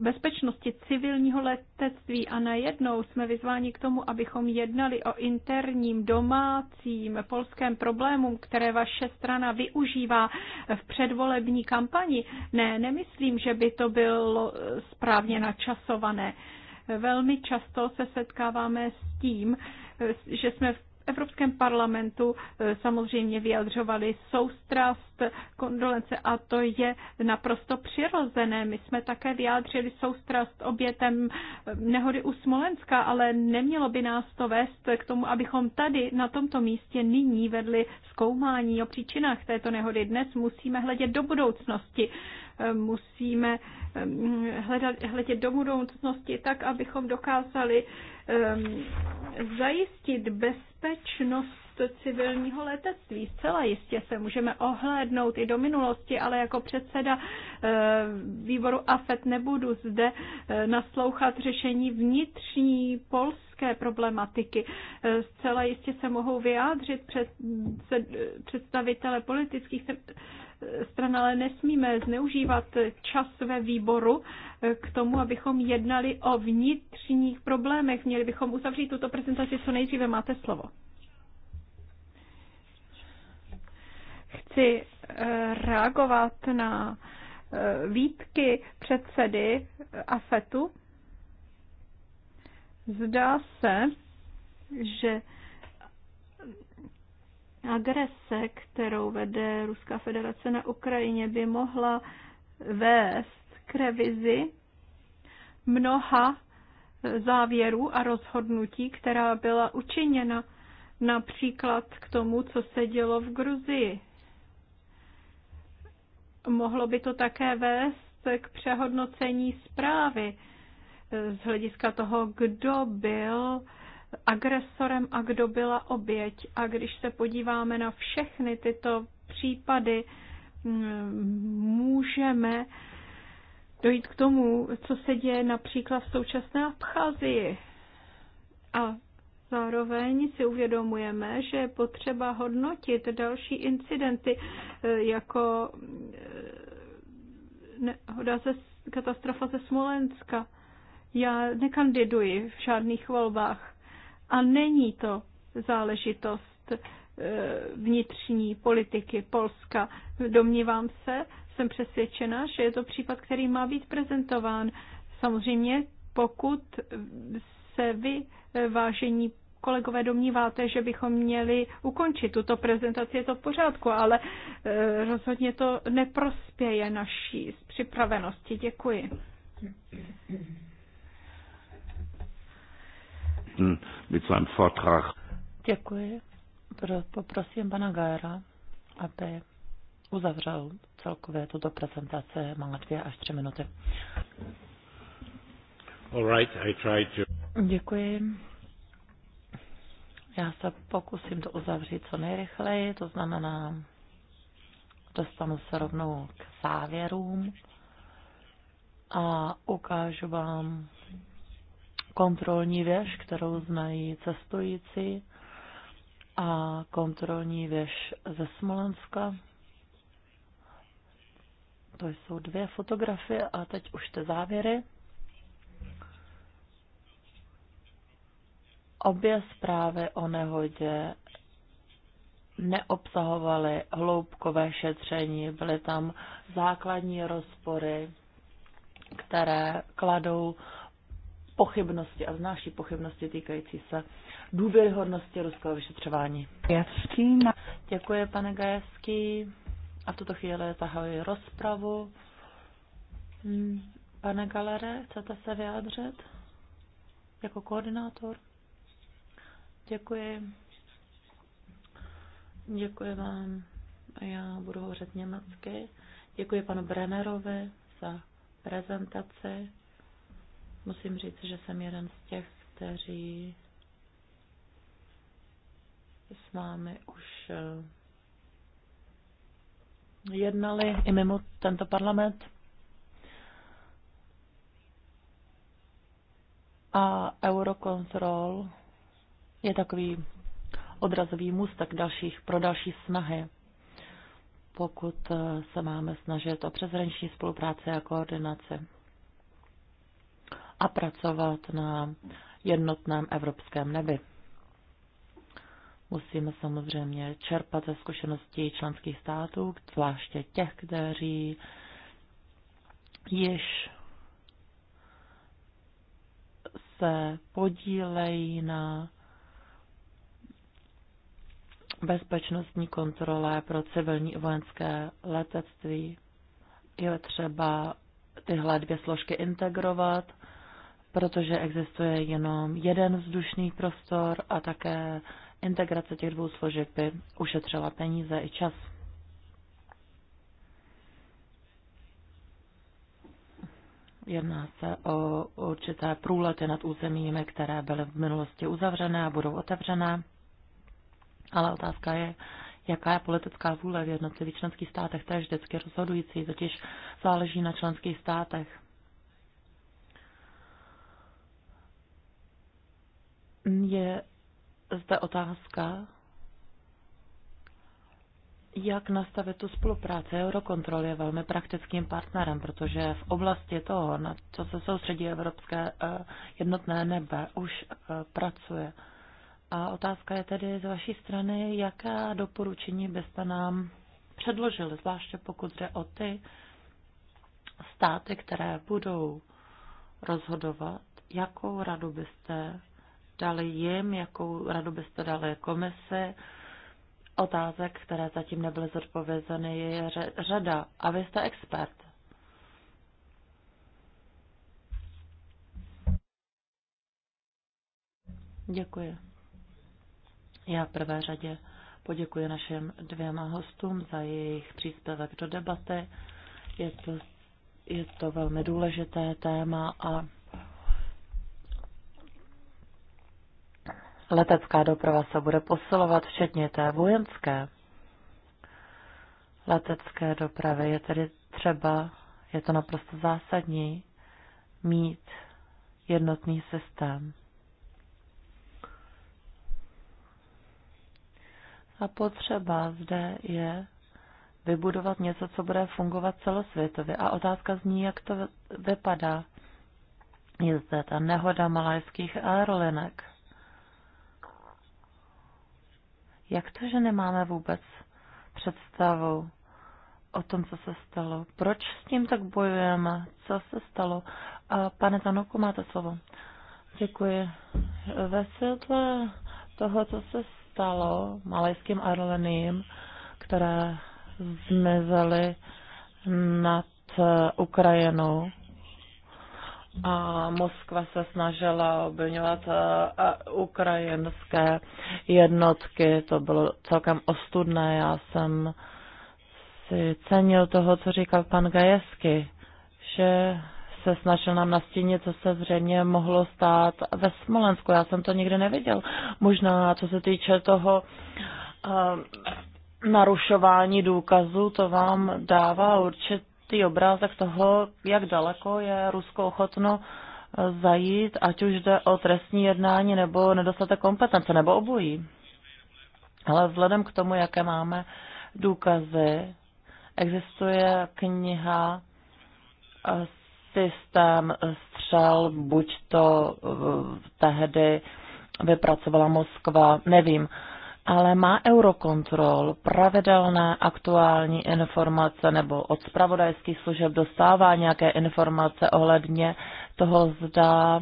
bezpečnosti civilního letectví a najednou jsme vyzváni k tomu, abychom jednali o interním, domácím polském problému, které vaše strana využívá v předvolební kampani. Ne, nemyslím, že by to bylo správně načasované. Velmi často se setkáváme s tím, že jsme v Evropském parlamentu eh, samozřejmě vyjadřovali soustrast, kondolence a to je naprosto přirozené. My jsme také vyjádřili soustrast obětem eh, nehody u Smolenska, ale nemělo by nás to vést k tomu, abychom tady na tomto místě nyní vedli zkoumání o příčinách této nehody. Dnes musíme hledět do budoucnosti musíme eh, hledat, hledět do budoucnosti tak, abychom dokázali eh, zajistit bezpečnost civilního letectví. Zcela jistě se můžeme ohlédnout i do minulosti, ale jako předseda eh, výboru AFET nebudu zde naslouchat řešení vnitřní polské problematiky. Zcela jistě se mohou vyjádřit před, představitele politických stran, ale nesmíme zneužívat čas ve výboru k tomu, abychom jednali o vnitřních problémech. Měli bychom uzavřít tuto prezentaci co nejdříve. Máte slovo. Chci eh, reagovat na eh, výtky předsedy AFETu. Zdá se, že agrese, kterou vede Ruská federace na Ukrajině, by mohla vést k revizi mnoha závěrů a rozhodnutí, která byla učiněna například k tomu, co se dělo v Gruzii. Mohlo by to také vést k přehodnocení zprávy z hlediska toho, kdo byl agresorem a kdo byla oběť. A když se podíváme na všechny tyto případy, mm, můžeme dojít k tomu, co se děje například v současné Abcházii. A zároveň si uvědomujeme, že je potřeba hodnotit další incidenty e, jako e, nehoda ze, katastrofa ze Smolenska. Já nekandiduji v žádných volbách a není to záležitost eh, vnitřní politiky Polska. Domnívám se, jsem přesvědčena, že je to případ, který má být prezentován. Samozřejmě, pokud se vy, eh, vážení kolegové, domníváte, že bychom měli ukončit tuto prezentaci, je to v pořádku, ale eh, rozhodně to neprospěje naší připravenosti. Děkuji. Minuten hm, mit seinem Vortrag. Děkuji. Poprosím pana Gajera, aby uzavřel celkově tuto prezentaci. Má dvě až tři minuty. All right, I try to... Děkuji. Já se pokusím to uzavřít co nejrychleji, to znamená, dostanu se rovnou k závěrům a ukážu vám kontrolní věž, kterou znají cestující a kontrolní věž ze Smolenska. To jsou dvě fotografie a teď už ty závěry. Obě zprávy o nehodě neobsahovaly hloubkové šetření, byly tam základní rozpory, které kladou pochybnosti a vznáší pochybnosti týkající se důvěryhodnosti ruského vyšetřování. Gajevský. Děkuji, pane Gajevský. A v tuto chvíli zahajuji rozpravu. Hmm, pane Galere, chcete se vyjádřit jako koordinátor? Děkuji. Děkuji vám. Já budu hovořit německy. Děkuji panu Brennerovi za prezentaci Musím říct, že jsem jeden z těch, kteří s vámi už eh, jednali i mimo tento parlament. A Eurocontrol je takový odrazový můstek dalších, pro další snahy, pokud eh, se máme snažit o přeshraniční spolupráci a koordinaci a pracovat na jednotném evropském nebi. Musíme samozřejmě čerpat ze zkušeností členských států, zvláště těch, kteří již se podílejí na bezpečnostní kontrole pro civilní i vojenské letectví. Je třeba tyhle dvě složky integrovat protože existuje jenom jeden vzdušný prostor a také integrace těch dvou složek by ušetřila peníze i čas. Jedná se o určité průlety nad územími, které byly v minulosti uzavřené a budou otevřené. Ale otázka je, jaká je politická vůle v jednotlivých členských státech. To je vždycky rozhodující, totiž záleží na členských státech. je zde otázka, jak nastavit tu spolupráci? Eurokontrol je velmi praktickým partnerem, protože v oblasti toho, na co se soustředí Evropské eh, jednotné nebe, už eh, pracuje. A otázka je tedy z vaší strany, jaká doporučení byste nám předložili, zvláště pokud jde o ty státy, které budou rozhodovat, jakou radu byste dali jim, jakou radu byste dali komise. Otázek, které zatím nebyly zodpovězeny, je řada. A vy jste expert. Děkuji. Já v prvé řadě poděkuji našim dvěma hostům za jejich příspěvek do debaty. Je to, je to velmi důležité téma a Letecká doprava se bude posilovat, včetně té vojenské. Letecké dopravy je tedy třeba, je to naprosto zásadní, mít jednotný systém. A potřeba zde je vybudovat něco, co bude fungovat celosvětově. A otázka zní, jak to vypadá. Je zde ta nehoda malajských aerolinek. Jak to, že nemáme vůbec představu o tom, co se stalo? Proč s tím tak bojujeme? Co se stalo? A pane Tanoku, máte slovo. Děkuji. Ve světle toho, co se stalo malajským aeroliním, které zmizely nad Ukrajinou, a Moskva se snažila obvinovat eh, ukrajinské jednotky. To bylo celkem ostudné. Já jsem si cenil toho, co říkal pan Gajesky, že se snažil nám nastínit, co se zřejmě mohlo stát ve Smolensku. Já jsem to nikdy neviděl. Možná, co se týče toho uh, narušování důkazů, to vám dává určitě určitý obrázek toho, jak daleko je Rusko ochotno eh, zajít, ať už jde o trestní jednání nebo nedostatek kompetence, nebo obojí. Ale vzhledem k tomu, jaké máme důkazy, existuje kniha eh, systém střel, buď to eh, tehdy vypracovala Moskva, nevím, ale má Eurokontrol pravidelné aktuální informace nebo od spravodajských služeb dostává nějaké informace ohledně toho, zda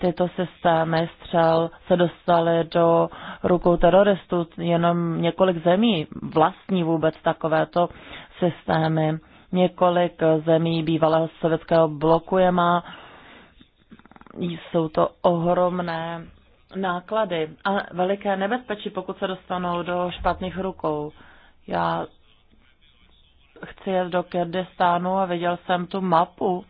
tyto systémy střel se dostaly do rukou teroristů. Jenom několik zemí vlastní vůbec takovéto systémy. Několik zemí bývalého sovětského bloku je má. Jsou to ohromné náklady a veliké nebezpečí, pokud se dostanou do špatných rukou. Já chci jet do Kyrgyzstánu a viděl jsem tu mapu,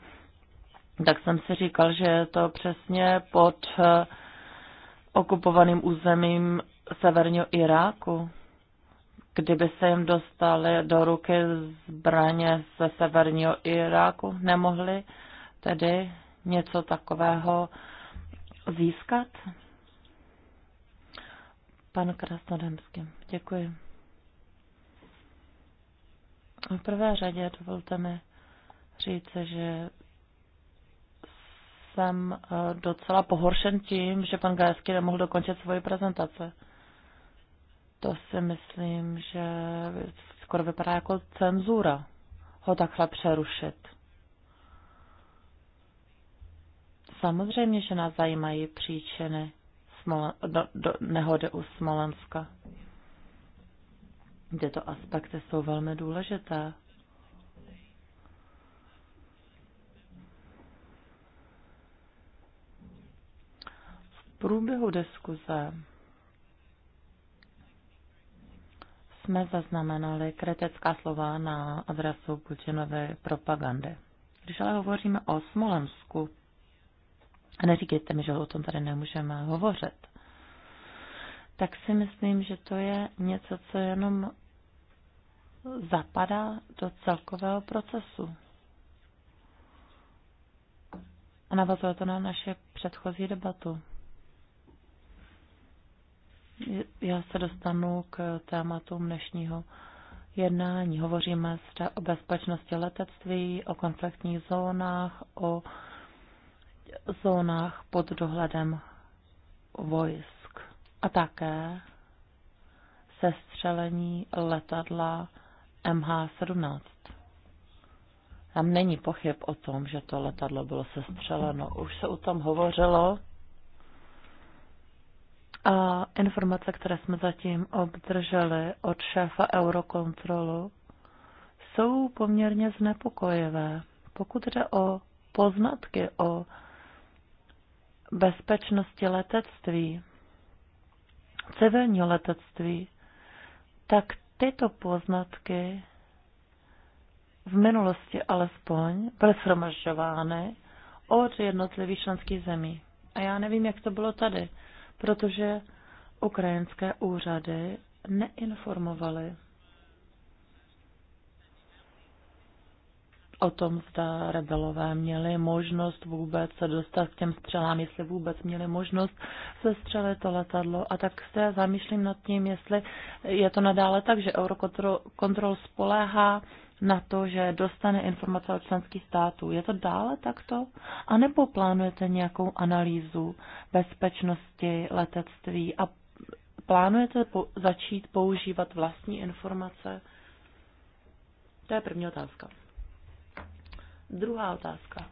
tak jsem si říkal, že je to přesně pod eh, okupovaným územím severního Iráku. Kdyby se jim dostali do ruky zbraně ze severního Iráku, nemohli tedy něco takového získat? panu Krasnodemským. Děkuji. V prvé řadě dovolte mi říct, že jsem eh, docela pohoršen tím, že pan Gajevský nemohl dokončit svoji prezentaci. To si myslím, že skoro vypadá jako cenzura ho takhle přerušit. Samozřejmě, že nás zajímají příčiny Smolen, do, do nehody u Smolenska. Tyto aspekty jsou velmi důležité. V průběhu diskuze jsme zaznamenali kritická slova na adresu Putinovy propagandy. Když ale hovoříme o Smolensku, a neříkejte mi, že o tom tady nemůžeme hovořit. Tak si myslím, že to je něco, co jenom zapadá do celkového procesu. A navazuje to na naše předchozí debatu. Já se dostanu k tématu dnešního jednání. Hovoříme o bezpečnosti letectví, o konfliktních zónách, o zónách pod dohledem vojsk a také sestřelení letadla MH17. Tam není pochyb o tom, že to letadlo bylo sestřeleno. Už se o tom hovořilo. A informace, které jsme zatím obdrželi od šéfa Eurokontrolu, jsou poměrně znepokojivé. Pokud jde o poznatky o bezpečnosti letectví, civilního letectví, tak tyto poznatky v minulosti alespoň byly shromažďovány od jednotlivých členských zemí. A já nevím, jak to bylo tady, protože ukrajinské úřady neinformovaly o tom, zda rebelové měli možnost vůbec se dostat k těm střelám, jestli vůbec měli možnost sestřelit to letadlo. A tak se zamýšlím nad tím, jestli je to nadále tak, že Eurocontrol spoléhá na to, že dostane informace od členských států. Je to dále takto? A nebo plánujete nějakou analýzu bezpečnosti letectví a plánujete po- začít používat vlastní informace? To je první otázka. Druhá otázka.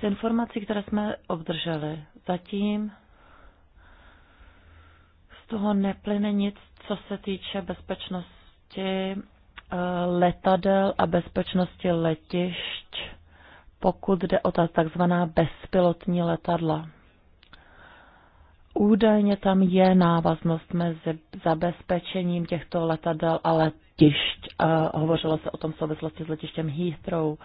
Z informací, které jsme obdrželi, zatím z toho neplyne nic, co se týče bezpečnosti eh, letadel a bezpečnosti letišť, pokud jde o ta takzvaná bezpilotní letadla. Údajně tam je návaznost mezi zabezpečením těchto letadel a letišť. A hovořilo se o tom v souvislosti s letištěm Heathrow.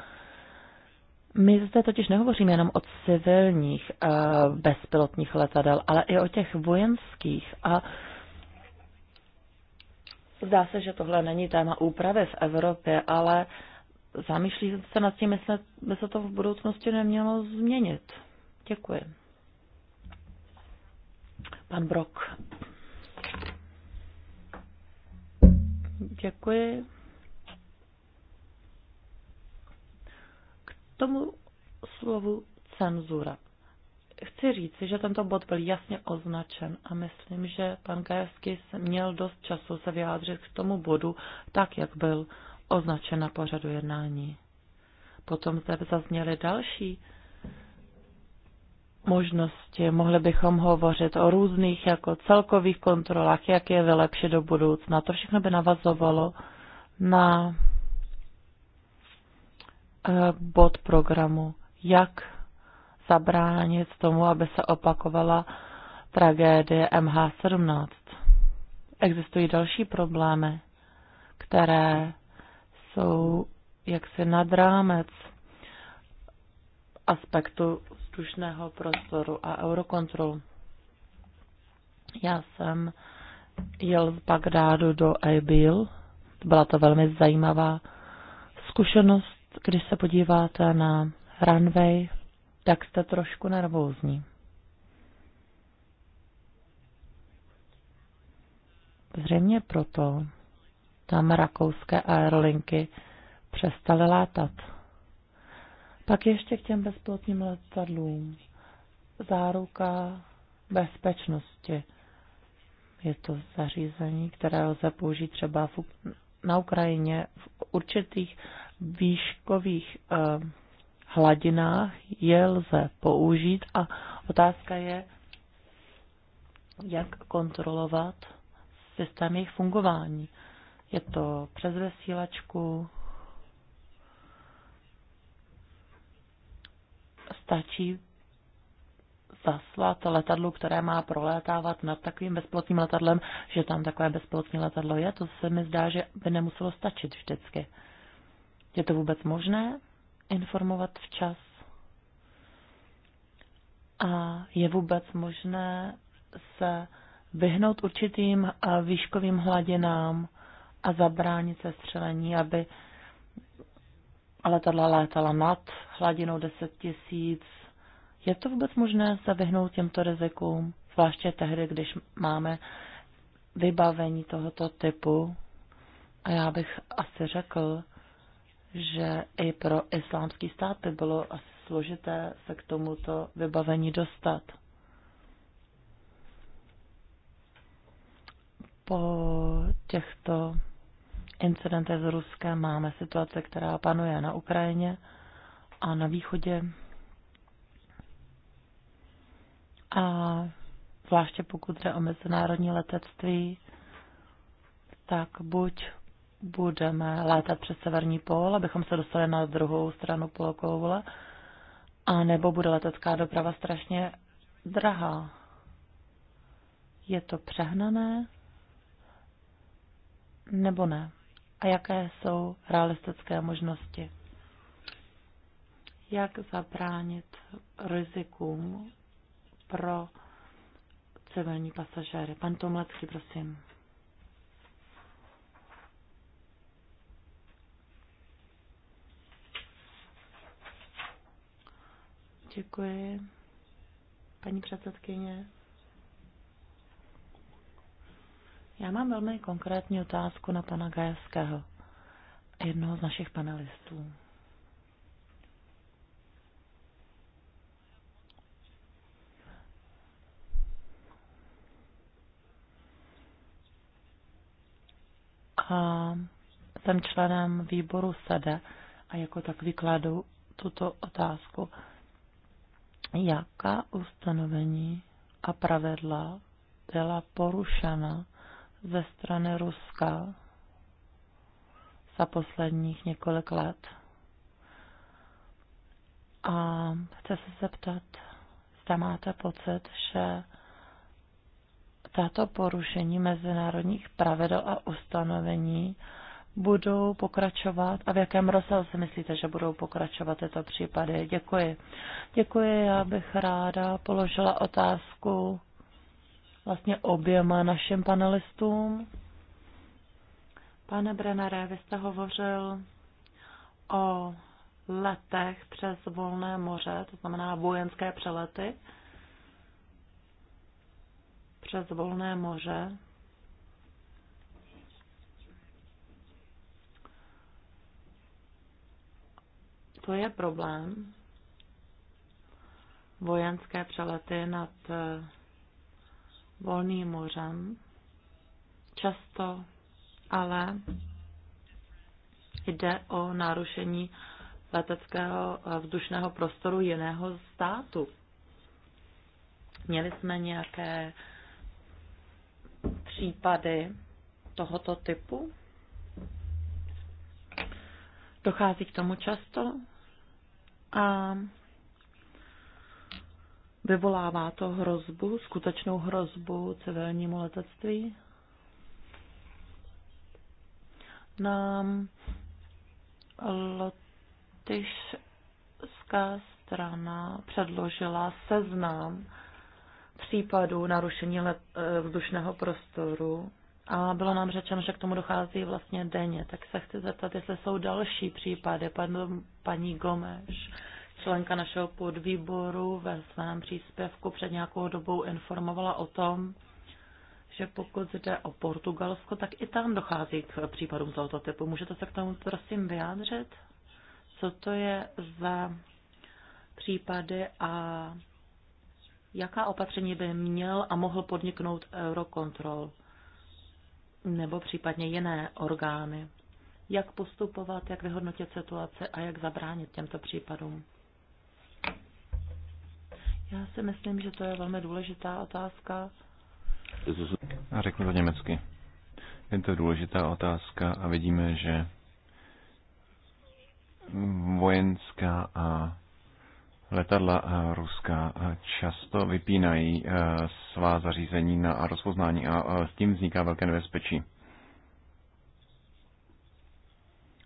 My zde totiž nehovoříme jenom o civilních eh, bezpilotních letadel, ale i o těch vojenských a Zdá se, že tohle není téma úpravy v Evropě, ale zamýšlí se nad tím, jestli by se to v budoucnosti nemělo změnit. Děkuji. Pan Brok. Děkuji. tomu slovu cenzura. Chci říct, že tento bod byl jasně označen a myslím, že pan Gajevský měl dost času se vyjádřit k tomu bodu tak, jak byl označen na pořadu jednání. Potom zde zazněly další možnosti. Mohli bychom hovořit o různých jako celkových kontrolách, jak je vylepšit do budoucna. To všechno by navazovalo na Eh, bod programu, jak zabránit tomu, aby se opakovala tragédie MH17. Existují další problémy, které jsou jaksi nad rámec aspektu vzdušného prostoru a eurokontrolu. Já jsem jel z Bagdádu do Eibil. Byla to velmi zajímavá zkušenost když se podíváte na runway, tak jste trošku nervózní. Zřejmě proto tam rakouské aerolinky přestaly létat. Pak ještě k těm bezpilotním letadlům. Záruka bezpečnosti. Je to zařízení, které lze použít třeba na Ukrajině v určitých výškových eh, hladinách je lze použít a otázka je, jak kontrolovat systém jejich fungování. Je to přes vesílačku, stačí zaslat letadlu, které má prolétávat nad takovým bezplotným letadlem, že tam takové bezplotní letadlo je, to se mi zdá, že by nemuselo stačit vždycky. Je to vůbec možné informovat včas? A je vůbec možné se vyhnout určitým eh, výškovým hladinám a zabránit se střelení, aby letadla létala nad hladinou 10 tisíc. Je to vůbec možné se vyhnout těmto rizikům, zvláště tehdy, když máme vybavení tohoto typu? A já bych asi řekl, že i pro islámský stát by bylo asi složité se k tomuto vybavení dostat. Po těchto incidentech z Ruska máme situace, která panuje na Ukrajině a na východě. A zvláště pokud jde o mezinárodní letectví, tak buď budeme létat přes severní pól, abychom se dostali na druhou stranu polokoule, a nebo bude letecká doprava strašně drahá. Je to přehnané? Nebo ne? A jaké jsou realistické možnosti? Jak zabránit rizikům pro civilní pasažéry? Pan Tomlecký, prosím. Děkuji, paní předsedkyně. Já mám velmi konkrétní otázku na pana Gajevského, jednoho z našich panelistů. A jsem členem výboru SEDE a jako tak vykladu tuto otázku jaká ustanovení a pravidla byla porušena ze strany Ruska za posledních několik let. A chce se zeptat, zda máte pocit, že tato porušení mezinárodních pravidel a ustanovení budou pokračovat a v jakém rozsahu si myslíte, že budou pokračovat tyto případy? Děkuji. Děkuji, já bych ráda položila otázku vlastně oběma našim panelistům. Pane Brenere, vy jste hovořil o letech přes volné moře, to znamená vojenské přelety přes volné moře. To je problém, vojenské přelety nad eh, volným mořem. Často ale jde o narušení leteckého eh, vzdušného prostoru jiného státu. Měli jsme nějaké případy tohoto typu? Dochází k tomu často? a vyvolává to hrozbu, skutečnou hrozbu civilnímu letectví? Nám lotyšská strana předložila seznam případů narušení let, eh, vzdušného prostoru a bylo nám řečeno, že k tomu dochází vlastně denně. Tak se chci zeptat, jestli jsou další případy. Pan, paní Gomeš, členka našeho podvýboru, ve svém příspěvku před nějakou dobou informovala o tom, že pokud jde o Portugalsko, tak i tam dochází k případům tohoto typu. Můžete se k tomu prosím vyjádřit? Co to je za případy a jaká opatření by měl a mohl podniknout Eurocontrol? nebo případně jiné orgány. Jak postupovat, jak vyhodnotit situace a jak zabránit těmto případům? Já si myslím, že to je velmi důležitá otázka. A řeknu to německy. Je to důležitá otázka a vidíme, že vojenská a letadla eh, ruská eh, často vypínají eh, svá zařízení na rozpoznání a s tím vzniká velké nebezpečí.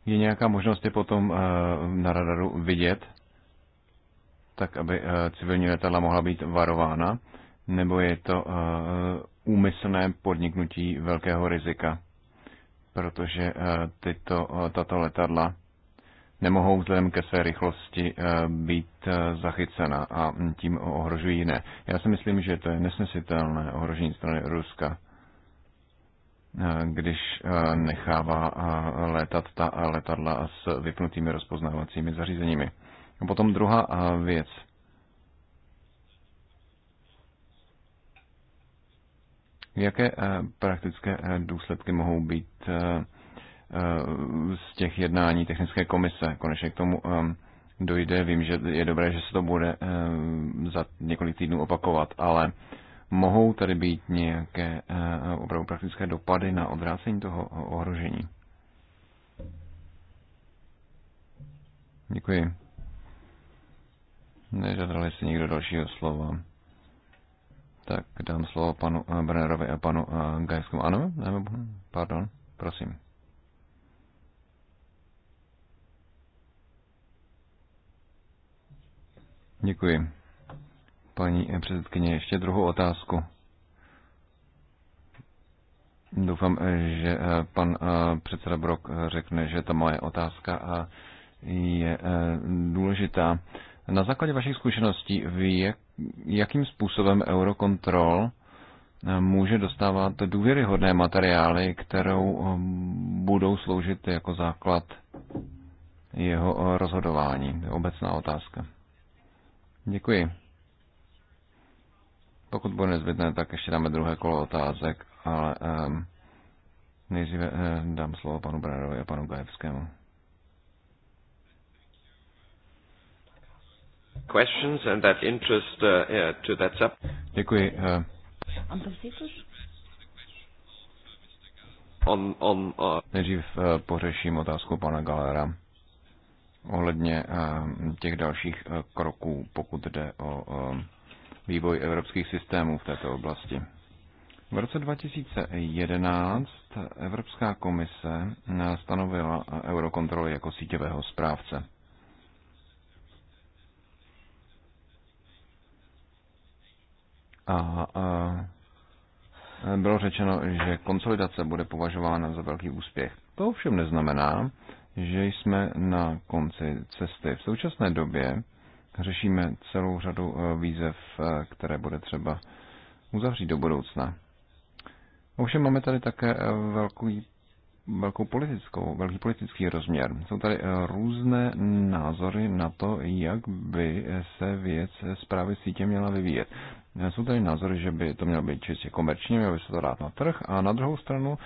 Je nějaká možnost je potom na radaru vidět, tak aby civilní letadla mohla být varována, nebo je to úmyslné podniknutí velkého rizika, protože tyto, tato letadla nemohou vzhledem ke své rychlosti eh, být eh, zachycena a tím ohrožují jiné. Já si myslím, že to je nesnesitelné ohrožení strany Ruska, eh, když nechává létat ta letadla s vypnutými rozpoznávacími zařízeními. A potom druhá věc. Jaké praktické důsledky mohou být Eh, z těch jednání technické komise. Konečně k tomu eh, dojde. Vím, že je dobré, že se to bude eh, za několik týdnů opakovat, ale mohou tady být nějaké opravdu praktické dopady na odvrácení toho ohrožení? Děkuji. Nežádali si někdo dalšího slova. Tak dám slovo panu Brnerovi a panu Gajskému. Ano, nebo, pardon, prosím. Děkuji. Paní předsedkyně, ještě druhou otázku. Doufám, že eh, pan eh, předseda Brok eh, řekne, že ta moje otázka je důležitá. Na základě vašich zkušeností, vy jakým způsobem Eurocontrol může dostávat důvěryhodné materiály, kterou budou sloužit jako základ jeho rozhodování? Obecná otázka. Děkuji. Pokud bude nezbytné, tak ještě dáme druhé kolo otázek, ale um, nejdříve uh, dám slovo panu Bradovi a panu Gajevskému. Questions and that interest uh, to that sub. Děkuji. Uh, on, on, uh... Nejdřív uh, pořeším otázku pana Galera ohledně eh, těch dalších eh, kroků, pokud jde o eh, vývoj evropských systémů v této oblasti. V roce 2011 Evropská komise stanovila eurokontroly jako síťového správce. A, a bylo řečeno, že konsolidace bude považována za velký úspěch. To ovšem neznamená, že jsme na konci cesty. V současné době řešíme celou řadu eh, výzev, eh, které bude třeba uzavřít do budoucna. Ovšem máme tady také eh, velký, velkou politickou, velký politický rozměr. Jsou tady různé názory na to, jak by se věc zprávy sítě měla vyvíjet. Jsou tady názory, že by to mělo být čistě komerčně, mělo by se to dát na trh a na druhou stranu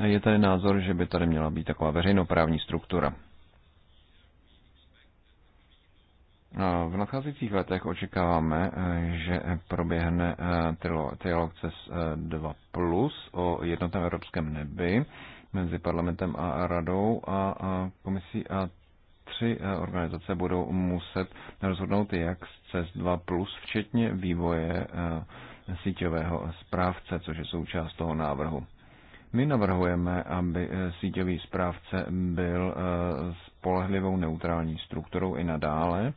je tady názor, že by tady měla být taková veřejnoprávní struktura. V nadcházejících letech očekáváme, že proběhne eh, trilog CES 2 eh, plus o jednotném evropském nebi mezi parlamentem a radou a komisí a tři eh, organizace budou muset rozhodnout, jak CES 2 plus, včetně vývoje síťového správce, což je součást toho návrhu. My navrhujeme, aby eh, síťový správce byl eh, spolehlivou neutrální strukturou i nadále.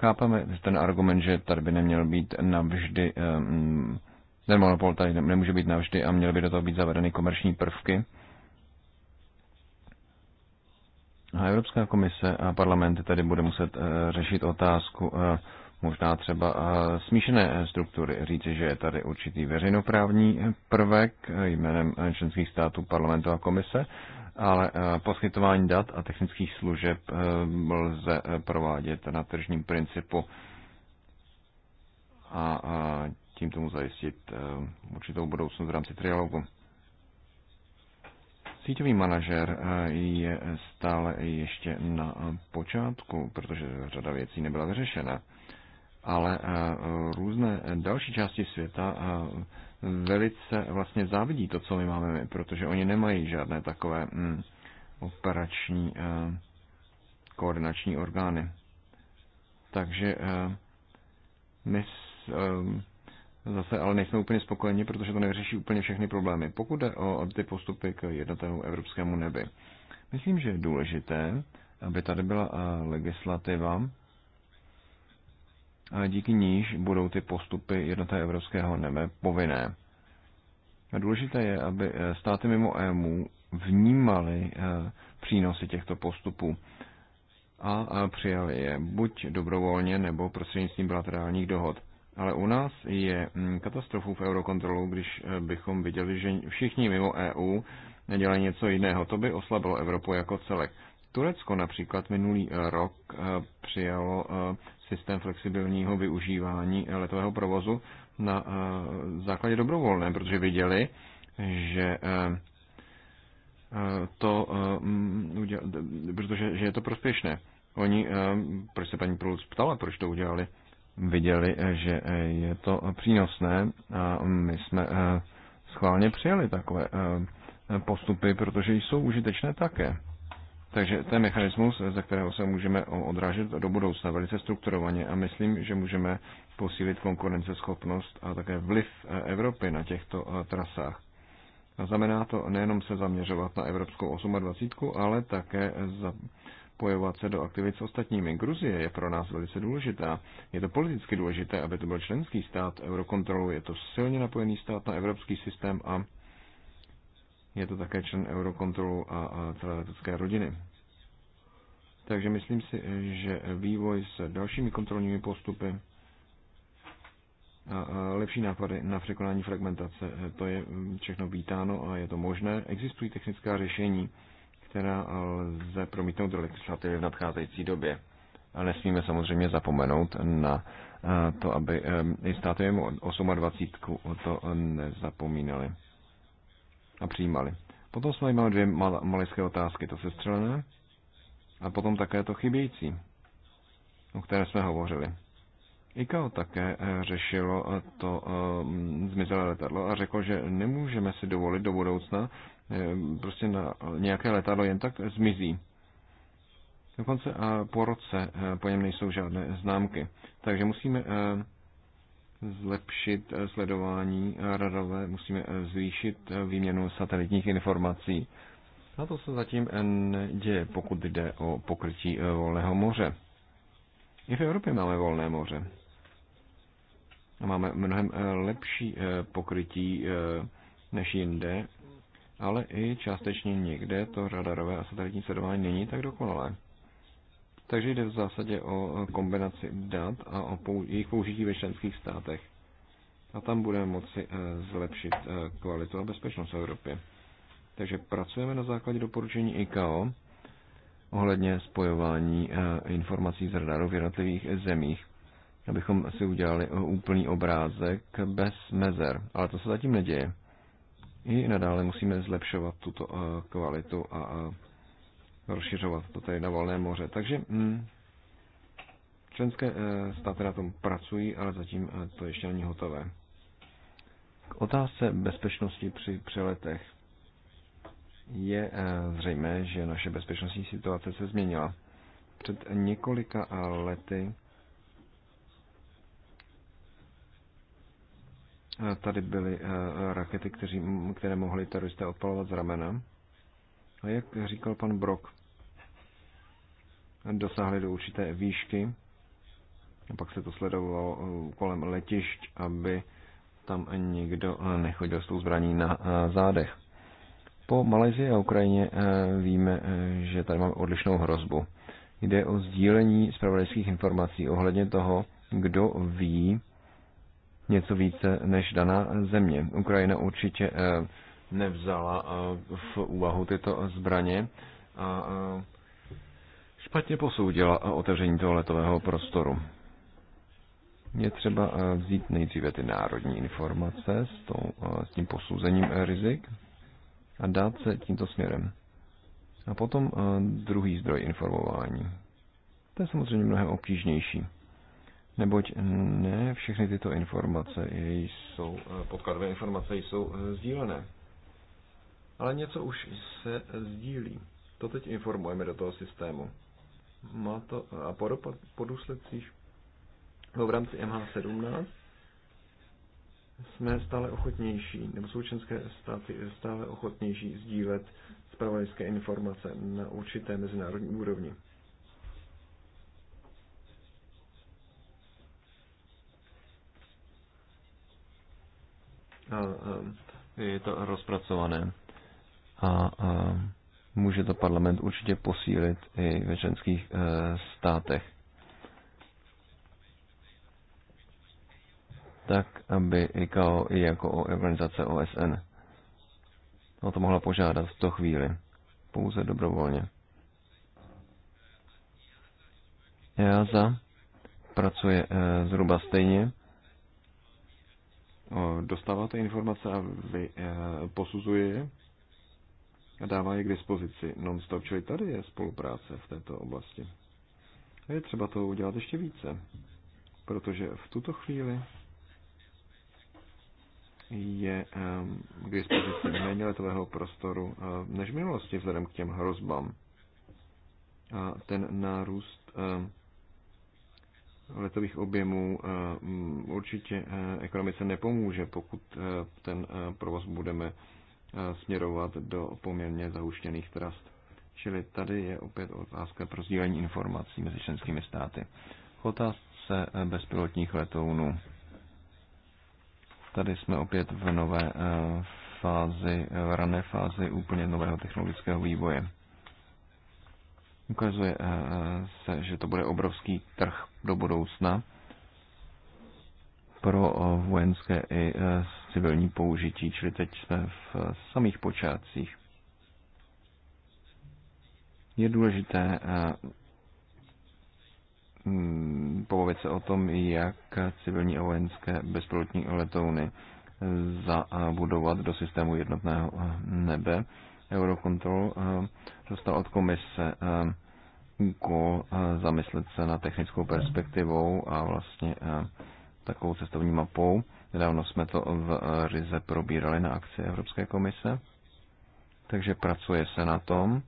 Chápeme ten argument, že tady by neměl být navždy, eh, ten monopol tady nemůže být navždy a měly by do toho být zavedeny komerční prvky. A Evropská komise a parlament tedy bude muset řešit otázku možná třeba eh, smíšené eh, struktury. Říci, že je tady určitý veřejnoprávní eh, prvek jménem členských států, parlamentu a komise, ale poskytování dat a technických služeb lze provádět na tržním principu a tím tomu zajistit určitou budoucnost v rámci trialogu. Síťový manažer je stále ještě na počátku, protože řada věcí nebyla vyřešena ale eh, různé další části světa eh, velice vlastně závidí to, co my máme my, protože oni nemají žádné takové hm, operační eh, koordinační orgány. Takže my zase ale nejsme úplně spokojeni, protože to nevyřeší úplně všechny problémy. Pokud jde o ty postupy k jednotému evropskému nebi, myslím, že je důležité, aby tady byla legislativa, a díky níž budou ty postupy jednotného evropského nebe povinné. A důležité je, aby eh, státy mimo EMU vnímali eh, přínosy těchto postupů a eh, přijali je buď dobrovolně nebo prostřednictvím bilaterálních dohod. Ale u nás je hm, katastrofou v eurokontrolu, když bychom viděli, že všichni mimo EU nedělají něco jiného. To by oslabilo Evropu jako celek. Turecko například minulý rok přijalo systém flexibilního využívání letového provozu na eh, základě dobrovolné, protože viděli, že eh, eh, to, mm, protože že je to prospěšné. Oni, proč se paní Proluc ptala, proč to udělali, viděli, že je to přínosné a my jsme schválně přijali takové postupy, protože jsou užitečné také. Takže to je mechanismus, ze kterého se můžeme odrážet do budoucna velice strukturovaně a myslím, že můžeme posílit konkurenceschopnost a také vliv eh, Evropy na těchto eh, trasách. Znamená to nejenom se zaměřovat na Evropskou 28, ale také zapojovat se do aktivit s ostatními. Gruzie je pro nás velice důležitá. Je to politicky důležité, aby to byl členský stát Eurokontrolu, je to silně napojený stát na evropský systém a je to také člen Eurokontrolu a celé letecké rodiny. Takže myslím si, že vývoj s dalšími kontrolními postupy a lepší nápady na překonání fragmentace, to je všechno vítáno a je to možné. Existují technická řešení, která lze promítnout do legislativy v nadcházející době. A nesmíme samozřejmě zapomenout na to, aby i státy 28 to nezapomínali a přijímali. Potom jsme měli dvě mal- malické otázky, to sestřelené a potom také to chybějící, o které jsme hovořili. Ikao také eh, řešilo eh, to eh, zmizelé letadlo a řekl, že nemůžeme si dovolit do budoucna prostě na nějaké letadlo jen tak zmizí. Dokonce po roce po něm nejsou žádné známky. Takže musíme zlepšit eh, sledování eh, radové, musíme eh, zvýšit výměnu satelitních informací. A to se zatím neděje, pokud jde o pokrytí volného moře. I v Evropě máme volné moře. A máme mnohem lepší pokrytí než jinde, ale i částečně někde to radarové a satelitní sledování není tak dokonalé. Takže jde v zásadě o kombinaci dat a o jejich použití ve členských státech. A tam budeme moci eh, zlepšit eh, kvalitu a bezpečnost v Evropě. Takže pracujeme na základě doporučení ICAO ohledně spojování eh, informací z radarů v jednotlivých zemích, abychom si udělali úplný obrázek bez mezer. Ale to se zatím neděje. I nadále musíme zlepšovat tuto kvalitu a rozšiřovat to tady na volné moře. Takže hm, členské eh, státy na tom pracují, ale zatím eh, to ještě není hotové. K otázce bezpečnosti při přeletech je eh, zřejmé, že naše bezpečnostní situace se změnila. Před několika lety tady byly rakety, které mohly teroristé odpalovat z ramena jak říkal pan Brok, dosáhli do určité výšky, a pak se to sledovalo uh, kolem letišť, aby tam nikdo nechodil s tou zbraní na uh, zádech. Po Malajzii a Ukrajině uh, víme, že tady máme odlišnou hrozbu. Jde o sdílení zpravodajských informací ohledně toho, kdo ví něco více než daná země. Ukrajina určitě nevzala eh, v úvahu tyto zbraně a eh, špatně posoudila eh, otevření toho letového prostoru. Je třeba vzít nejdříve ty národní informace s, tou, s tím posouzením rizik a dát se tímto směrem. A potom druhý zdroj informování. To je samozřejmě mnohem obtížnější neboť ne všechny tyto informace jsou, podkladové informace jsou sdílené ale něco už se sdílí. To teď informujeme do toho systému. Má to, a po, dopad, po důsledcích no, v rámci MH17 jsme stále ochotnější, nebo součenské státy stále ochotnější sdílet zpravodajské informace na určité mezinárodní úrovni. A, a, je to rozpracované a, a může to parlament určitě posílit i ve členských e, státech. Tak, aby ICAO i jako organizace OSN o to mohla požádat v to chvíli. Pouze dobrovolně. EASA pracuje e, zhruba stejně. Dostáváte informace a vy e, posuzuje a dává je k dispozici non-stop. Čili tady je spolupráce v této oblasti. A je třeba toho udělat ještě více, protože v tuto chvíli je ehm, k dispozici méně letového prostoru ehm, než v minulosti vzhledem k těm hrozbám. A ten nárůst ehm, letových objemů určitě ekonomice nepomůže, pokud ten provoz budeme směrovat do poměrně zahuštěných trast. Čili tady je opět otázka pro sdílení informací mezi členskými státy. K otázce eh, bezpilotních letounů. Tady jsme opět v nové eh, fázi, v rané fázi úplně nového technologického vývoje. Ukazuje eh, se, že to bude obrovský trh do budoucna pro eh, vojenské i eh, civilní použití, čili teď jsme v eh, samých počátcích. Je důležité mm, pobavit se o tom, jak civilní a vojenské bezpilotní letouny zabudovat do systému jednotného nebe. Eurocontrol dostal od komise úkol zamyslet se na technickou perspektivou a vlastně takovou cestovní mapou. Nedávno jsme to v Rize probírali na akci Evropské komise, takže pracuje se na tom,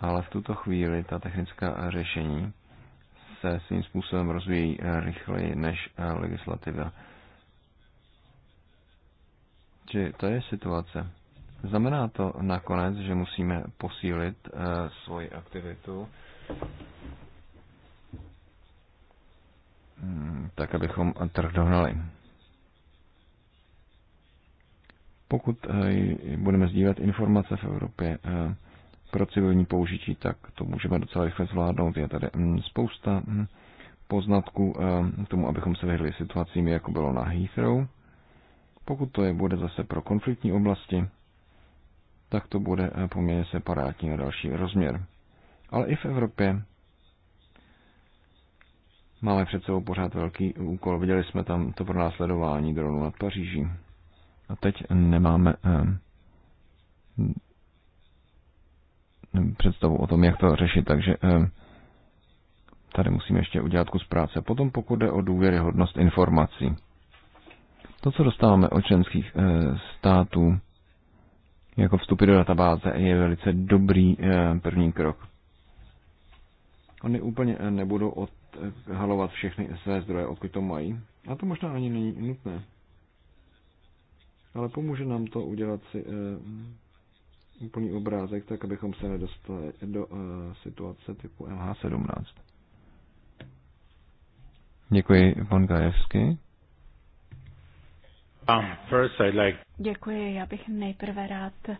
ale v tuto chvíli ta technická řešení se svým způsobem rozvíjí rychleji než legislativa. Či to je situace. Znamená to nakonec, že musíme posílit eh, svoji aktivitu Mm, tak abychom trh dohnali. Pokud eh, budeme sdílet informace v Evropě eh, pro civilní použití, tak to můžeme docela rychle zvládnout. Je tady mm, spousta mm, poznatků eh, k tomu, abychom se vyhli situacím, jako bylo na Heathrow. Pokud to je bude zase pro konfliktní oblasti, tak to bude poměrně separátní na další rozměr. Ale i v Evropě Máme před sebou pořád velký úkol. Viděli jsme tam to následování dronu nad Paříží. A teď nemáme eh, představu o tom, jak to řešit, takže eh, tady musíme ještě udělat kus práce. Potom pokud jde o důvěryhodnost informací. To, co dostáváme od členských eh, států jako vstupy do databáze, je velice dobrý první krok. Oni úplně nebudou od halovat všechny své zdroje, odkud to mají. A to možná ani není nutné. Ale pomůže nám to udělat si e, úplný obrázek, tak abychom se nedostali do e, situace typu MH17. Děkuji, pan Gajevsky. Um, first I'd like... Děkuji, já bych nejprve rád e,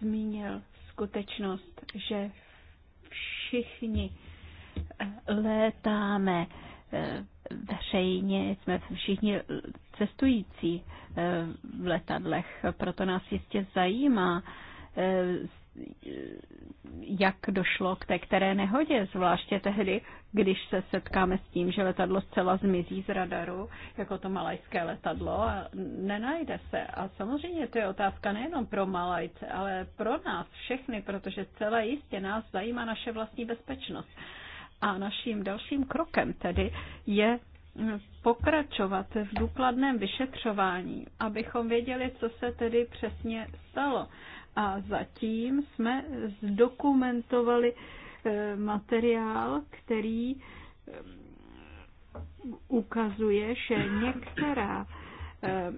zmínil skutečnost, že všichni létáme eh, veřejně, jsme všichni cestující eh, v letadlech, proto nás jistě zajímá, eh, jak došlo k té které nehodě, zvláště tehdy, když se setkáme s tím, že letadlo zcela zmizí z radaru, jako to malajské letadlo, a nenajde se. A samozřejmě to je otázka nejenom pro Malajce, ale pro nás všechny, protože zcela jistě nás zajímá naše vlastní bezpečnost. A naším dalším krokem tedy je pokračovat v důkladném vyšetřování, abychom věděli, co se tedy přesně stalo. A zatím jsme zdokumentovali eh, materiál, který eh, ukazuje, že některá eh,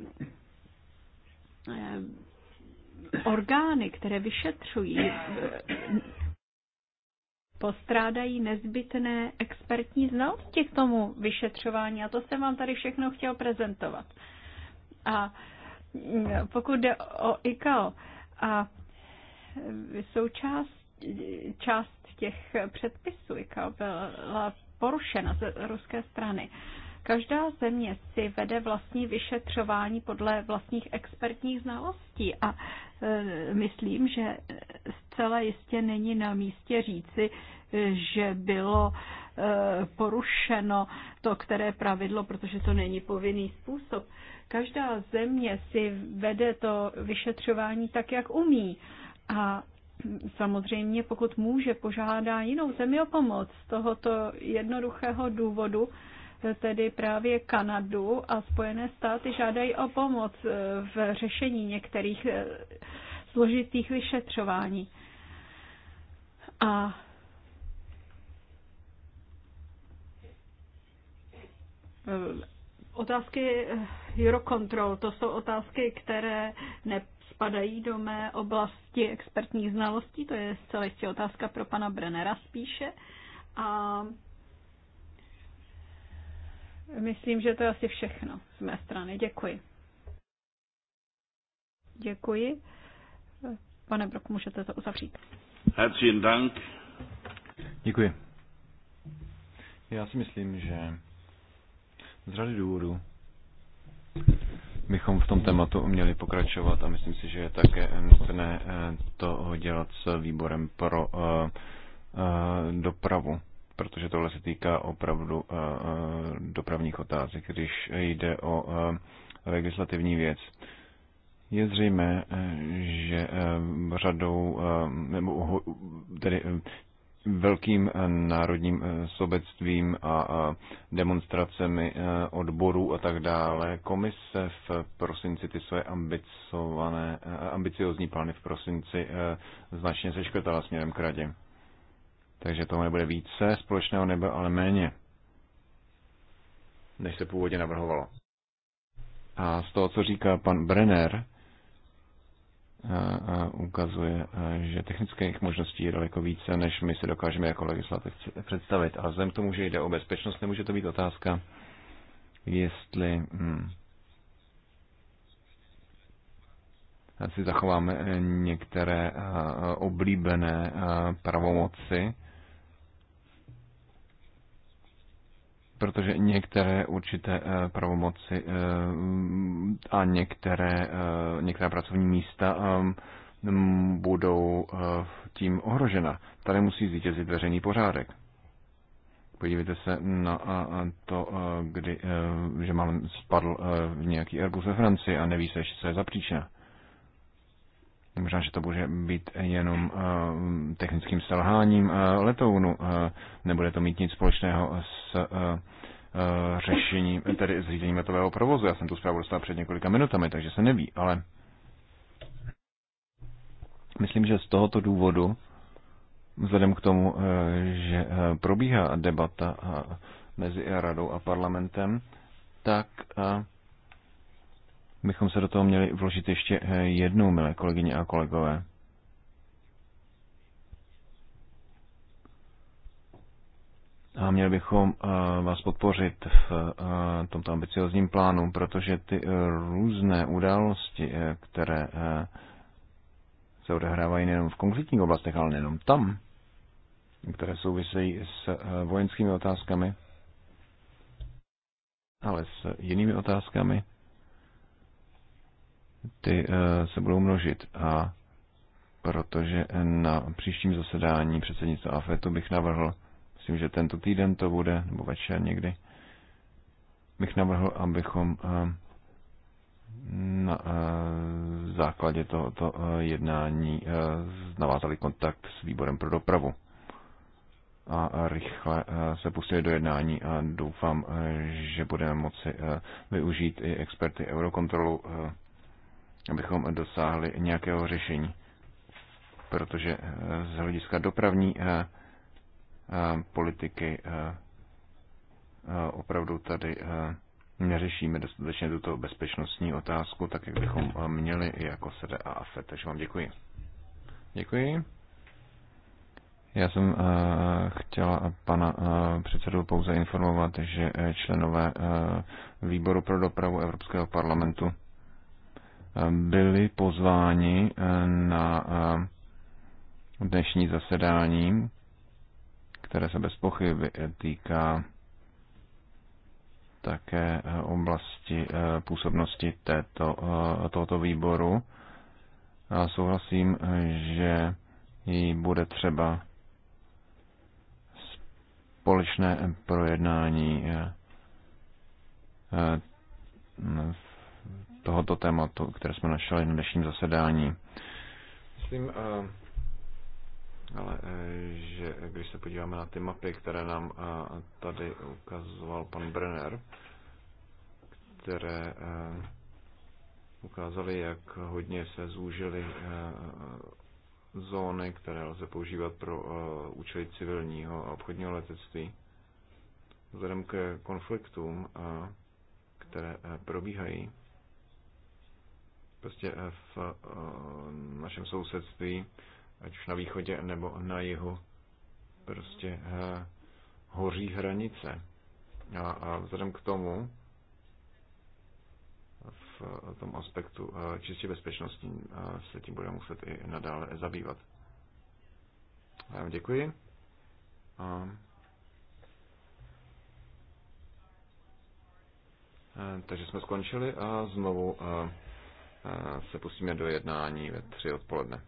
orgány, které vyšetřují, postrádají nezbytné expertní znalosti k tomu vyšetřování. A to jsem vám tady všechno chtěl prezentovat. A pokud jde o ICAO a součást část těch předpisů ICAO byla porušena ze ruské strany, Každá země si vede vlastní vyšetřování podle vlastních expertních znalostí a e, myslím, že zcela jistě není na místě říci, e, že bylo e, porušeno to, které pravidlo, protože to není povinný způsob. Každá země si vede to vyšetřování tak, jak umí. A samozřejmě, pokud může, požádá jinou zemi o pomoc z tohoto jednoduchého důvodu, tedy právě Kanadu a Spojené státy žádají o pomoc eh, v řešení některých eh, složitých vyšetřování. A eh, otázky Eurocontrol, to jsou otázky, které spadají do mé oblasti expertních znalostí, to je zcela jistě otázka pro pana Brennera spíše. A Myslím, že to je asi všechno z mé strany. Děkuji. Děkuji. Pane Brok, můžete to uzavřít. Herzlichen Dank. Děkuji. Já si myslím, že z řady důvodů bychom v tom tématu měli pokračovat a myslím si, že je také nutné eh, to dělat s výborem pro eh, eh, dopravu, protože tohle se týká opravdu dopravních otázek, když jde o eh, legislativní věc. Je zřejmé, eh, že eh, řadou, nebo tedy velkým národním sobectvím a demonstracemi odborů a tak dále. Komise v prosinci ty své ambicované, ambiciozní plány v prosinci značně seškrtala směrem k radě. Takže toho nebude více společného nebe, ale méně než se původně navrhovalo. A z toho, co říká pan Brenner, ukazuje, že technických možností je daleko více, než my si dokážeme jako legislativci představit. A vzhledem k tomu, že jde o bezpečnost, nemůže to být otázka, jestli hmm, si zachováme některé oblíbené pravomoci, protože některé určité eh, pravomoci eh, a některé, eh, některá pracovní místa budou tím ohrožena. Tady musí zvítězit veřejný pořádek. Podívejte se na to, kdy, že mám spadl nějaký Airbus ve Francii a neví se, co je za příčina. Možná, že to může být jenom eh, technickým selháním eh, letounu. Eh, nebude to mít nic společného s řešením, tedy s řízením letového provozu. Já jsem tu zprávu dostal před několika minutami, takže se neví, ale myslím, že z tohoto důvodu, vzhledem k tomu, že probíhá debata mezi radou a parlamentem, tak bychom se do toho měli vložit ještě eh, jednou, milé kolegyně a kolegové. A měli bychom eh, vás podpořit v eh, tomto ambiciozním plánu, protože ty různé události, které se odehrávají nejenom v konkrétních oblastech, ale nejenom tam, které souvisejí s vojenskými otázkami, ale s jinými otázkami, ty eh, se budou množit. A protože na příštím zasedání předsednictva AFETu bych navrhl, myslím, že tento týden to bude, nebo večer někdy, bych navrhl, abychom eh, na eh, základě tohoto jednání navázali kontakt s výborem pro dopravu a rychle se pustili do jednání a doufám, že budeme moci využít i experty Eurokontrolu abychom dosáhli nějakého řešení. Protože eh, z hlediska dopravní eh, eh, politiky opravdu tady neřešíme dostatečně tuto bezpečnostní otázku, tak jak bychom měli i jako SEDE a AFET. Takže vám děkuji. Děkuji. Já jsem chtěla pana předsedu pouze informovat, že členové výboru pro dopravu Evropského parlamentu byli pozváni eh, na eh, dnešní zasedání, které se bez pochyby týká také eh, oblasti působnosti této, tohoto výboru. A souhlasím, že ji bude třeba společné projednání v tohoto tématu, které jsme našli na dnešním zasedání. Myslím, eh, ale eh, že když se podíváme na ty mapy, které nám eh, tady ukazoval pan Brenner, které ukázaly, jak hodně se zúžily zóny, které lze používat pro účely civilního a obchodního letectví. Vzhledem ke konfliktům, které probíhají, prostě eh, v eh, našem sousedství, ať už na východě nebo na jihu, prostě eh, hoří hranice. A, vzhledem k tomu, v tom aspektu čistě bezpečnosti, se tím budeme muset i nadále zabývat. Já vám děkuji. A... Takže jsme skončili a znovu se pustíme do jednání ve tři odpoledne.